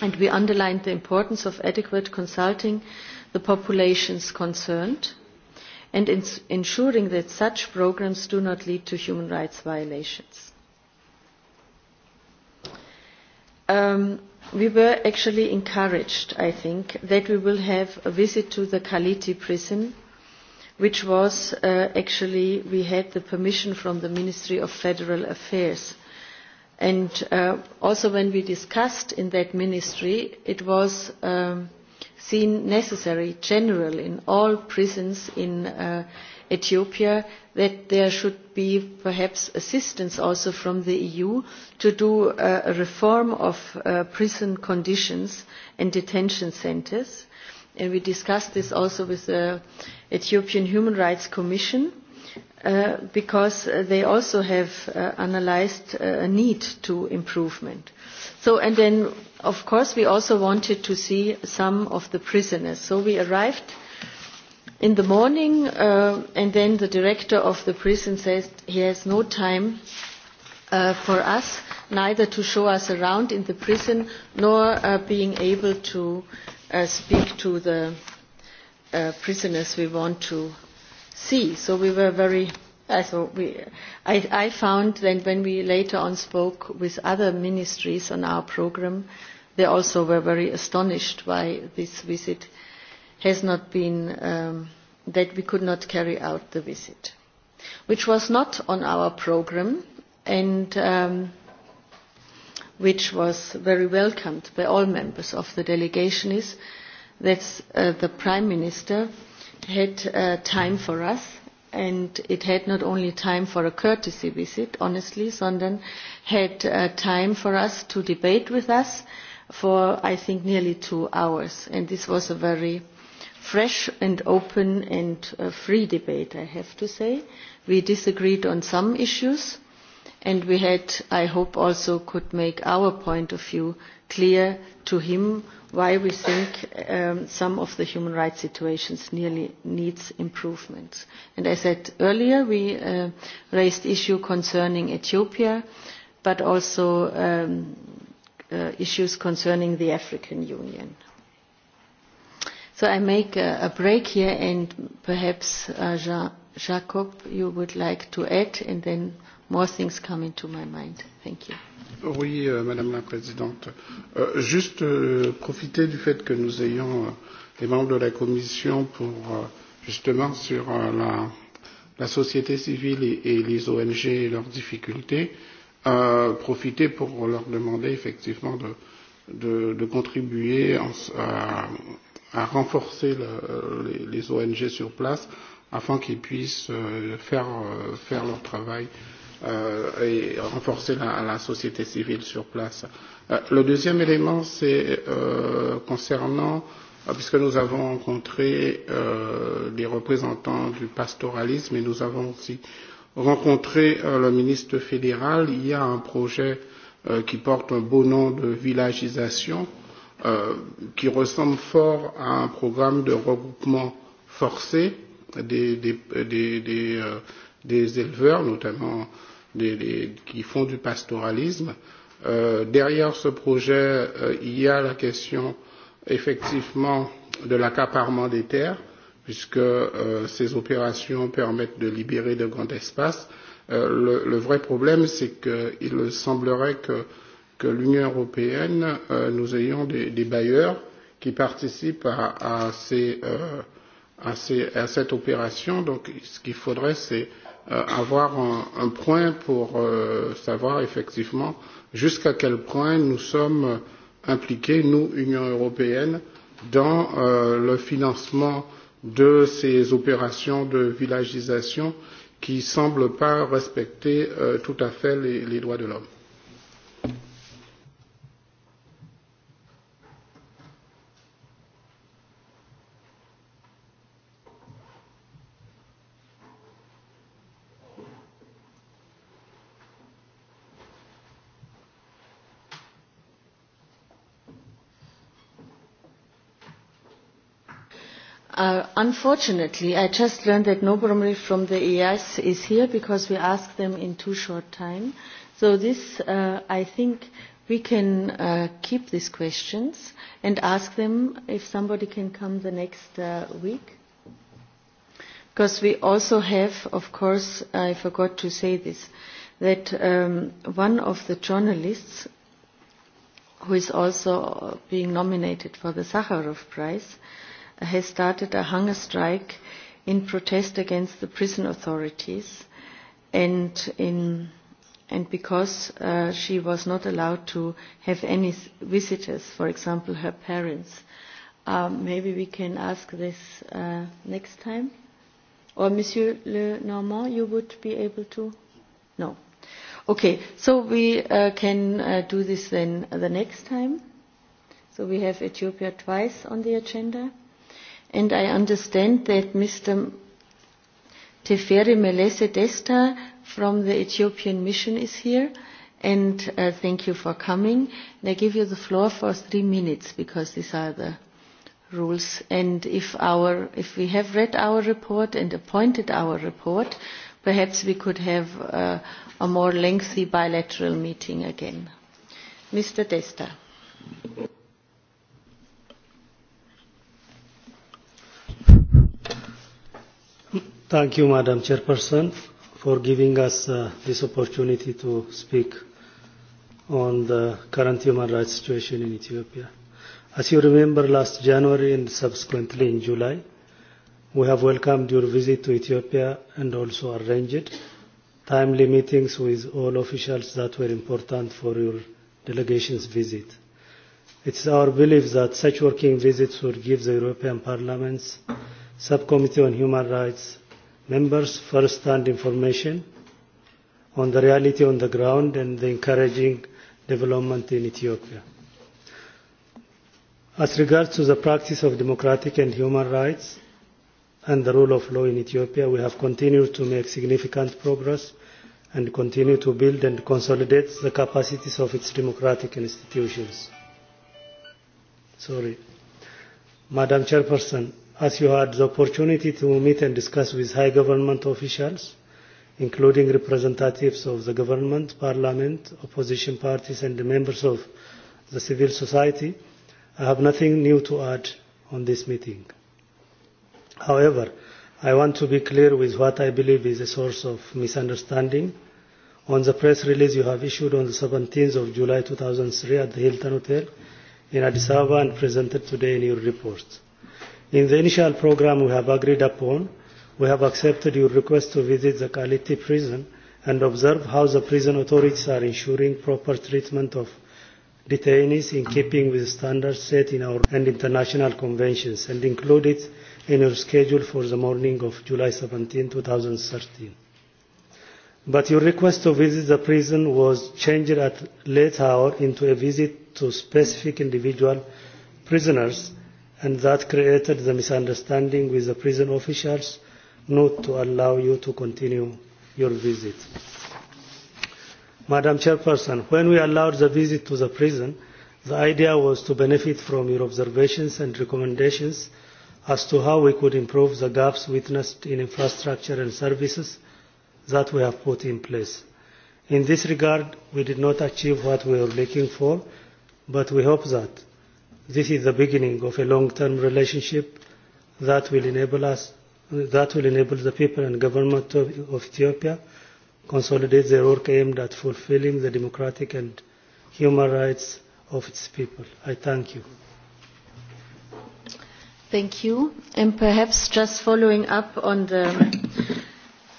and we underlined the importance of adequate consulting uh, the populations concerned and ins ensuring that such programs do not lead to human rights violations. Um, we were actually encouraged, I think, that we will have a visit to the Kaliti prison, which was uh, actually, we had the permission from the Ministry of Federal Affairs. And uh, also when we discussed in that ministry, it was... Um, seen necessary general in all prisons in uh, Ethiopia that there should be perhaps assistance also from the EU to do uh, a reform of uh, prison conditions and detention centers. And we discussed this also with the Ethiopian Human Rights Commission uh, because they also have uh, analyzed uh, a uh, need to improvement. So, and then, of course, we also wanted to see some of the prisoners. So we arrived in the morning, uh, and then the director of the prison says he has no time uh, for us, neither to show us around in the prison, nor uh, being able to uh, speak to the uh, prisoners we want to see. So we were very uh, so we, I, I found that when we later on spoke with other ministries on our program, they also were very astonished why this visit has not been, um, that we could not carry out the visit, which was not on our program and um, which was very welcomed by all members of the delegation is that uh, the Prime Minister had uh, time for us and it had not only time for a courtesy visit, honestly, Sondern had uh, time for us to debate with us for, I think, nearly two hours. And this was a very fresh and open and uh, free debate, I have to say. We disagreed on some issues, and we had, I hope, also could make our point of view clear to him why we think um, some of the human rights situations nearly needs improvements. And I said earlier, we uh, raised issue concerning Ethiopia, but also um, uh, issues concerning the African Union. So I make a, a break here, and perhaps uh, Jean, Jacob, you would like to add, and then more things come into my mind. Thank you. Oui, euh, Madame la Présidente. Euh, juste euh, profiter du fait que nous ayons euh, les membres de la Commission pour euh, justement sur euh, la, la société civile et, et les ONG et leurs difficultés, euh, profiter pour leur demander effectivement de, de, de contribuer en, à, à renforcer le, euh, les, les ONG sur place afin qu'ils puissent euh, faire, euh, faire leur travail euh, euh, et renforcer la, la société civile sur place. Euh, le deuxième élément, c'est euh, concernant, euh, puisque nous avons rencontré euh, les représentants du pastoralisme et nous avons aussi rencontré euh, le ministre fédéral, il y a un projet euh, qui porte un beau nom de villagisation, euh, qui ressemble fort à un programme de regroupement forcé des, des, des, des, euh, des éleveurs, notamment euh, des, des, qui font du pastoralisme. Euh, derrière ce projet, euh, il y a la question effectivement de l'accaparement des terres, puisque euh, ces opérations permettent de libérer de grands espaces. Euh, le, le vrai problème, c'est qu'il semblerait que, que l'Union européenne, euh, nous ayons des, des bailleurs qui participent à, à, ces, euh, à, ces, à cette opération. Donc, ce qu'il faudrait, c'est euh, euh, avoir un, un point pour euh, savoir effectivement jusqu'à quel point nous sommes impliqués, nous, Union européenne, dans euh, le financement de ces opérations de villagisation qui ne semblent pas respecter euh, tout à fait les, les droits de l'homme. Uh, unfortunately, I just learned that Nobromri from the EIS is here because we asked them in too short time. So this, uh, I think, we can uh, keep these questions and ask them if somebody can come the next uh, week. Because we also have, of course, I forgot to say this, that um, one of the journalists who is also being nominated for the Sakharov Prize uh, has started a hunger strike in protest against the prison authorities and in and because uh, she was not allowed to have any visitors, for example, her parents. Um, maybe we can ask this uh, next time. Or Monsieur Le Normand, you would be able to? No. Okay, so we uh, can uh, do this then the next time. So we have Ethiopia twice on the agenda and I understand that Mr. Teferi Melese Desta from the Ethiopian Mission is here. And uh, thank you for coming. And I give you the floor for three minutes because these are the rules. And if, our, if we have read our report and appointed our report, perhaps we could have uh, a more lengthy bilateral meeting again. Mr. Desta. Thank you, Madam Chairperson, for giving us uh, this opportunity to speak on the current human rights situation in Ethiopia. As you remember, last January and subsequently in July, we have welcomed your visit to Ethiopia and also arranged timely meetings with all officials that were important for your delegation's visit. It's our belief that such working visits would give the European Parliament's Subcommittee on Human Rights members first-hand information on the reality on the ground and the encouraging development in Ethiopia. As regards to the practice of democratic and human rights and the rule of law in Ethiopia, we have continued to make significant progress and continue to build and consolidate the capacities of its democratic institutions. Sorry. Madam Chairperson, as you had the opportunity to meet and discuss with high government officials, including representatives of the government, parliament, opposition parties and the members of the civil society, I have nothing new to add on this meeting. However, I want to be clear with what I believe is a source of misunderstanding. On the press release you have issued on the 17th of July 2003 at the Hilton Hotel in Addis Ababa and presented today in your report. In the initial program we have agreed upon, we have accepted your request to visit the Kaliti prison and observe how the prison authorities are ensuring proper treatment of detainees in keeping with standards set in our and international conventions and include it in our schedule for the morning of July 17, 2013. But your request to visit the prison was changed at late hour into a visit to specific individual prisoners and that created the misunderstanding with the prison officials not to allow you to continue your visit. Madam Chairperson, when we allowed the visit to the prison, the idea was to benefit from your observations and recommendations as to how we could improve the gaps witnessed in infrastructure and services that we have put in place. In this regard, we did not achieve what we were looking for, but we hope that This is the beginning of a long-term relationship that will enable us, that will enable the people and government of, of Ethiopia consolidate their work aimed at fulfilling the democratic and human rights of its people. I thank you. Thank you. And perhaps just following up on the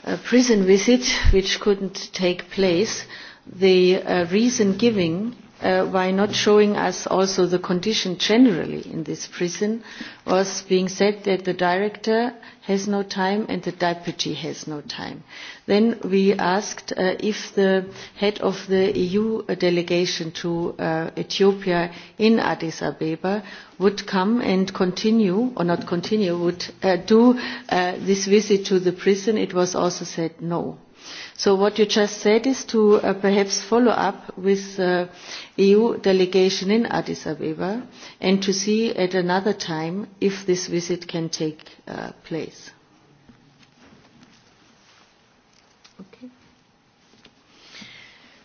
uh, prison visit, which couldn't take place, the uh, reason giving uh, by not showing us also the condition generally in this prison was being said that the director has no time and the deputy has no time. Then we asked uh, if the head of the EU uh, delegation to uh, Ethiopia in Addis Abeba would come and continue, or not continue, would uh, do uh, this visit to the prison. It was also said no. Uh, So what you just said is to uh, perhaps follow up with the uh, EU delegation in Addis Abeba and to see at another time if this visit can take uh, place. Okay.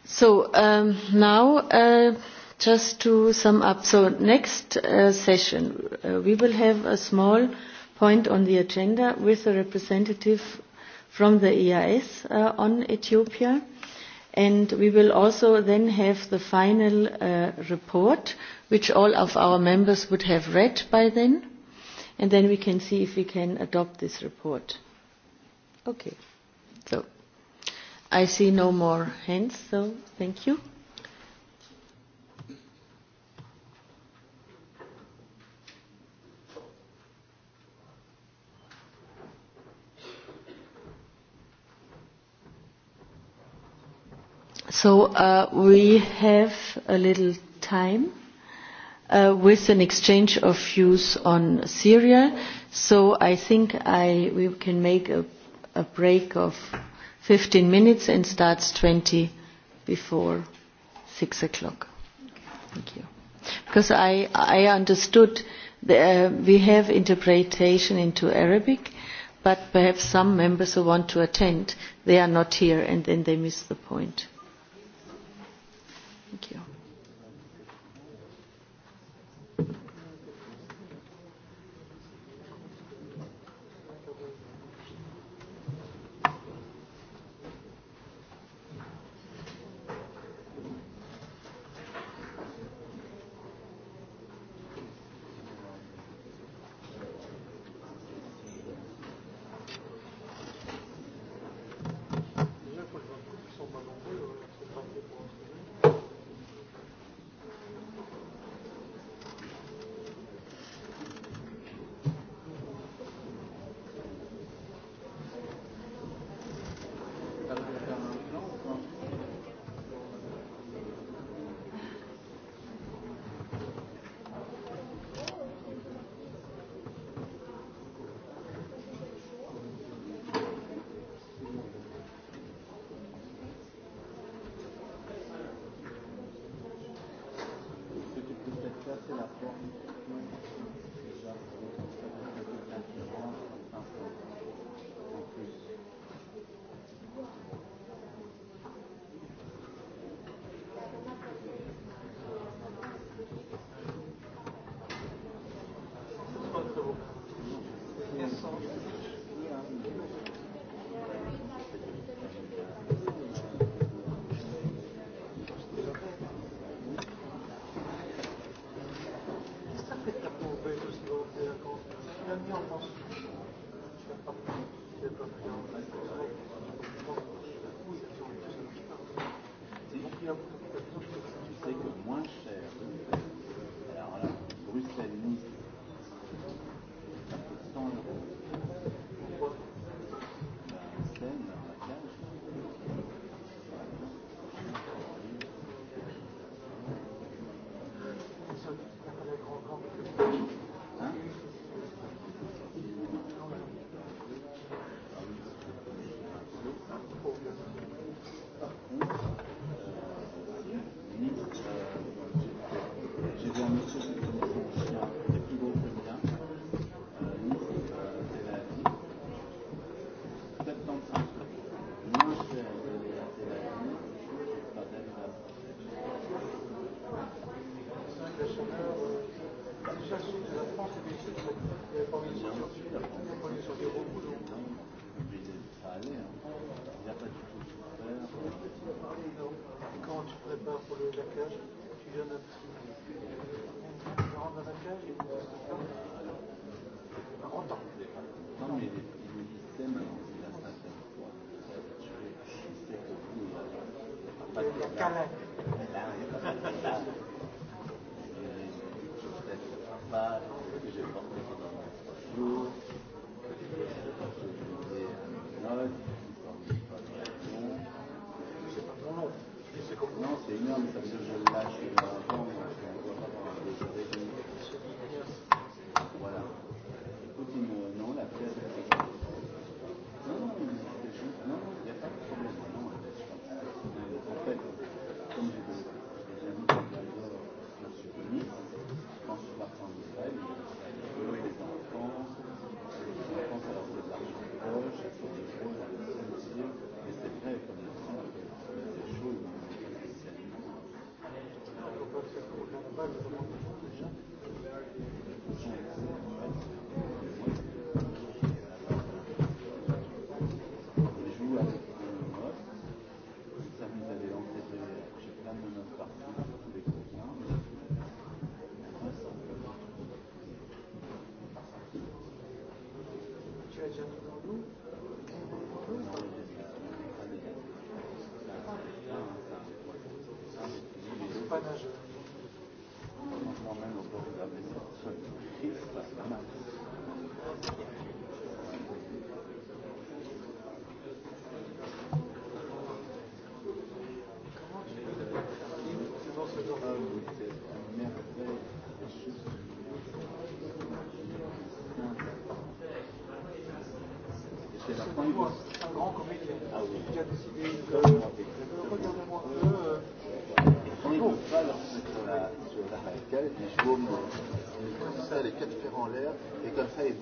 So um, now uh, just to sum up. So next uh, session uh, we will have a small point on the agenda with a representative from the EIS uh, on Ethiopia. And we will also then have the final uh, report, which all of our members would have read by then. And then we can see if we can adopt this report. Okay. So I see no more hands, so thank you. So uh, we have a little time uh, with an exchange of views on Syria. So I think I, we can make a, a break of 15 minutes and starts 20 before 6 o'clock. Thank you. Because I, I understood the, uh, we have interpretation into Arabic, but perhaps some members who want to attend, they are not here and then they miss the point. Thank you. No. Καλά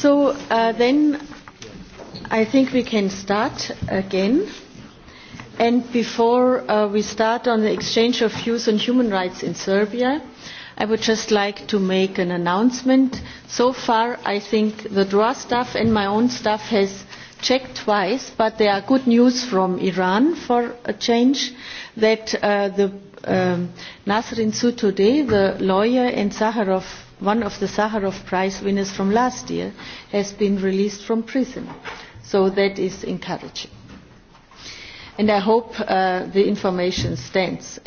So uh, then I think we can start again. And before uh, we start on the exchange of views on human rights in Serbia, I would just like to make an announcement. So far, I think the DROA staff and my own staff has checked twice, but there are good news from Iran for a change, that uh, the um, Nasrin Sotoudeh, the lawyer and Sakharov one of the Sakharov Prize winners from last year, has been released from prison. So that is encouraging. And I hope uh, the information stands.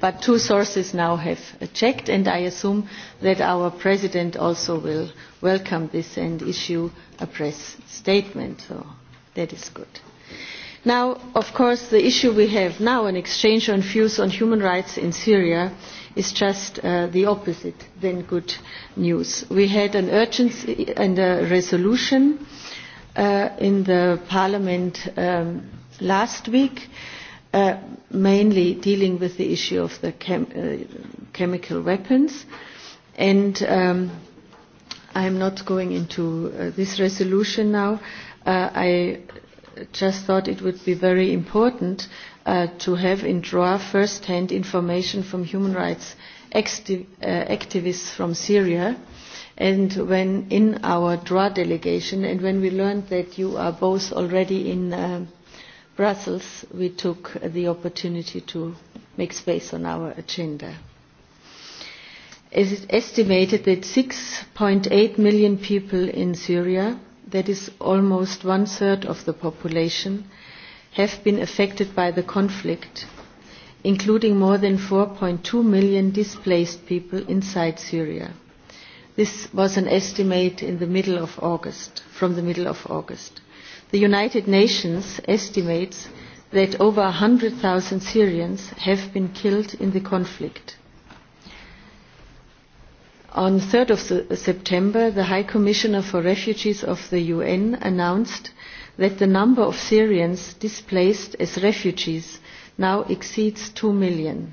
but two sources now have uh, checked, and I assume that our president also will welcome this and issue a press statement. So that is good. Now, of course, the issue we have now, an exchange on views on human rights in Syria, uh, is just uh, the opposite than good news. We had an urgency and a resolution uh, in the Parliament um, last week, uh, mainly dealing with the issue of the chem uh, chemical weapons. And um, I'm not going into uh, this resolution now. Uh, I just thought it would be very important uh, uh, to have in draw first-hand information from human rights acti uh, activists from Syria. And when in our draw delegation, and when we learned that you are both already in uh, Brussels, we took the opportunity to make space on our agenda. It is estimated that 6.8 million people in Syria, that is almost one third of the population, have been affected by the conflict, including more than 4.2 million displaced people inside Syria. This was an estimate in the middle of August, from the middle of August. The United Nations estimates that over 100,000 Syrians have been killed in the conflict. On 3rd of September, the High Commissioner for Refugees of the UN announced that the number of Syrians displaced as refugees now exceeds 2 million.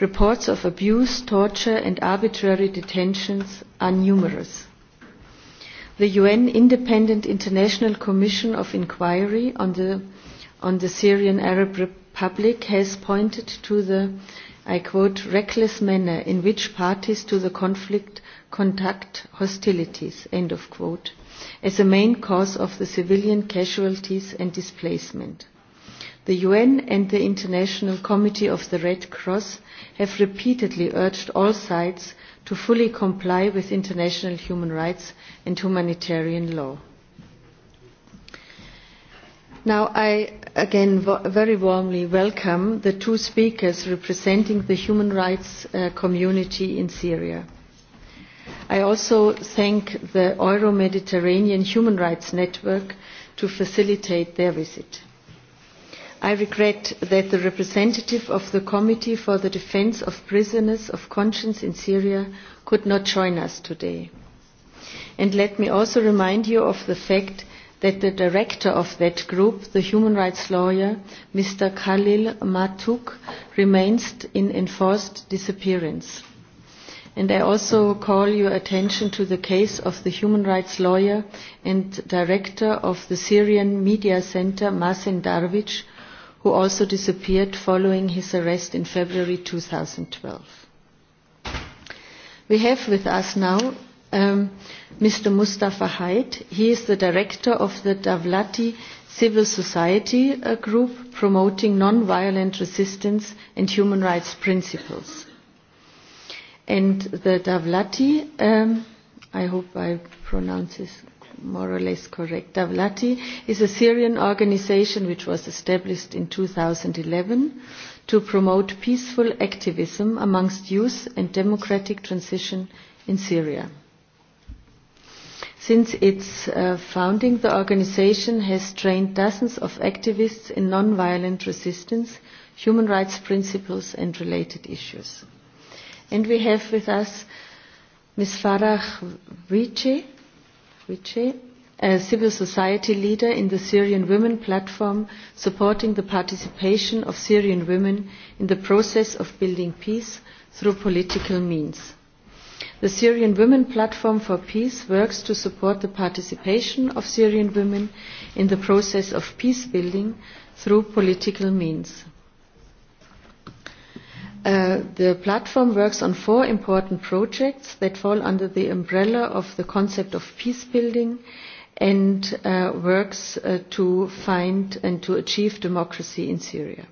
Reports of abuse, torture and arbitrary detentions are numerous. The UN Independent International Commission of Inquiry on the, on the Syrian Arab Republic has pointed to the, I quote, reckless manner in which parties to the conflict conduct hostilities, end of quote as a main cause of the civilian casualties and displacement. The UN and the International Committee of the Red Cross have repeatedly urged all sides to fully comply with international human rights and humanitarian law. Now, I again very warmly welcome the two speakers representing the human rights uh, community in Syria. I also thank the Euro-Mediterranean Human Rights Network to facilitate their visit. I regret that the representative of the Committee for the Defense of Prisoners of Conscience in Syria could not join us today. And let me also remind you of the fact that the director of that group, the human rights lawyer, Mr. Khalil Matuk, remains in enforced disappearance and I also call your attention to the case of the human rights lawyer and director of the Syrian Media Center, Masen Darwic, who also disappeared following his arrest in February 2012. We have with us now um, Mr. Mustafa Haid. He is the director of the Davlati Civil Society uh, Group promoting non-violent resistance and human rights principles and the Davlati, um, I hope I pronounce this more or less correct. Davlati is a Syrian organization which was established in 2011 to promote peaceful activism amongst youth and democratic transition in Syria. Since its uh, founding, the organization has trained dozens of activists in nonviolent resistance, human rights principles, and related issues. And we have with us Ms. Farah Vici, Vici a civil society leader in the Syrian Women Platform, supporting the participation of Syrian women in the process of building peace through political means. The Syrian Women Platform for Peace works to support the participation of Syrian women in the process of peace building through political means. Uh, the platform works on four important projects that fall under the umbrella of the concept of peace building and uh, works uh, to find and to achieve democracy in Syria.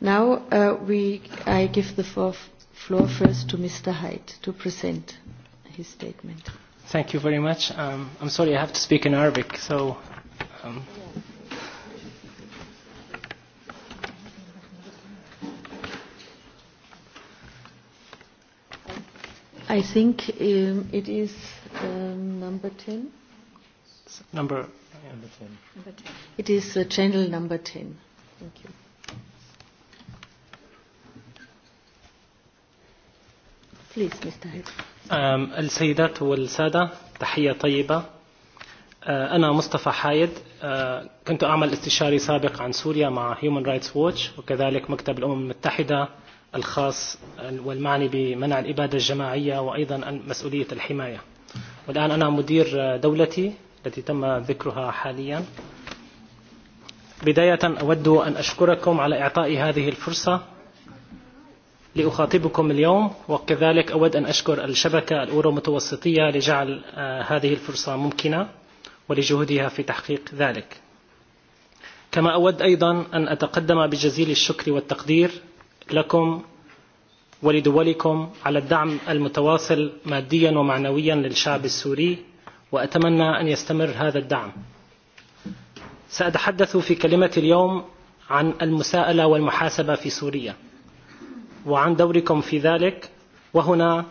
Now uh, we, I give the floor, floor first to Mr. Haidt to present his statement. Thank you very much. Um, I'm sorry I have to speak in Arabic, so um, yeah. I think um, it is um, number 10. Number, number 10. Number 10. It is uh, channel number 10. Thank you. Please, Mr. Hayes. Um, السيدات والسادة تحية طيبة أنا مصطفى حايد كنت أعمل استشاري سابق عن سوريا مع Human Rights Watch وكذلك مكتب الأمم المتحدة الخاص والمعني بمنع الإبادة الجماعية وأيضا مسؤولية الحماية والآن أنا مدير دولتي التي تم ذكرها حاليا بداية أود أن أشكركم على إعطائي هذه الفرصة لأخاطبكم اليوم وكذلك أود أن أشكر الشبكة الأورو متوسطية لجعل هذه الفرصة ممكنة ولجهودها في تحقيق ذلك كما أود أيضا أن أتقدم بجزيل الشكر والتقدير لكم ولدولكم على الدعم المتواصل ماديا ومعنويا للشعب السوري وأتمنى أن يستمر هذا الدعم سأتحدث في كلمة اليوم عن المساءلة والمحاسبة في سوريا وعن دوركم في ذلك وهنا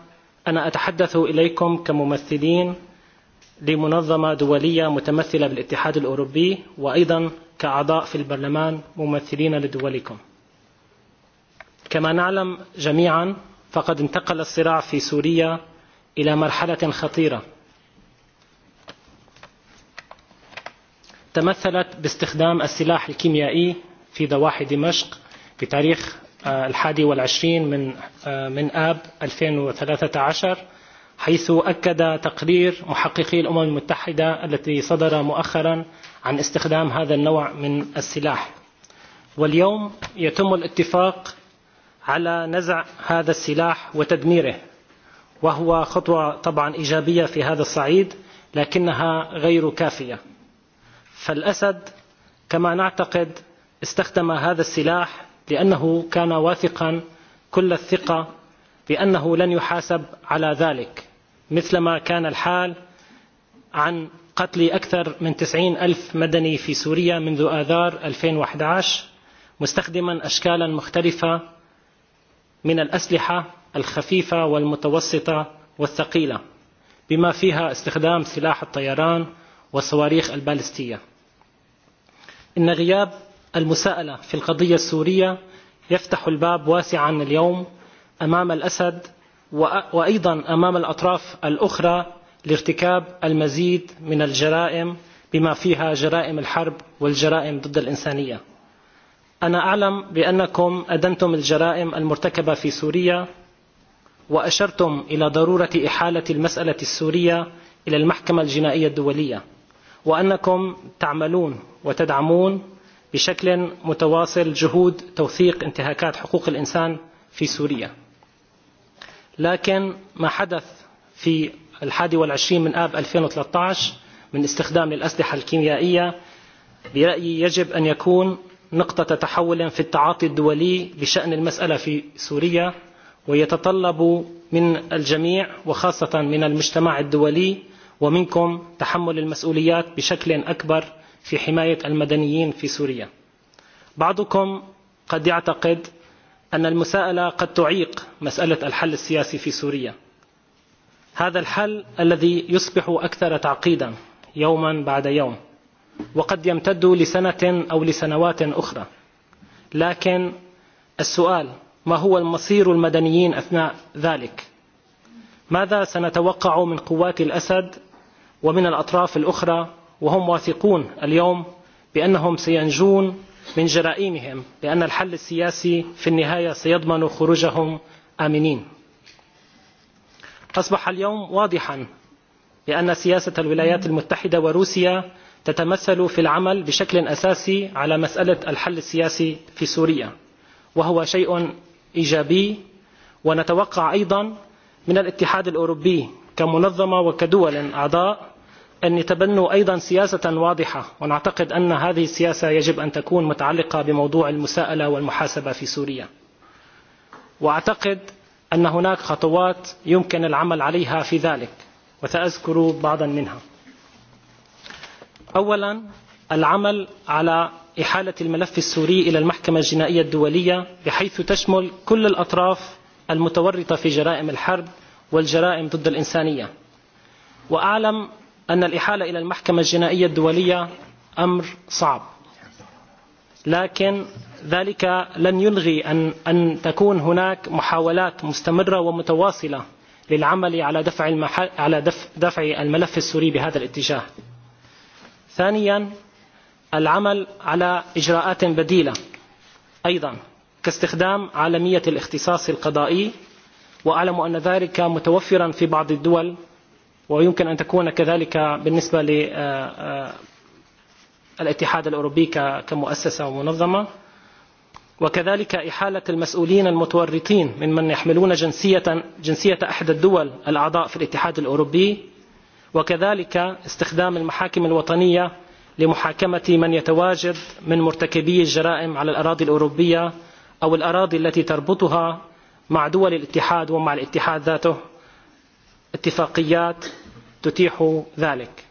أنا أتحدث إليكم كممثلين لمنظمة دولية متمثلة بالاتحاد الأوروبي وأيضا كأعضاء في البرلمان ممثلين لدولكم كما نعلم جميعا فقد انتقل الصراع في سوريا إلى مرحلة خطيرة تمثلت باستخدام السلاح الكيميائي في ضواحي دمشق في تاريخ الحادي والعشرين من من آب 2013 حيث أكد تقرير محققي الأمم المتحدة التي صدر مؤخرا عن استخدام هذا النوع من السلاح واليوم يتم الاتفاق على نزع هذا السلاح وتدميره وهو خطوة طبعا إيجابية في هذا الصعيد لكنها غير كافية فالأسد كما نعتقد استخدم هذا السلاح لأنه كان واثقا كل الثقة بأنه لن يحاسب على ذلك مثلما كان الحال عن قتل أكثر من 90 ألف مدني في سوريا منذ آذار 2011 مستخدما أشكالا مختلفة من الأسلحة الخفيفة والمتوسطة والثقيلة بما فيها استخدام سلاح الطيران والصواريخ البالستية إن غياب المساءلة في القضية السورية يفتح الباب واسعا اليوم أمام الأسد وأيضا أمام الأطراف الأخرى لارتكاب المزيد من الجرائم بما فيها جرائم الحرب والجرائم ضد الإنسانية أنا أعلم بأنكم أدنتم الجرائم المرتكبة في سوريا وأشرتم إلى ضرورة إحالة المسألة السورية إلى المحكمة الجنائية الدولية وأنكم تعملون وتدعمون بشكل متواصل جهود توثيق انتهاكات حقوق الإنسان في سوريا لكن ما حدث في الحادي والعشرين من آب 2013 من استخدام الأسلحة الكيميائية برأيي يجب أن يكون نقطة تحول في التعاطي الدولي بشأن المسألة في سوريا ويتطلب من الجميع وخاصة من المجتمع الدولي ومنكم تحمل المسؤوليات بشكل أكبر في حماية المدنيين في سوريا بعضكم قد يعتقد أن المساءلة قد تعيق مسألة الحل السياسي في سوريا هذا الحل الذي يصبح أكثر تعقيدا يوما بعد يوم وقد يمتد لسنة أو لسنوات أخرى لكن السؤال ما هو المصير المدنيين أثناء ذلك ماذا سنتوقع من قوات الأسد ومن الأطراف الأخرى وهم واثقون اليوم بأنهم سينجون من جرائمهم لأن الحل السياسي في النهاية سيضمن خروجهم آمنين أصبح اليوم واضحا بأن سياسة الولايات المتحدة وروسيا تتمثل في العمل بشكل أساسي على مسألة الحل السياسي في سوريا وهو شيء إيجابي ونتوقع أيضا من الاتحاد الأوروبي كمنظمة وكدول أعضاء أن يتبنوا أيضا سياسة واضحة ونعتقد أن هذه السياسة يجب أن تكون متعلقة بموضوع المساءلة والمحاسبة في سوريا وأعتقد أن هناك خطوات يمكن العمل عليها في ذلك وسأذكر بعضا منها أولا العمل على إحالة الملف السوري إلى المحكمة الجنائية الدولية بحيث تشمل كل الأطراف المتورطة في جرائم الحرب والجرائم ضد الإنسانية وأعلم أن الإحالة إلى المحكمة الجنائية الدولية أمر صعب لكن ذلك لن يلغي أن, أن تكون هناك محاولات مستمرة ومتواصلة للعمل على دفع, على دفع الملف السوري بهذا الاتجاه ثانيا العمل على إجراءات بديلة أيضا كاستخدام عالمية الاختصاص القضائي وأعلم أن ذلك متوفرا في بعض الدول ويمكن أن تكون كذلك بالنسبة للاتحاد الأوروبي كمؤسسة ومنظمة وكذلك إحالة المسؤولين المتورطين ممن يحملون جنسية, جنسية أحد الدول الأعضاء في الاتحاد الأوروبي وكذلك استخدام المحاكم الوطنية لمحاكمة من يتواجد من مرتكبي الجرائم على الأراضي الأوروبية أو الأراضي التي تربطها مع دول الاتحاد ومع الاتحاد ذاته اتفاقيات تتيح ذلك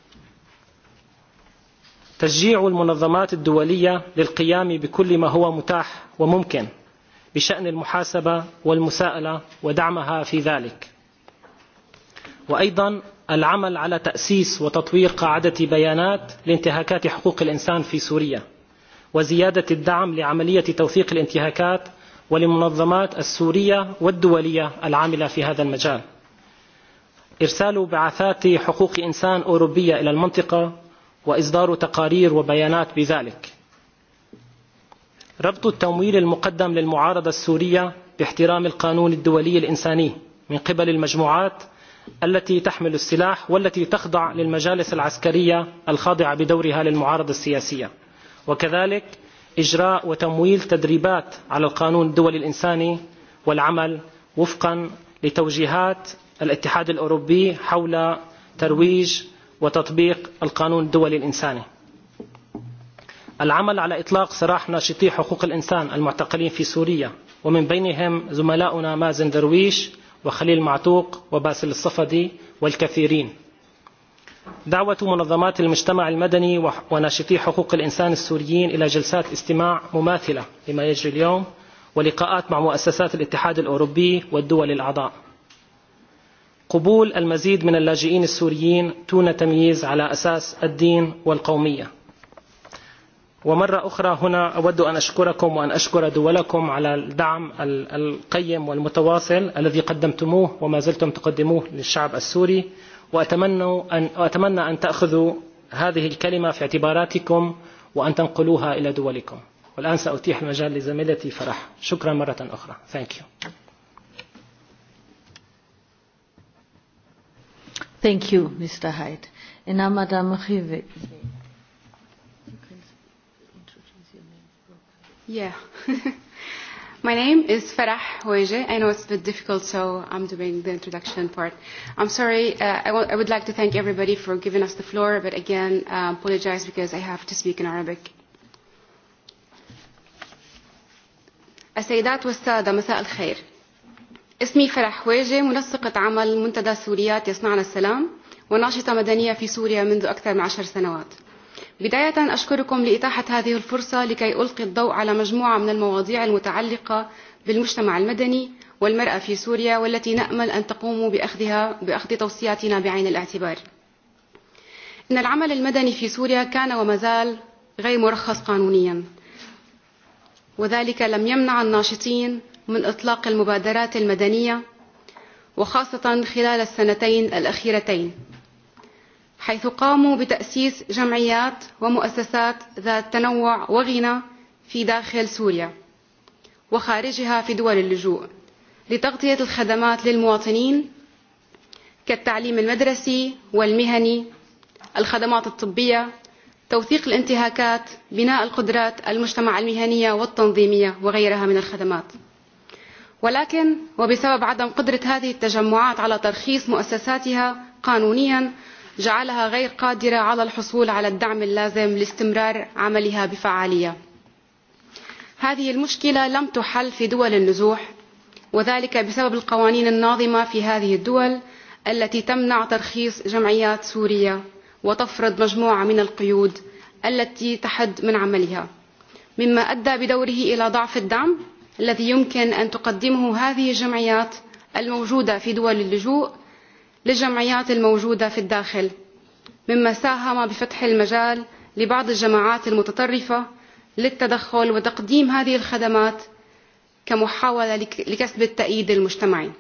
تشجيع المنظمات الدولية للقيام بكل ما هو متاح وممكن بشأن المحاسبة والمساءلة ودعمها في ذلك وأيضا العمل على تأسيس وتطوير قاعدة بيانات لانتهاكات حقوق الإنسان في سوريا وزيادة الدعم لعملية توثيق الانتهاكات ولمنظمات السورية والدولية العاملة في هذا المجال إرسال بعثات حقوق إنسان أوروبية إلى المنطقة وإصدار تقارير وبيانات بذلك ربط التمويل المقدم للمعارضة السورية باحترام القانون الدولي الإنساني من قبل المجموعات التي تحمل السلاح والتي تخضع للمجالس العسكرية الخاضعة بدورها للمعارضة السياسية وكذلك إجراء وتمويل تدريبات على القانون الدولي الإنساني والعمل وفقا لتوجيهات الاتحاد الأوروبي حول ترويج وتطبيق القانون الدولي الإنساني العمل على إطلاق سراح ناشطي حقوق الإنسان المعتقلين في سوريا ومن بينهم زملاؤنا مازن درويش وخليل معتوق وباسل الصفدي والكثيرين دعوة منظمات المجتمع المدني وناشطي حقوق الإنسان السوريين إلى جلسات استماع مماثلة لما يجري اليوم ولقاءات مع مؤسسات الاتحاد الأوروبي والدول الأعضاء قبول المزيد من اللاجئين السوريين دون تمييز على أساس الدين والقومية ومرة أخرى هنا أود أن أشكركم وأن أشكر دولكم على الدعم القيم والمتواصل الذي قدمتموه وما زلتم تقدموه للشعب السوري وأتمنى أن, وأتمنى أن تأخذوا هذه الكلمة في اعتباراتكم وأن تنقلوها إلى دولكم والآن سأتيح المجال لزميلتي فرح شكرا مرة أخرى Thank you. Thank you, Mr. Hyde. And now, Madame Rivet. Yeah. My name is Farah Hoije. I know it's a bit difficult, so I'm doing the introduction part. I'm sorry. Uh, I, w- I would like to thank everybody for giving us the floor, but again, uh, apologize because I have to speak in Arabic. السيدات والسادة مساء الخير اسمي فرح حواجة منسقة عمل منتدى سوريات يصنعنا السلام وناشطة مدنية في سوريا منذ أكثر من عشر سنوات بداية أشكركم لإتاحة هذه الفرصة لكي ألقي الضوء على مجموعة من المواضيع المتعلقة بالمجتمع المدني والمرأة في سوريا والتي نأمل أن تقوموا بأخذها بأخذ توصياتنا بعين الاعتبار إن العمل المدني في سوريا كان وما زال غير مرخص قانونيا وذلك لم يمنع الناشطين من إطلاق المبادرات المدنية وخاصة خلال السنتين الأخيرتين حيث قاموا بتأسيس جمعيات ومؤسسات ذات تنوع وغنى في داخل سوريا وخارجها في دول اللجوء لتغطية الخدمات للمواطنين كالتعليم المدرسي والمهني الخدمات الطبية توثيق الانتهاكات بناء القدرات المجتمع المهنية والتنظيمية وغيرها من الخدمات ولكن وبسبب عدم قدرة هذه التجمعات على ترخيص مؤسساتها قانونيا جعلها غير قادرة على الحصول على الدعم اللازم لاستمرار عملها بفعالية هذه المشكلة لم تحل في دول النزوح وذلك بسبب القوانين الناظمة في هذه الدول التي تمنع ترخيص جمعيات سورية وتفرض مجموعة من القيود التي تحد من عملها مما أدى بدوره إلى ضعف الدعم الذي يمكن أن تقدمه هذه الجمعيات الموجودة في دول اللجوء للجمعيات الموجودة في الداخل مما ساهم بفتح المجال لبعض الجماعات المتطرفة للتدخل وتقديم هذه الخدمات كمحاولة لكسب التأييد المجتمعي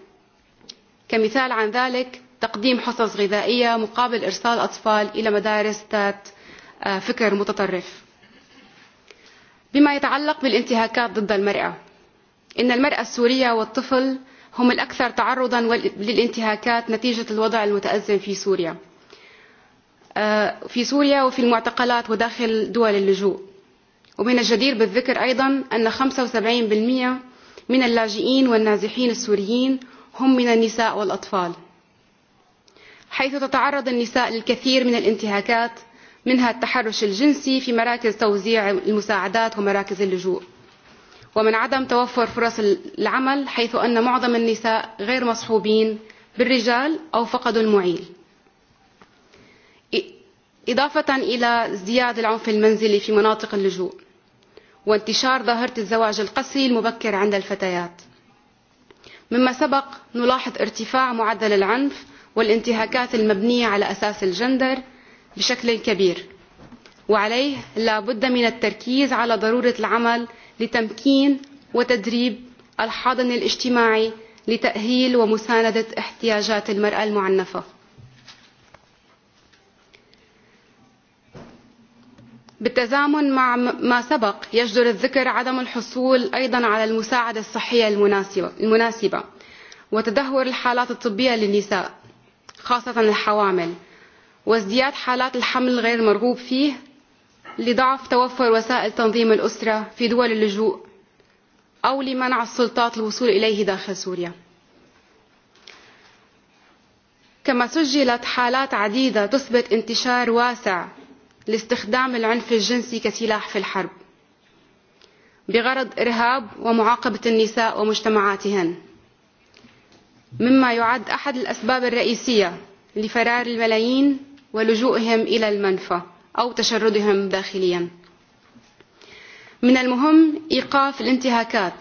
كمثال عن ذلك تقديم حصص غذائية مقابل إرسال أطفال إلى مدارس ذات فكر متطرف بما يتعلق بالانتهاكات ضد المرأة إن المرأة السورية والطفل هم الأكثر تعرضا للانتهاكات نتيجة الوضع المتأزم في سوريا في سوريا وفي المعتقلات وداخل دول اللجوء ومن الجدير بالذكر أيضا أن 75% من اللاجئين والنازحين السوريين هم من النساء والأطفال حيث تتعرض النساء للكثير من الانتهاكات منها التحرش الجنسي في مراكز توزيع المساعدات ومراكز اللجوء ومن عدم توفر فرص العمل حيث أن معظم النساء غير مصحوبين بالرجال أو فقدوا المعيل إضافة إلى ازدياد العنف المنزلي في مناطق اللجوء وانتشار ظاهرة الزواج القسري المبكر عند الفتيات مما سبق نلاحظ ارتفاع معدل العنف والانتهاكات المبنية على أساس الجندر بشكل كبير وعليه لا بد من التركيز على ضرورة العمل لتمكين وتدريب الحاضن الاجتماعي لتأهيل ومساندة احتياجات المرأة المعنفة بالتزامن مع ما سبق يجدر الذكر عدم الحصول أيضا على المساعدة الصحية المناسبة وتدهور الحالات الطبية للنساء خاصة الحوامل وازدياد حالات الحمل غير مرغوب فيه لضعف توفر وسائل تنظيم الأسرة في دول اللجوء أو لمنع السلطات الوصول إليه داخل سوريا كما سجلت حالات عديدة تثبت انتشار واسع لاستخدام العنف الجنسي كسلاح في الحرب بغرض إرهاب ومعاقبة النساء ومجتمعاتهن مما يعد أحد الأسباب الرئيسية لفرار الملايين ولجوئهم إلى المنفى أو تشردهم داخليا من المهم إيقاف الانتهاكات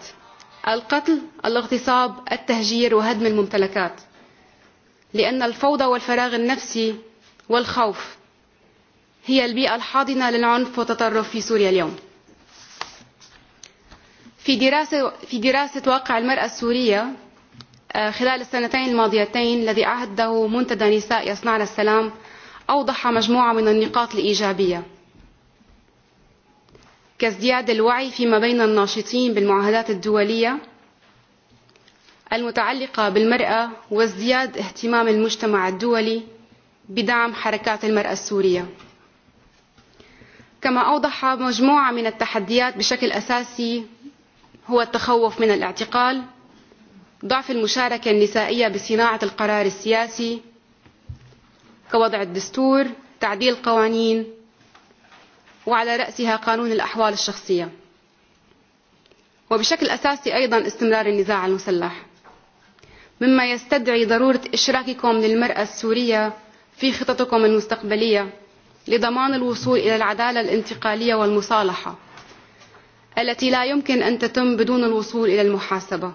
القتل الاغتصاب التهجير وهدم الممتلكات لأن الفوضى والفراغ النفسي والخوف هي البيئة الحاضنة للعنف والتطرف في سوريا اليوم في دراسة, في دراسة واقع المرأة السورية خلال السنتين الماضيتين الذي عهده منتدى نساء يصنعن السلام أوضح مجموعة من النقاط الإيجابية كازدياد الوعي فيما بين الناشطين بالمعاهدات الدولية المتعلقة بالمرأة وازدياد اهتمام المجتمع الدولي بدعم حركات المرأة السورية كما أوضح مجموعة من التحديات بشكل أساسي هو التخوف من الاعتقال ضعف المشاركة النسائية بصناعة القرار السياسي كوضع الدستور تعديل قوانين وعلى رأسها قانون الأحوال الشخصية وبشكل أساسي أيضا استمرار النزاع المسلح مما يستدعي ضرورة إشراككم للمرأة السورية في خططكم المستقبلية لضمان الوصول إلى العدالة الانتقالية والمصالحة التي لا يمكن أن تتم بدون الوصول إلى المحاسبة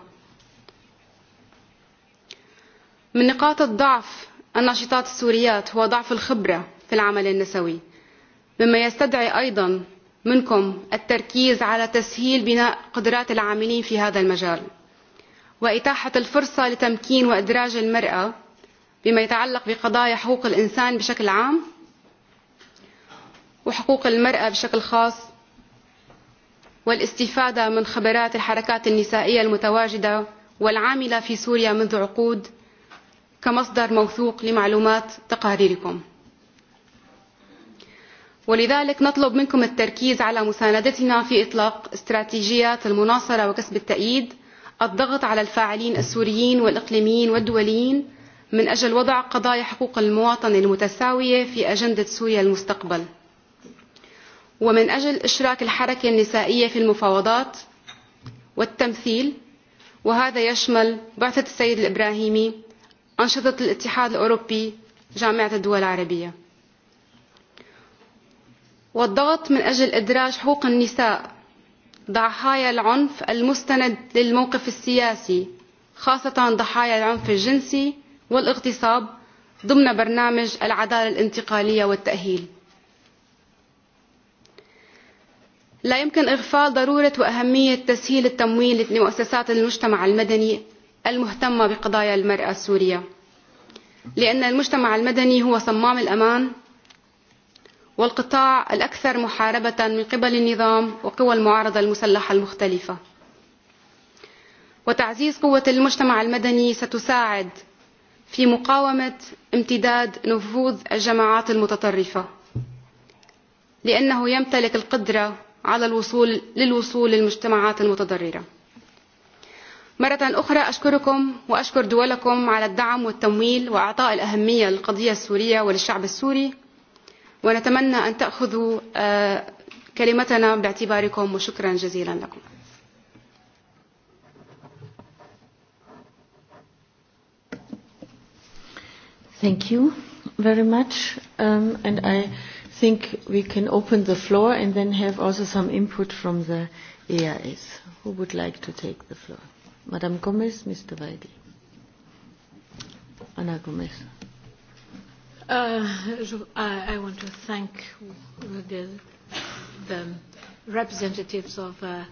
من نقاط الضعف النشطات السوريات هو ضعف الخبرة في العمل النسوي مما يستدعي أيضا منكم التركيز على تسهيل بناء قدرات العاملين في هذا المجال وإتاحة الفرصة لتمكين وإدراج المرأة بما يتعلق بقضايا حقوق الإنسان بشكل عام وحقوق المرأة بشكل خاص والاستفادة من خبرات الحركات النسائية المتواجدة والعاملة في سوريا منذ عقود كمصدر موثوق لمعلومات تقاريركم ولذلك نطلب منكم التركيز على مساندتنا في إطلاق استراتيجيات المناصرة وكسب التأييد الضغط على الفاعلين السوريين والإقليميين والدوليين من أجل وضع قضايا حقوق المواطن المتساوية في أجندة سوريا المستقبل ومن أجل إشراك الحركة النسائية في المفاوضات والتمثيل وهذا يشمل بعثة السيد الإبراهيمي أنشطة الاتحاد الأوروبي جامعة الدول العربية والضغط من أجل إدراج حقوق النساء ضحايا العنف المستند للموقف السياسي خاصة ضحايا العنف الجنسي والاغتصاب ضمن برنامج العدالة الانتقالية والتأهيل لا يمكن إغفال ضرورة وأهمية تسهيل التمويل لمؤسسات المجتمع المدني المهتمة بقضايا المرأة السورية لأن المجتمع المدني هو صمام الأمان والقطاع الأكثر محاربة من قبل النظام وقوى المعارضة المسلحة المختلفة وتعزيز قوة المجتمع المدني ستساعد في مقاومة امتداد نفوذ الجماعات المتطرفة لأنه يمتلك القدرة على الوصول للوصول للمجتمعات المتضررة مرة أخرى أشكركم وأشكر دولكم على الدعم والتمويل وإعطاء الأهمية للقضية السورية وللشعب السوري ونتمنى أن تأخذوا كلمتنا باعتباركم وشكرا جزيلا لكم Thank you very much. Um, and I think we can open the floor and then have also some input from the EIS. Who would like to take the floor? Madame Gomez, Mr. Weigel. Anna Gomez. Uh, I, I want to thank the, the representatives of uh, uh,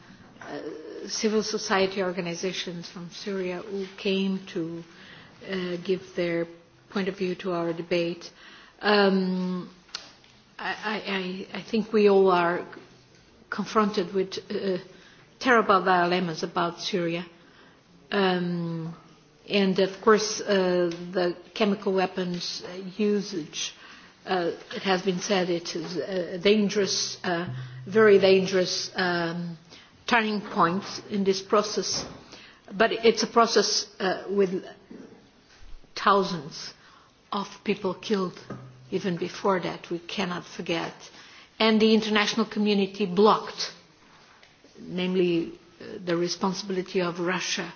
civil society organizations from Syria who came to uh, give their point of view to our debate. Um, I, I, I think we all are confronted with uh, terrible dilemmas about Syria. Uh, Um, and of course, uh, the chemical weapons uh, usage, uh, it has been said it is a dangerous, uh, very dangerous um, turning point in this process. But it's a process uh, with thousands of people killed even before that. We cannot forget. And the international community blocked, namely uh, the responsibility of Russia uh,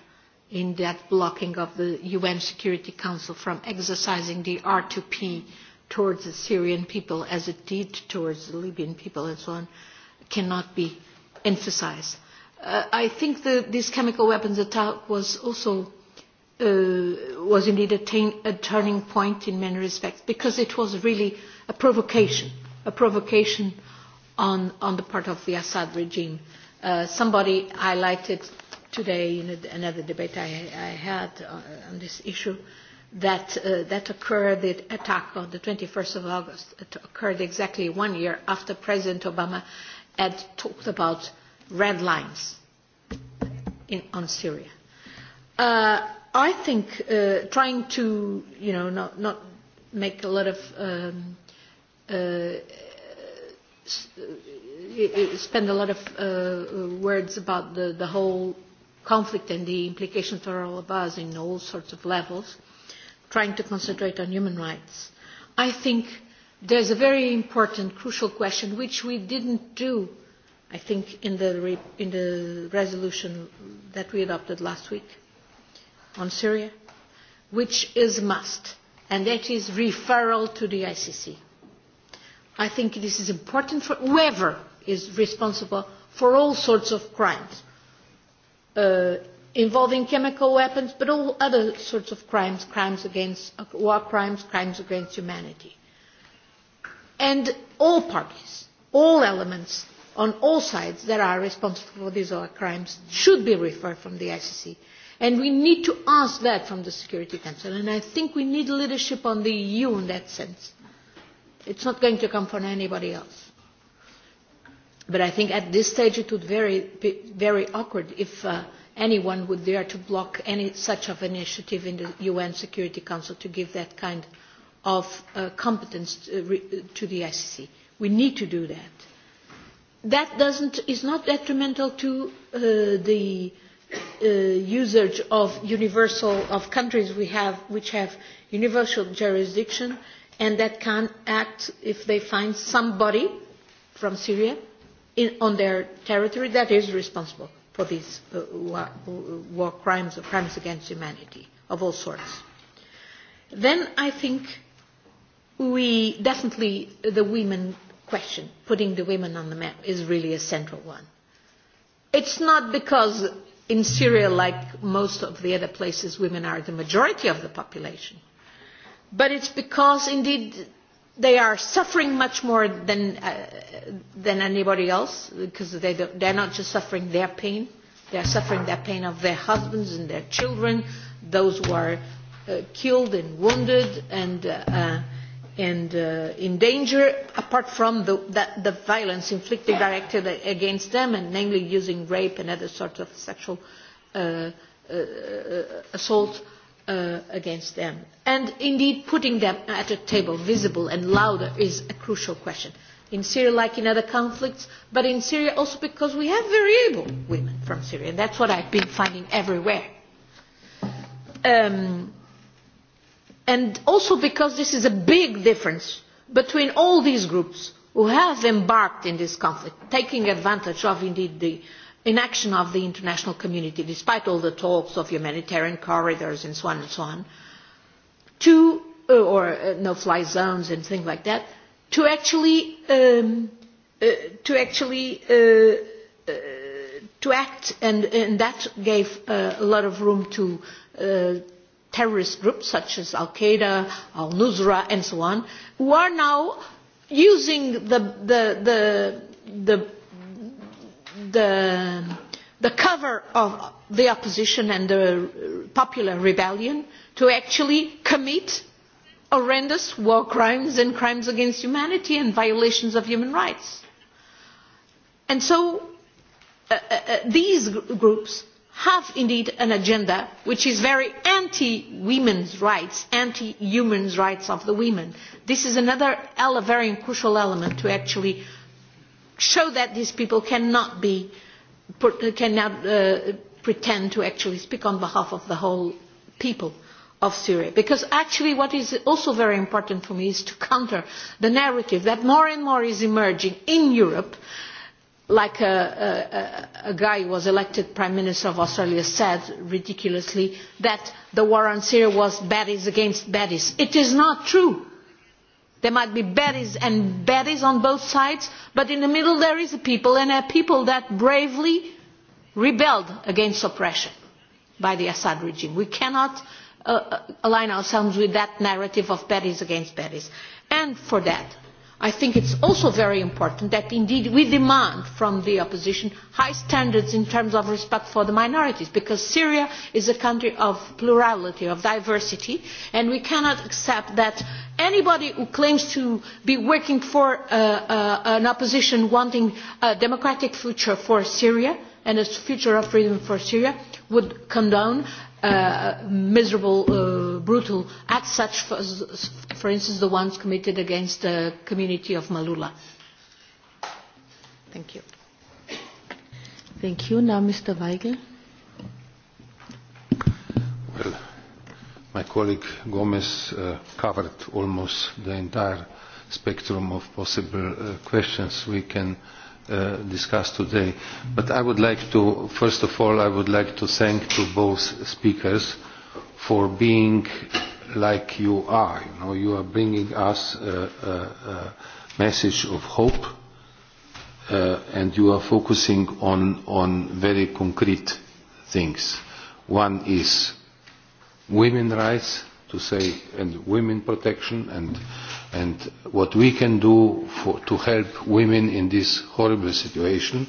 in that blocking of the UN Security Council from exercising the R2P towards the Syrian people as it did towards the Libyan people and so on cannot be emphasized. Uh, I think the, this chemical weapons attack was also uh, was indeed a, t- a turning point in many respects because it was really a provocation, a provocation on, on the part of the Assad regime. Uh, somebody highlighted today in a, another debate I, I had on this issue that, uh, that occurred, the attack on the 21st of August, it uh, occurred exactly one year after President Obama had talked about red lines in, on Syria. Uh, I think uh, trying to, you know, not, not make a lot of um, uh, uh spend a lot of uh, words about the, the whole conflict and the implications for all of us in all sorts of levels, trying to concentrate on human rights. I think there's a very important, crucial question which we didn't do, I think, in the, re in the resolution that we adopted last week on Syria, which is a must, and that is referral to the ICC. I think this is important for whoever is responsible for all sorts of crimes uh, involving chemical weapons, but all other sorts of crimes, crimes against war crimes, crimes against humanity. And all parties, all elements on all sides that are responsible for these war crimes should be referred from the ICC. And we need to ask that from the Security Council. And I think we need leadership on the EU in that sense. It's not going to come from anybody else but I think at this stage it would very, be very awkward if uh, anyone would dare to block any such of initiative in the UN Security Council to give that kind of uh, competence to, uh, re, to the ICC. We need to do that. That doesn't, is not detrimental to uh, the uh, usage of universal, of countries we have, which have universal jurisdiction and that can act if they find somebody from Syria in, on their territory that is responsible for these uh, war, uh, war crimes or crimes against humanity of all sorts. Then I think we definitely the women question, putting the women on the map, is really a central one. It's not because in Syria, like most of the other places, women are the majority of the population, but it's because indeed they are suffering much more than uh, than anybody else because they don't, they're not just suffering their pain they're suffering the pain of their husbands and their children those who are uh, killed and wounded and uh, uh and uh, in danger apart from the, that, the violence inflicted directed against them and namely using rape and other sorts of sexual uh, uh, uh assault uh, against them. And indeed, putting them at a table, visible and louder, is a crucial question. In Syria, like in other conflicts, but in Syria also because we have very able women from Syria, and that's what I've been finding everywhere. Um, and also because this is a big difference between all these groups who have embarked in this conflict, taking advantage of indeed the uh, inaction of the international community, despite all the talks of humanitarian corridors and so on and so on, to, uh, or uh, no-fly zones and things like that, to actually, um, uh, to actually uh, uh, to act, and, and that gave uh, a lot of room to uh, terrorist groups such as Al-Qaeda, Al-Nusra, and so on, who are now using the, the, the, the the, the cover of the opposition and the popular rebellion to actually commit horrendous war crimes and crimes against humanity and violations of human rights. And so uh, uh, uh these gr groups have indeed an agenda which is very anti women's rights, anti human rights of the women. This is another ele- very crucial element to actually uh, show that these people cannot be cannot uh, pretend to actually speak on behalf of the whole people of Syria. Because actually what is also very important for me is to counter the narrative that more and more is emerging in Europe, like a, a, a guy who was elected Prime Minister of Australia said ridiculously, that the war on Syria was baddies against baddies. It is not true there might be baddies and baddies on both sides but in the middle there is a people and a people that bravely rebelled against oppression by the assad regime. we cannot uh, uh align ourselves with that narrative of baddies against baddies and for that I think it's also very important that indeed we demand from the opposition high standards in terms of respect for the minorities because Syria is a country of plurality, of diversity, and we cannot accept that anybody who claims to be working for uh, uh, an opposition wanting a democratic future for Syria and a future of freedom for Syria would condone uh, uh, miserable, uh, brutal acts such, for, for instance, the ones committed against the community of Malula. Thank you. Thank you. Now, Mr. Weigel. Well, my colleague Gomez uh, covered almost the entire spectrum of possible uh, questions we can uh, uh, discussed today. But I would like to, first of all, I would like to thank to both speakers for being like you are. You know, you are bringing us a, a, a message of hope, uh, and you are focusing on on very concrete things. One is women rights to say and women protection and. Mm-hmm and what we can do for, to help women in this horrible situation.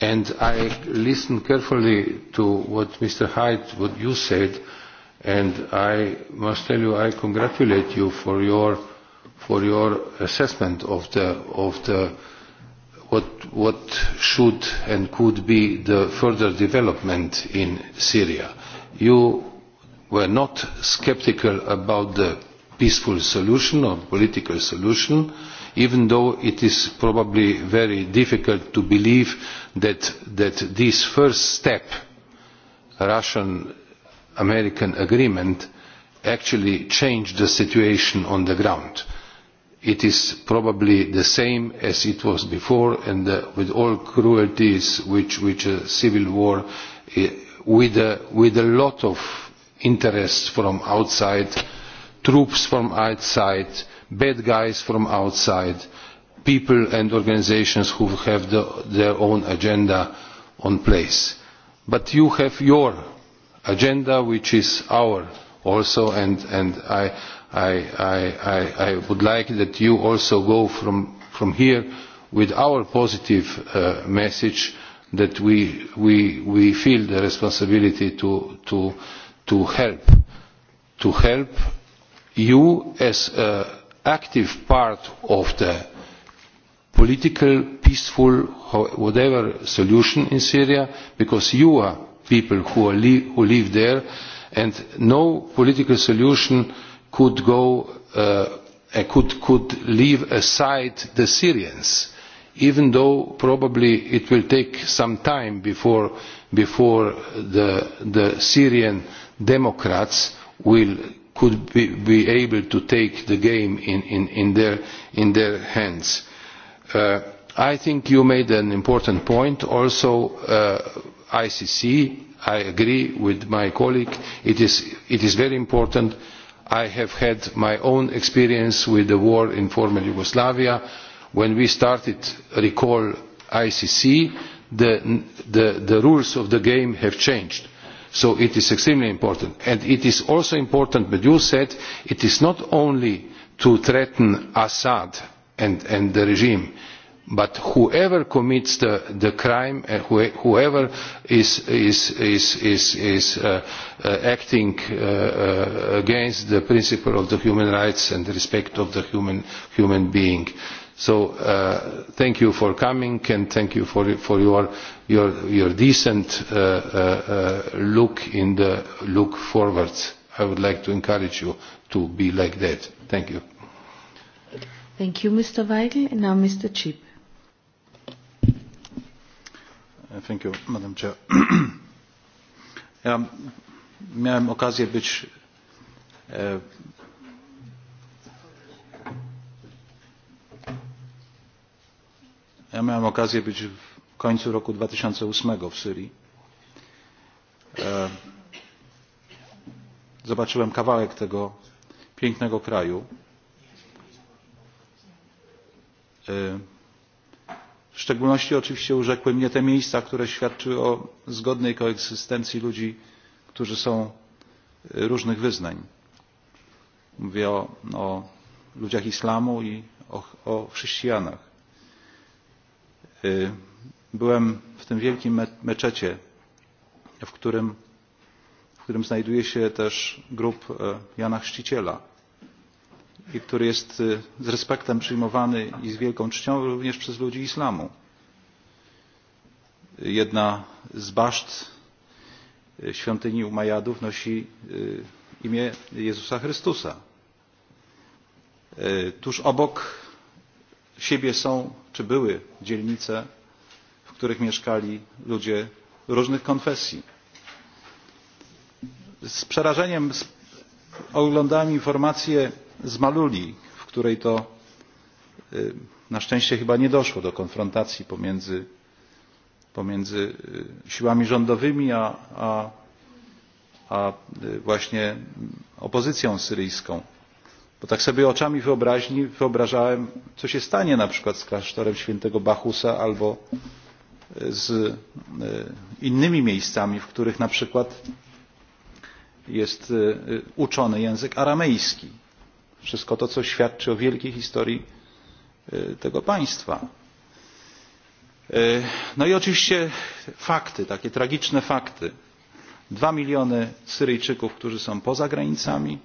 And I listened carefully to what Mr. Hyde, what you said, and I must tell you I congratulate you for your, for your assessment of the, of the what, what should and could be the further development in Syria. You were not skeptical about the peaceful solution or political solution even though it is probably very difficult to believe that, that this first step russian american agreement actually changed the situation on the ground. it is probably the same as it was before and uh, with all cruelties which, which a civil war uh, with, uh, with a lot of interest from outside troops from outside, bad guys from outside, people and organizations who have the, their own agenda on place. But you have your agenda, which is our also, and, and I, I, I, I, I would like that you also go from, from here with our positive uh, message that we, we, we feel the responsibility to, to, to help, to help you as an uh, active part of the political peaceful whatever solution in syria because you are people who, are li who live there and no political solution could go uh, could, could leave aside the syrians even though probably it will take some time before, before the, the syrian democrats will could be, be able to take the game in, in, in, their, in their hands. Uh, I think you made an important point also uh, ICC I agree with my colleague it is, it is very important I have had my own experience with the war in former Yugoslavia when we started recall ICC the, the, the rules of the game have changed so it is extremely important. and it is also important but you said it is not only to threaten assad and, and the regime but whoever commits the, the crime and uh, who, whoever is, is, is, is, is uh, uh, acting uh, uh, against the principle of the human rights and the respect of the human, human being. Uh, So uh, thank you for coming and thank you for, for your, your, your decent uh, uh, uh look in the look forward. I would like to encourage you to be like that. Thank you. Thank you, Mr. Weigel. And now Mr. Chip. Uh, thank you, Madam Chair. ja um, miałem okazję być e, Ja miałem okazję być w końcu roku 2008 w Syrii. E, zobaczyłem kawałek tego pięknego kraju. E, w szczególności oczywiście urzekły mnie te miejsca, które świadczyły o zgodnej koegzystencji ludzi, którzy są e, różnych wyznań. Mówię o, o ludziach islamu i o, o chrześcijanach byłem w tym wielkim me meczecie w którym, w którym znajduje się też grób e, jana chrzciciela i który jest e, z respektem przyjmowany i z wielką czcią również przez ludzi islamu. jedna z baszt e, świątyni umajadów nosi imię jezusa chrystusa. tuż obok siebie są czy były dzielnice, w których mieszkali ludzie różnych konfesji. Z przerażeniem oglądałem informację z Maluli, w której to na szczęście chyba nie doszło do konfrontacji pomiędzy, pomiędzy siłami rządowymi a, a, a właśnie mm, opozycją syryjską bo tak sobie oczami wyobraźni wyobrażałem co się stanie na przykład z klasztorem świętego bachusa albo z e, innymi miejscami w których na przykład jest e, uczony język aramejski. wszystko to co świadczy o wielkiej historii e, tego państwa. no i oczywiście fakty takie tragiczne fakty dwa miliony syryjczyków którzy są poza granicami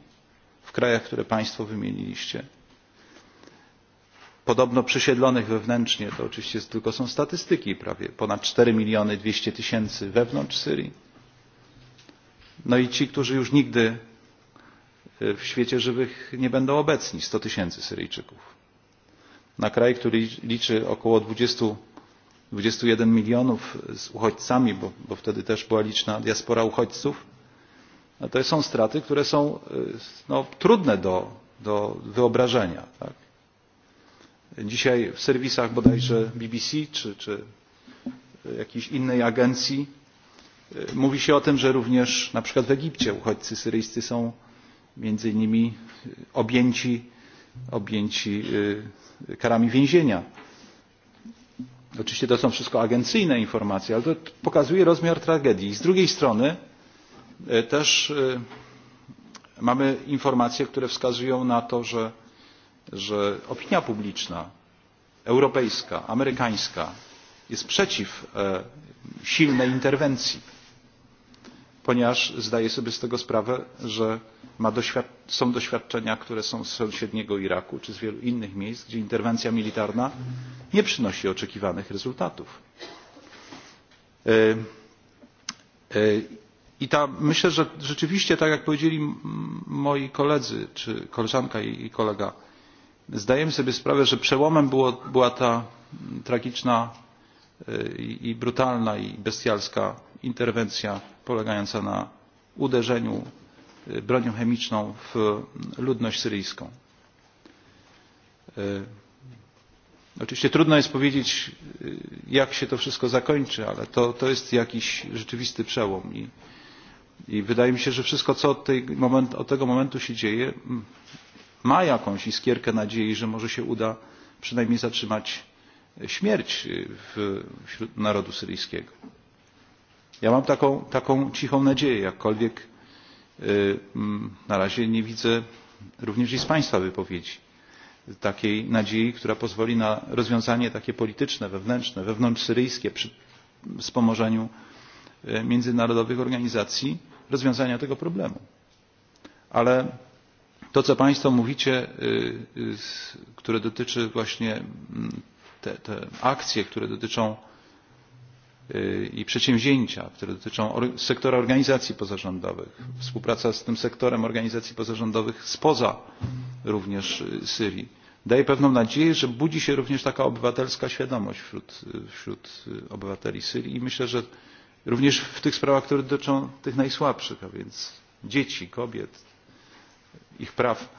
w krajach które państwo wymieniliście podobno przesiedlonych wewnętrznie to oczywiście tylko są statystyki prawie ponad cztery miliony dwieście tysięcy wewnątrz syrii no i ci którzy już nigdy e, w świecie żywych nie będą obecni sto tysięcy syryjczyków na kraj który liczy około dwadzieścia dwadzieścia jeden milionów z uchodźcami bo, bo wtedy też była liczna diaspora uchodźców to są straty które są no, trudne do, do wyobrażenia. Tak? dzisiaj w serwisach bodajże bbc czy, czy jakiejś innej agencji mówi się o tym że również na przykład w egipcie uchodźcy syryjscy są między innymi objęci, objęci karami więzienia. oczywiście to są wszystko agencyjne informacje ale to pokazuje rozmiar tragedii. z drugiej strony E, też mamy informacje które wskazują na to że, że opinia publiczna europejska amerykańska jest przeciw e, silnej interwencji ponieważ zdaje sobie z tego sprawę że doświad są doświadczenia które są z sąsiedniego iraku czy z wielu innych miejsc gdzie interwencja militarna nie przynosi oczekiwanych rezultatów. E, i ta, myślę że rzeczywiście tak jak powiedzieli moi koledzy czy koleżanka i, i kolega zdajemy sobie sprawę że przełomem było, była ta tragiczna i, i brutalna i bestialska interwencja polegająca na uderzeniu bronią chemiczną w ludność syryjską. Oczywiście trudno jest powiedzieć, jak się to wszystko zakończy, ale to, to jest jakiś rzeczywisty przełom i, i wydaje mi się że wszystko co od, tej moment, od tego momentu się dzieje ma jakąś iskierkę nadziei że może się uda przynajmniej zatrzymać e, śmierć w, wśród narodu syryjskiego. ja mam taką, taką cichą nadzieję jakkolwiek y, e, na razie nie widzę również i z państwa wypowiedzi takiej nadziei która pozwoli na rozwiązanie takie polityczne wewnętrzne wewnątrzsyryjskie przy wspomożeniu e, międzynarodowych organizacji rozwiązania tego problemu. ale to co państwo mówicie które dotyczy właśnie mm, te, te akcje które dotyczą i przedsięwzięcia które dotyczą sektora organizacji pozarządowych współpraca z tym sektorem organizacji pozarządowych spoza również syrii daje pewną nadzieję że budzi się również taka obywatelska świadomość wśród, wśród obywateli syrii i myślę że również w tych sprawach które dotyczą tych najsłabszych a więc dzieci kobiet ich praw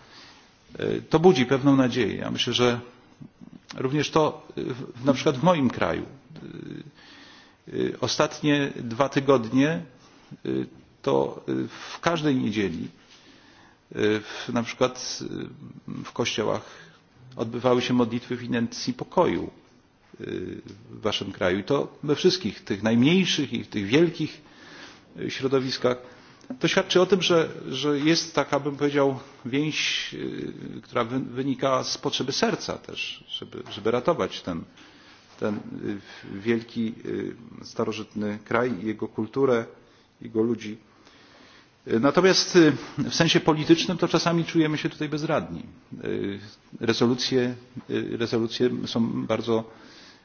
e, to budzi pewną nadzieję. ja myślę że również to e, na przykład w moim kraju e, ostatnie dwa tygodnie to w każdej niedzieli na przykład w kościołach odbywały się modlitwy w intencji pokoju w waszym kraju i to we wszystkich tych najmniejszych i tych wielkich e, środowiskach to świadczy o tym że, że jest taka bym powiedział więź e, która wynika z potrzeby serca też żeby, żeby ratować ten, ten e, wielki starożytny kraj jego kulturę jego ludzi. Natomiast w sensie politycznym to czasami czujemy się tutaj bezradni. Rezolucje, rezolucje są bardzo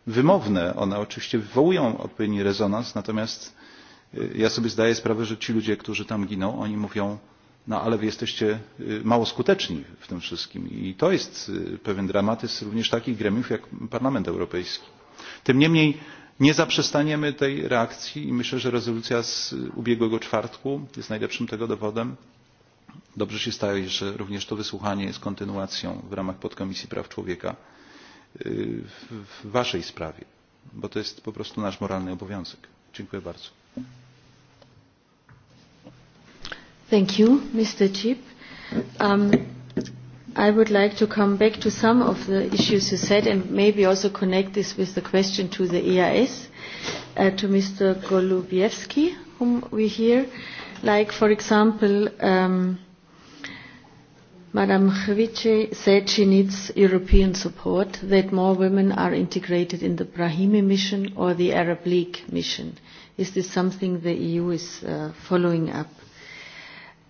wymowne one oczywiście wywołują odpowiedni rezonans natomiast ja sobie zdaję sprawę że ci ludzie którzy tam giną oni mówią no ale wy jesteście mało skuteczni w tym wszystkim i to jest pewien dramatyzm również takich gremiów jak parlament europejski. tym niemniej nie zaprzestaniemy tej reakcji i myślę że rezolucja z ubiegłego czwartku jest najlepszym tego dowodem. dobrze się staje że również to wysłuchanie jest kontynuacją w ramach podkomisji praw człowieka w waszej sprawie bo to jest po prostu nasz moralny obowiązek. dziękuję bardzo. Thank you, Mr. Chip. Um, I would like to come back to some of the issues you said and maybe also connect this with the question to the EIS, uh, to Mr. Golubievsky, whom we hear. Like, for example, um, Madam Khvice said she needs European support that more women are integrated in the Brahimi mission or the Arab League mission. Is this something the EU is uh, following up?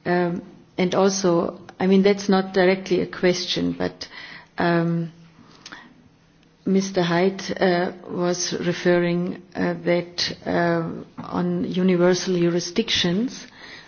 Um, and also, I mean, that's not directly a question, but um, Mr. Haidt uh, was referring uh, that uh, on universal jurisdictions,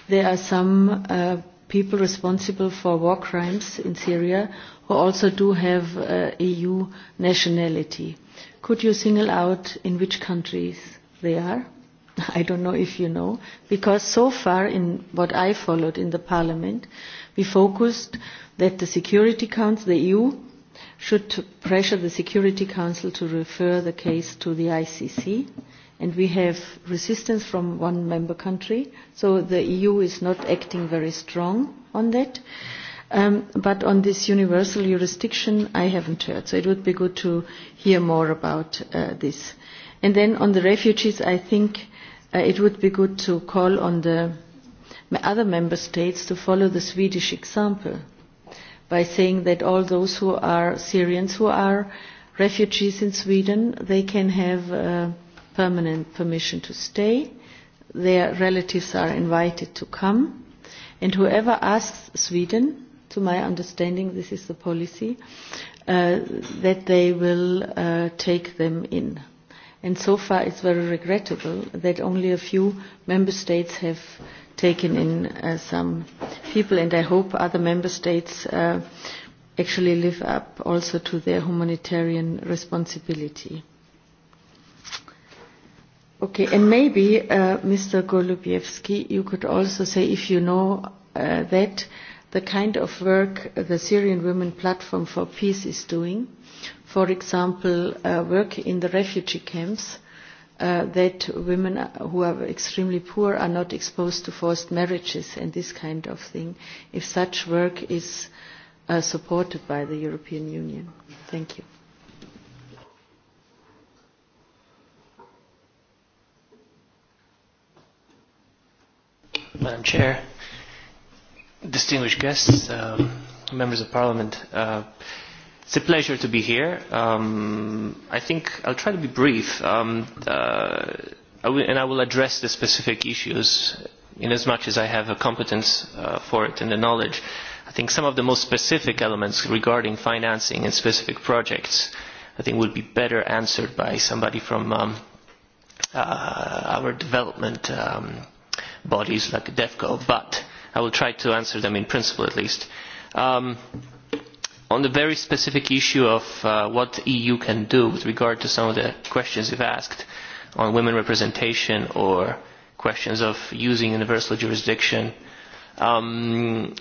there are some uh, people responsible for war crimes in Syria who also do have uh, EU nationality. Could you single out in which countries they are? I don't know if you know, because so far in what I followed in the parliament, we focused that the Security Council, the EU, should pressure the Security Council to refer the case to the ICC and we have resistance from one member country, so the EU is not acting very strong on that. Um, but on this universal jurisdiction, I haven't heard, so it would be good to hear more about uh, this. And then on the refugees, I think uh, it would be good to call on the other member states to follow the Swedish example by saying that all those who are Syrians who are refugees in Sweden, they can have uh, permanent permission to stay. Their relatives are invited to come. And whoever asks Sweden, to my understanding, this is the policy, uh, that they will uh, take them in. And so far, it's very regrettable that only a few member states have taken in uh, some people, and I hope other member states uh, actually live up also to their humanitarian responsibility. Uh, Okay, and maybe, uh, Mr. Golubievsky, you could also say, if you know uh, that, the kind of work the Syrian Women Platform for Peace is doing. For example, uh, work in the refugee camps, uh, that women who are extremely poor are not exposed to forced marriages and this kind of thing, if such work is uh, supported by the European Union. Thank you. Madam Chair, distinguished guests, um, members of Parliament, uh, it's a pleasure to be here. Um, I think I'll try to be brief, um, uh, I will, and I will address the specific issues in as much as I have a competence uh, for it and the knowledge. I think some of the most specific elements regarding financing and specific projects I think would be better answered by somebody from um, uh, our development um, bodies like DEFCO, but I will try to answer them in principle at least. Um, on the very specific issue of uh, what the EU can do with regard to some of the questions you've asked on women representation or questions of using universal jurisdiction, um,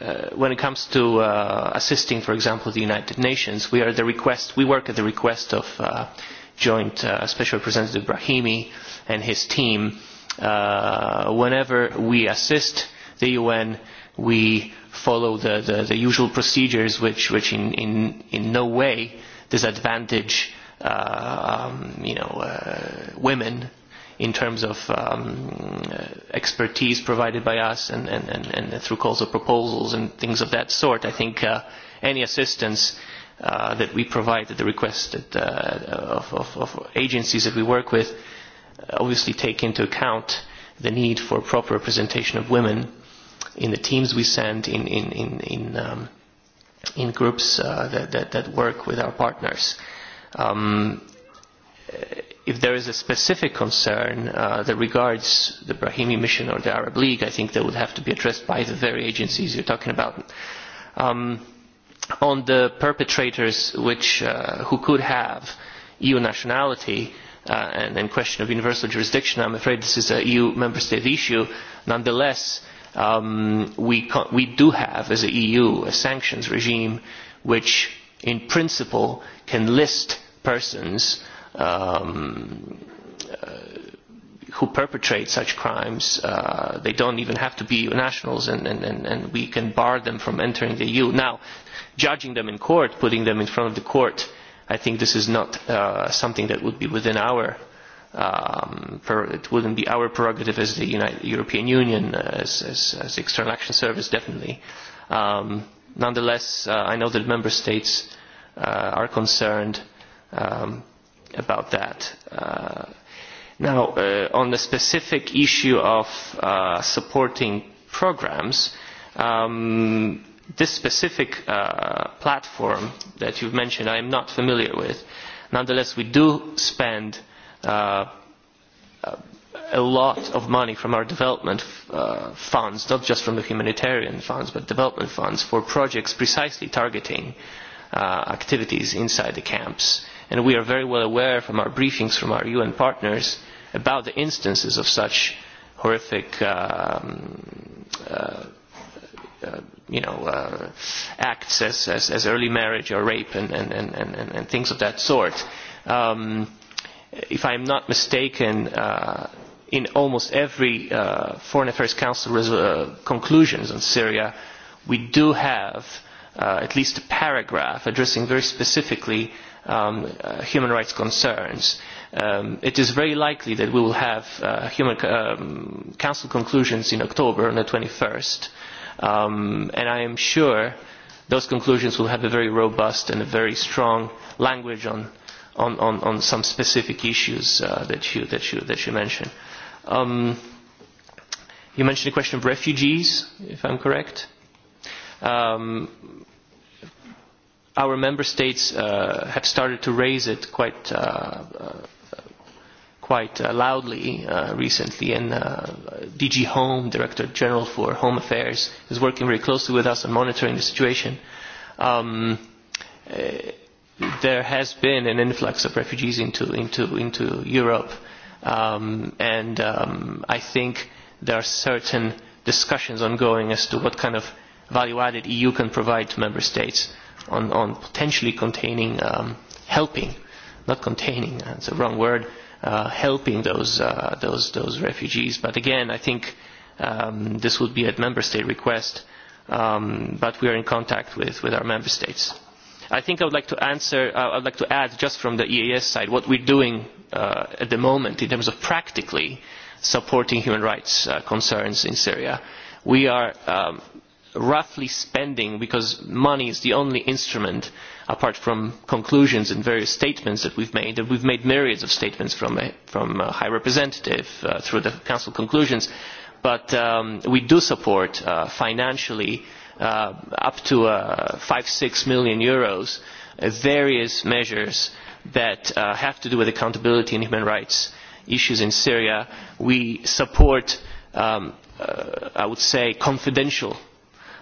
uh, when it comes to uh, assisting, for example, the United Nations, we are the request. We work at the request of uh, Joint uh, Special Representative Brahimi and his team uh, whenever we assist the UN, we follow the, the, the usual procedures, which, which in, in, in no way disadvantage uh, um, you know, uh, women in terms of um, uh, expertise provided by us and, and, and, and through calls of proposals and things of that sort. I think uh, any assistance uh, that we provide at the request that, uh, of, of, of agencies that we work with uh, obviously take into account the need for proper representation of women in the teams we send in in in in, um, in groups uh, that, that that work with our partners. Um, if there is a specific concern uh, that regards the Brahimi mission or the Arab League, I think that would have to be addressed by the very agencies you're talking about. Um, on the perpetrators which, uh, who could have EU nationality, uh, uh, and, and question of universal jurisdiction. I'm afraid this is a EU member state issue. Nonetheless, um, we, co- we do have, as an EU, a sanctions regime which, in principle, can list persons um, uh, who perpetrate such crimes. Uh, they don't even have to be EU nationals, and, and, and, and we can bar them from entering the EU. Now, judging them in court, putting them in front of the court, I think this is not uh, something that would be within our um, per, it wouldn't be our prerogative as the United, European Union, as, as, as the External Action Service, definitely. Um, nonetheless, uh, I know that member states uh, are concerned um, about that. Uh, now, uh, on the specific issue of uh, supporting programs, um, this specific uh, platform that you've mentioned, I am not familiar with. Nonetheless, we do spend uh, uh, a lot of money from our development uh, funds, not just from the humanitarian funds, but development funds for projects precisely targeting uh, activities inside the camps. And we are very well aware from our briefings from our UN partners about the instances of such horrific um, uh, uh, you know, uh, acts as, as, as early marriage or rape and, and, and, and, and things of that sort. Um, if I'm not mistaken, uh, in almost every uh, Foreign Affairs Council res- uh, conclusions on Syria, we do have uh, at least a paragraph addressing very specifically um, uh, human rights concerns. Um, it is very likely that we will have uh, human um, council conclusions in October on the 21st. Um, and I am sure those conclusions will have a very robust and a very strong language on, on, on, on some specific issues uh, that, you, that, you, that you mentioned. Um, you mentioned the question of refugees, if I'm correct. Um, our member states uh, have started to raise it quite uh, uh, quite uh, loudly uh, recently, and uh, DG Home, Director General for Home Affairs, is working very closely with us on monitoring the situation. Um, uh, there has been an influx of refugees into into into Europe, um, and um, I think there are certain discussions ongoing as to what kind of value-added EU can provide to member states on on potentially containing, um, helping, not containing. That's the wrong word uh, helping those, uh, those, those refugees. But again, I think um, this would be at member state request, um, but we are in contact with, with our member states. I think I would like to answer, uh, I'd like to add just from the EAS side what we're doing uh, at the moment in terms of practically supporting human rights uh, concerns in Syria. We are um, roughly spending, because money is the only instrument uh, apart from conclusions and various statements that we've made, and we've made myriads of statements from, a, from a High Representative uh, through the Council conclusions, but um, we do support uh, financially uh, up to uh, 5, 6 million euros uh, various measures that uh, have to do with accountability and human rights issues in Syria. We support, um, uh, I would say, confidential uh,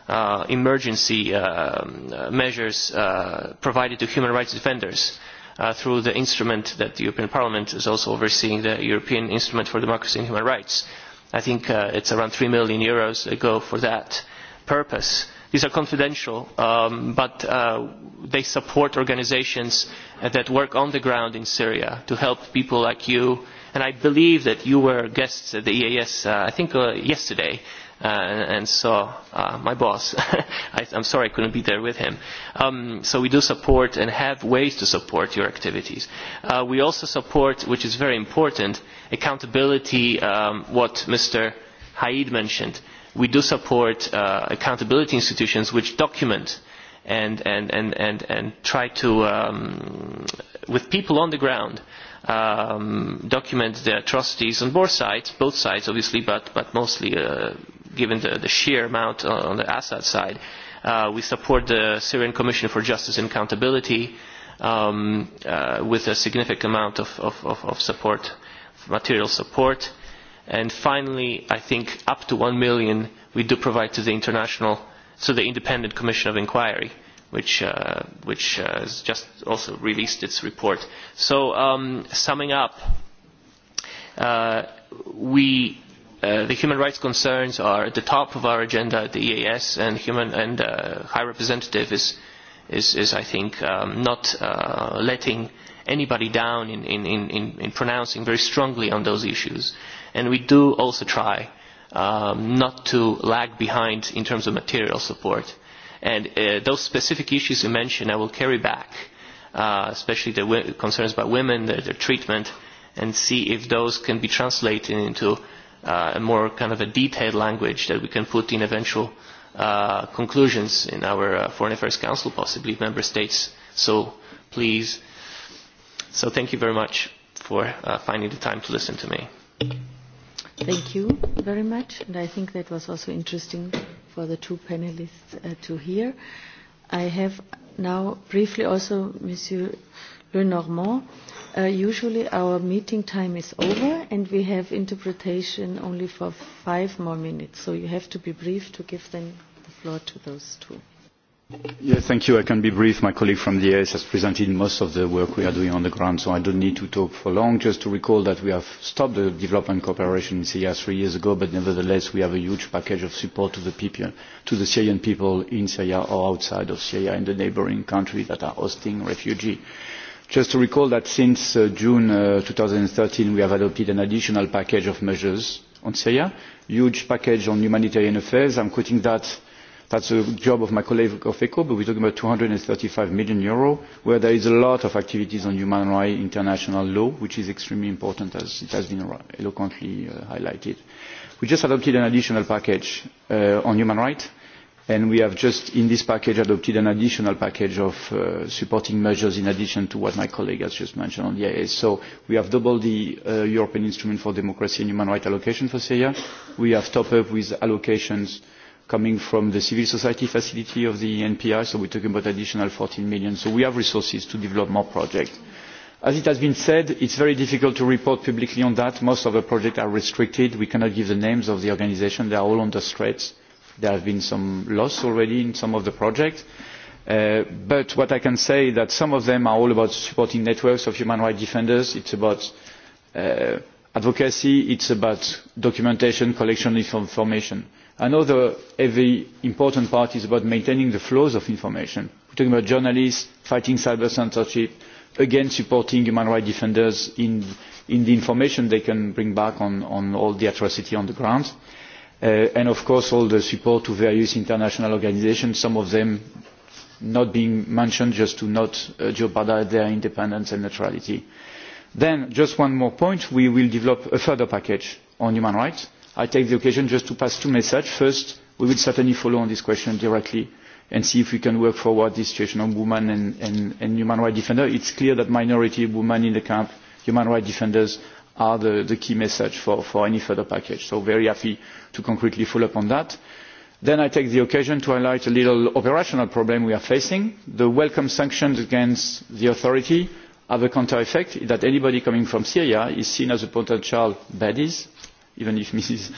uh, emergency uh, uh, measures uh, provided to human rights defenders uh, through the instrument that the European Parliament is also overseeing, the European Instrument for Democracy and Human Rights. I think uh, it's around 3 million euros that go for that purpose. These are confidential, um, but uh, they support organizations that work on the ground in Syria to help people like you. And I believe that you were guests at the EAS, uh, I think uh, yesterday, uh, uh, and, and so uh, my boss, I, I'm sorry I couldn't be there with him. Um, so we do support and have ways to support your activities. Uh, we also support, which is very important, accountability, um, what Mr. Haid mentioned. We do support uh, accountability institutions which document and, and, and, and, and try to, um, with people on the ground, um, document the atrocities on both sides, both sides obviously, but, but mostly uh, given the, the sheer amount on the Assad side. Uh, we support the Syrian Commission for Justice and Accountability um, uh, with a significant amount of, of, of, of support, material support. And finally, I think up to 1 million we do provide to the international, so the Independent Commission of Inquiry, which, uh, which uh, has just also released its report. So um, summing up, uh, we Uh, the human rights concerns are at the top of our agenda at the EAS, and human and uh, High Representative is, is, is I think, um, not uh, letting anybody down in, in, in, in pronouncing very strongly on those issues. And we do also try um, not to lag behind in terms of material support. And uh, those specific issues you mentioned, I will carry back, uh, especially the w- concerns about women, their, their treatment, and see if those can be translated into uh, more kind of a detailed language that we can put in eventual uh, conclusions in our uh, Foreign Affairs Council, possibly member states. So please, so thank you very much for uh, finding the time to listen to me. Thank you very much. And I think that was also interesting for the two panelists uh, to hear. I have now briefly also Monsieur Lenormand. Normand Uh, usually our meeting time is over and we have interpretation only for five more minutes. So you have to be brief to give them the floor to those two. Yes, thank you. I can be brief. My colleague from the AS has presented most of the work we are doing on the ground, so I don't need to talk for long. Just to recall that we have stopped the development cooperation in Syria three years ago, but nevertheless we have a huge package of support to the, people, to the Syrian people in Syria or outside of Syria in the neighboring countries that are hosting refugees just to recall that since uh, june uh, two thousand and thirteen we have adopted an additional package of measures on syria a huge package on humanitarian affairs i am quoting that that is the job of my colleague of echo but we are talking about eur two hundred and thirty five million Euro, where there is a lot of activities on human rights international law which is extremely important as it has been eloquently uh, highlighted. we just adopted an additional package uh, on human rights and we have just in this package adopted an additional package of uh, supporting measures in addition to what my colleague has just mentioned on the EAS. So we have doubled the uh, European Instrument for Democracy and Human Rights allocation for Syria. We have topped up with allocations coming from the civil society facility of the NPR, so we're talking about additional 14 million. So we have resources to develop more projects. As it has been said, it's very difficult to report publicly on that. Most of the projects are restricted. We cannot give the names of the organization. They are all under threats there have been some loss already in some of the projects. Uh, but what I can say is that some of them are all about supporting networks of human rights defenders. It's about uh, advocacy. It's about documentation, collection of information. Another heavy important part is about maintaining the flows of information. We're talking about journalists, fighting cyber censorship, again supporting human rights defenders in, in the information they can bring back on, on all the atrocity on the ground. Uh, Uh, and of course all the support to various international organisations some of them not being mentioned just to not uh, jeopardise their independence and neutrality. then just one more point we will develop a further package on human rights. i take the occasion just to pass two messages. first we will certainly follow on this question directly and see if we can work forward the situation on women and, and, and human rights defenders. it is clear that minority women in the camp human rights defenders are the, the key message for, for any further package. So very happy to concretely follow up on that. Then I take the occasion to highlight a little operational problem we are facing. The welcome sanctions against the authority have a counter effect that anybody coming from Syria is seen as a potential baddies, even if Mrs.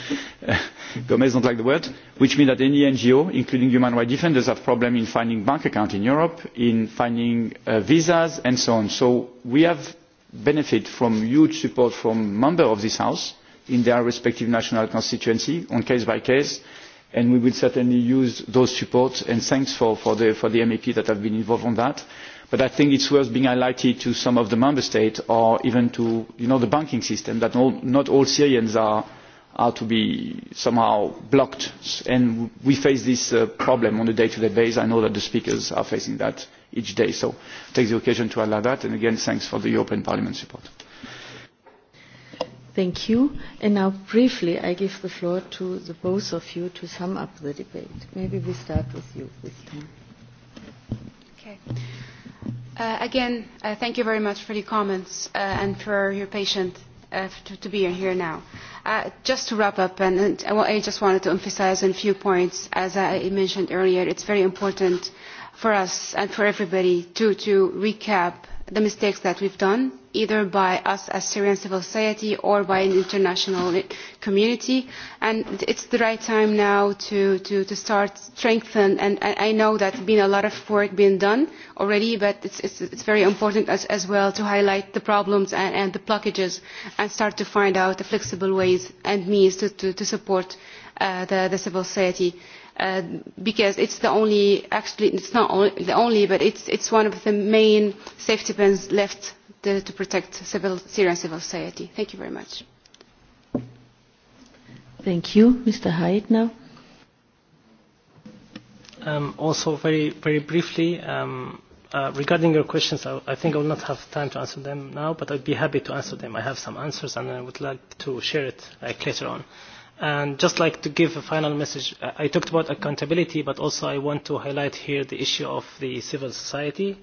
Gomez don't like the word, which means that any NGO, including human rights defenders, have problems in finding bank accounts in Europe, in finding uh, visas, and so on. So we have benefit from huge support from members of this house in their respective national constituency on a case by case basis and we will certainly use those supports and thanks for, for, the, for the meps that have been involved on that but i think it is worth being highlighted to some of the member states or even to you know, the banking system that all, not all syrians are, are to be somehow blocked and we face this uh, problem on a day to day basis. i know that the speakers are facing that each day. So take the occasion to allow that. And again, thanks for the European Parliament support. Thank you. And now briefly, I give the floor to the both of you to sum up the debate. Maybe we start with you this time. Okay. Uh, again, uh, thank you very much for your comments uh, and for your patience uh, to, to be here now. Uh, just to wrap up, and, and I just wanted to emphasize on a few points. As I mentioned earlier, it's very important for us and for everybody to, to recap the mistakes that we've done, either by us as Syrian civil society or by an international community. And it's the right time now to, to, to start strengthen. And, and I know that there's been a lot of work being done already, but it's, it's, it's very important as, as well to highlight the problems and, and the blockages and start to find out the flexible ways and means to, to, to support uh, the, the civil society. Uh, uh, because it's the only, actually it's not only, the only, but it's, it's one of the main safety pins left to, to protect civil, Syrian civil society. Thank you very much. Thank you. Mr. Hayek now. Um, also, very, very briefly, um, uh, regarding your questions, I, I think I will not have time to answer them now, but I'd be happy to answer them. I have some answers and I would like to share it like, later on. Uh, And just like to give a final message, uh, I talked about accountability, but also I want to highlight here the issue of the civil society.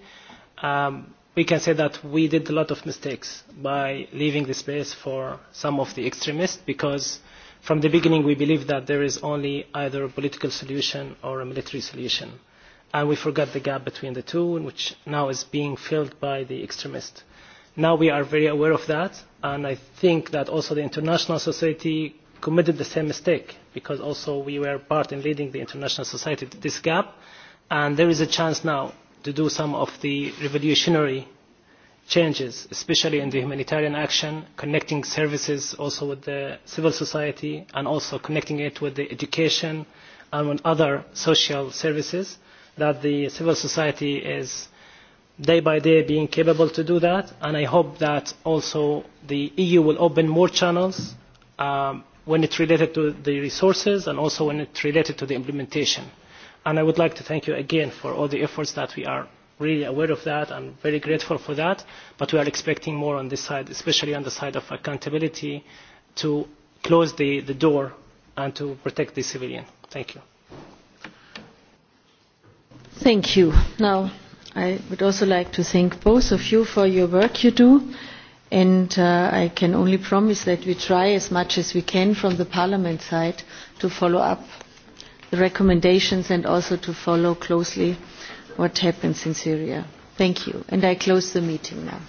Um, we can say that we did a lot of mistakes by leaving the space for some of the extremists because from the beginning we believed that there is only either a political solution or a military solution. And we forgot the gap between the two, which now is being filled by the extremists. Now we are very aware of that, and I think that also the international society committed the same mistake because also we were part in leading the international society to this gap and there is a chance now to do some of the revolutionary changes, especially in the humanitarian action, connecting services also with the civil society and also connecting it with the education and with other social services that the civil society is day by day being capable to do that. And I hope that also the EU will open more channels um, when it's related to the resources and also when it's related to the implementation. And I would like to thank you again for all the efforts that we are really aware of that and very grateful for that, but we are expecting more on this side, especially on the side of accountability, to close the, the door and to protect the civilian. Thank you. Thank you. Now, I would also like to thank both of you for your work you do and uh, I can only promise that we try as much as we can from the Parliament side to follow up the recommendations and also to follow closely what happens in Syria. Thank you, and I close the meeting now.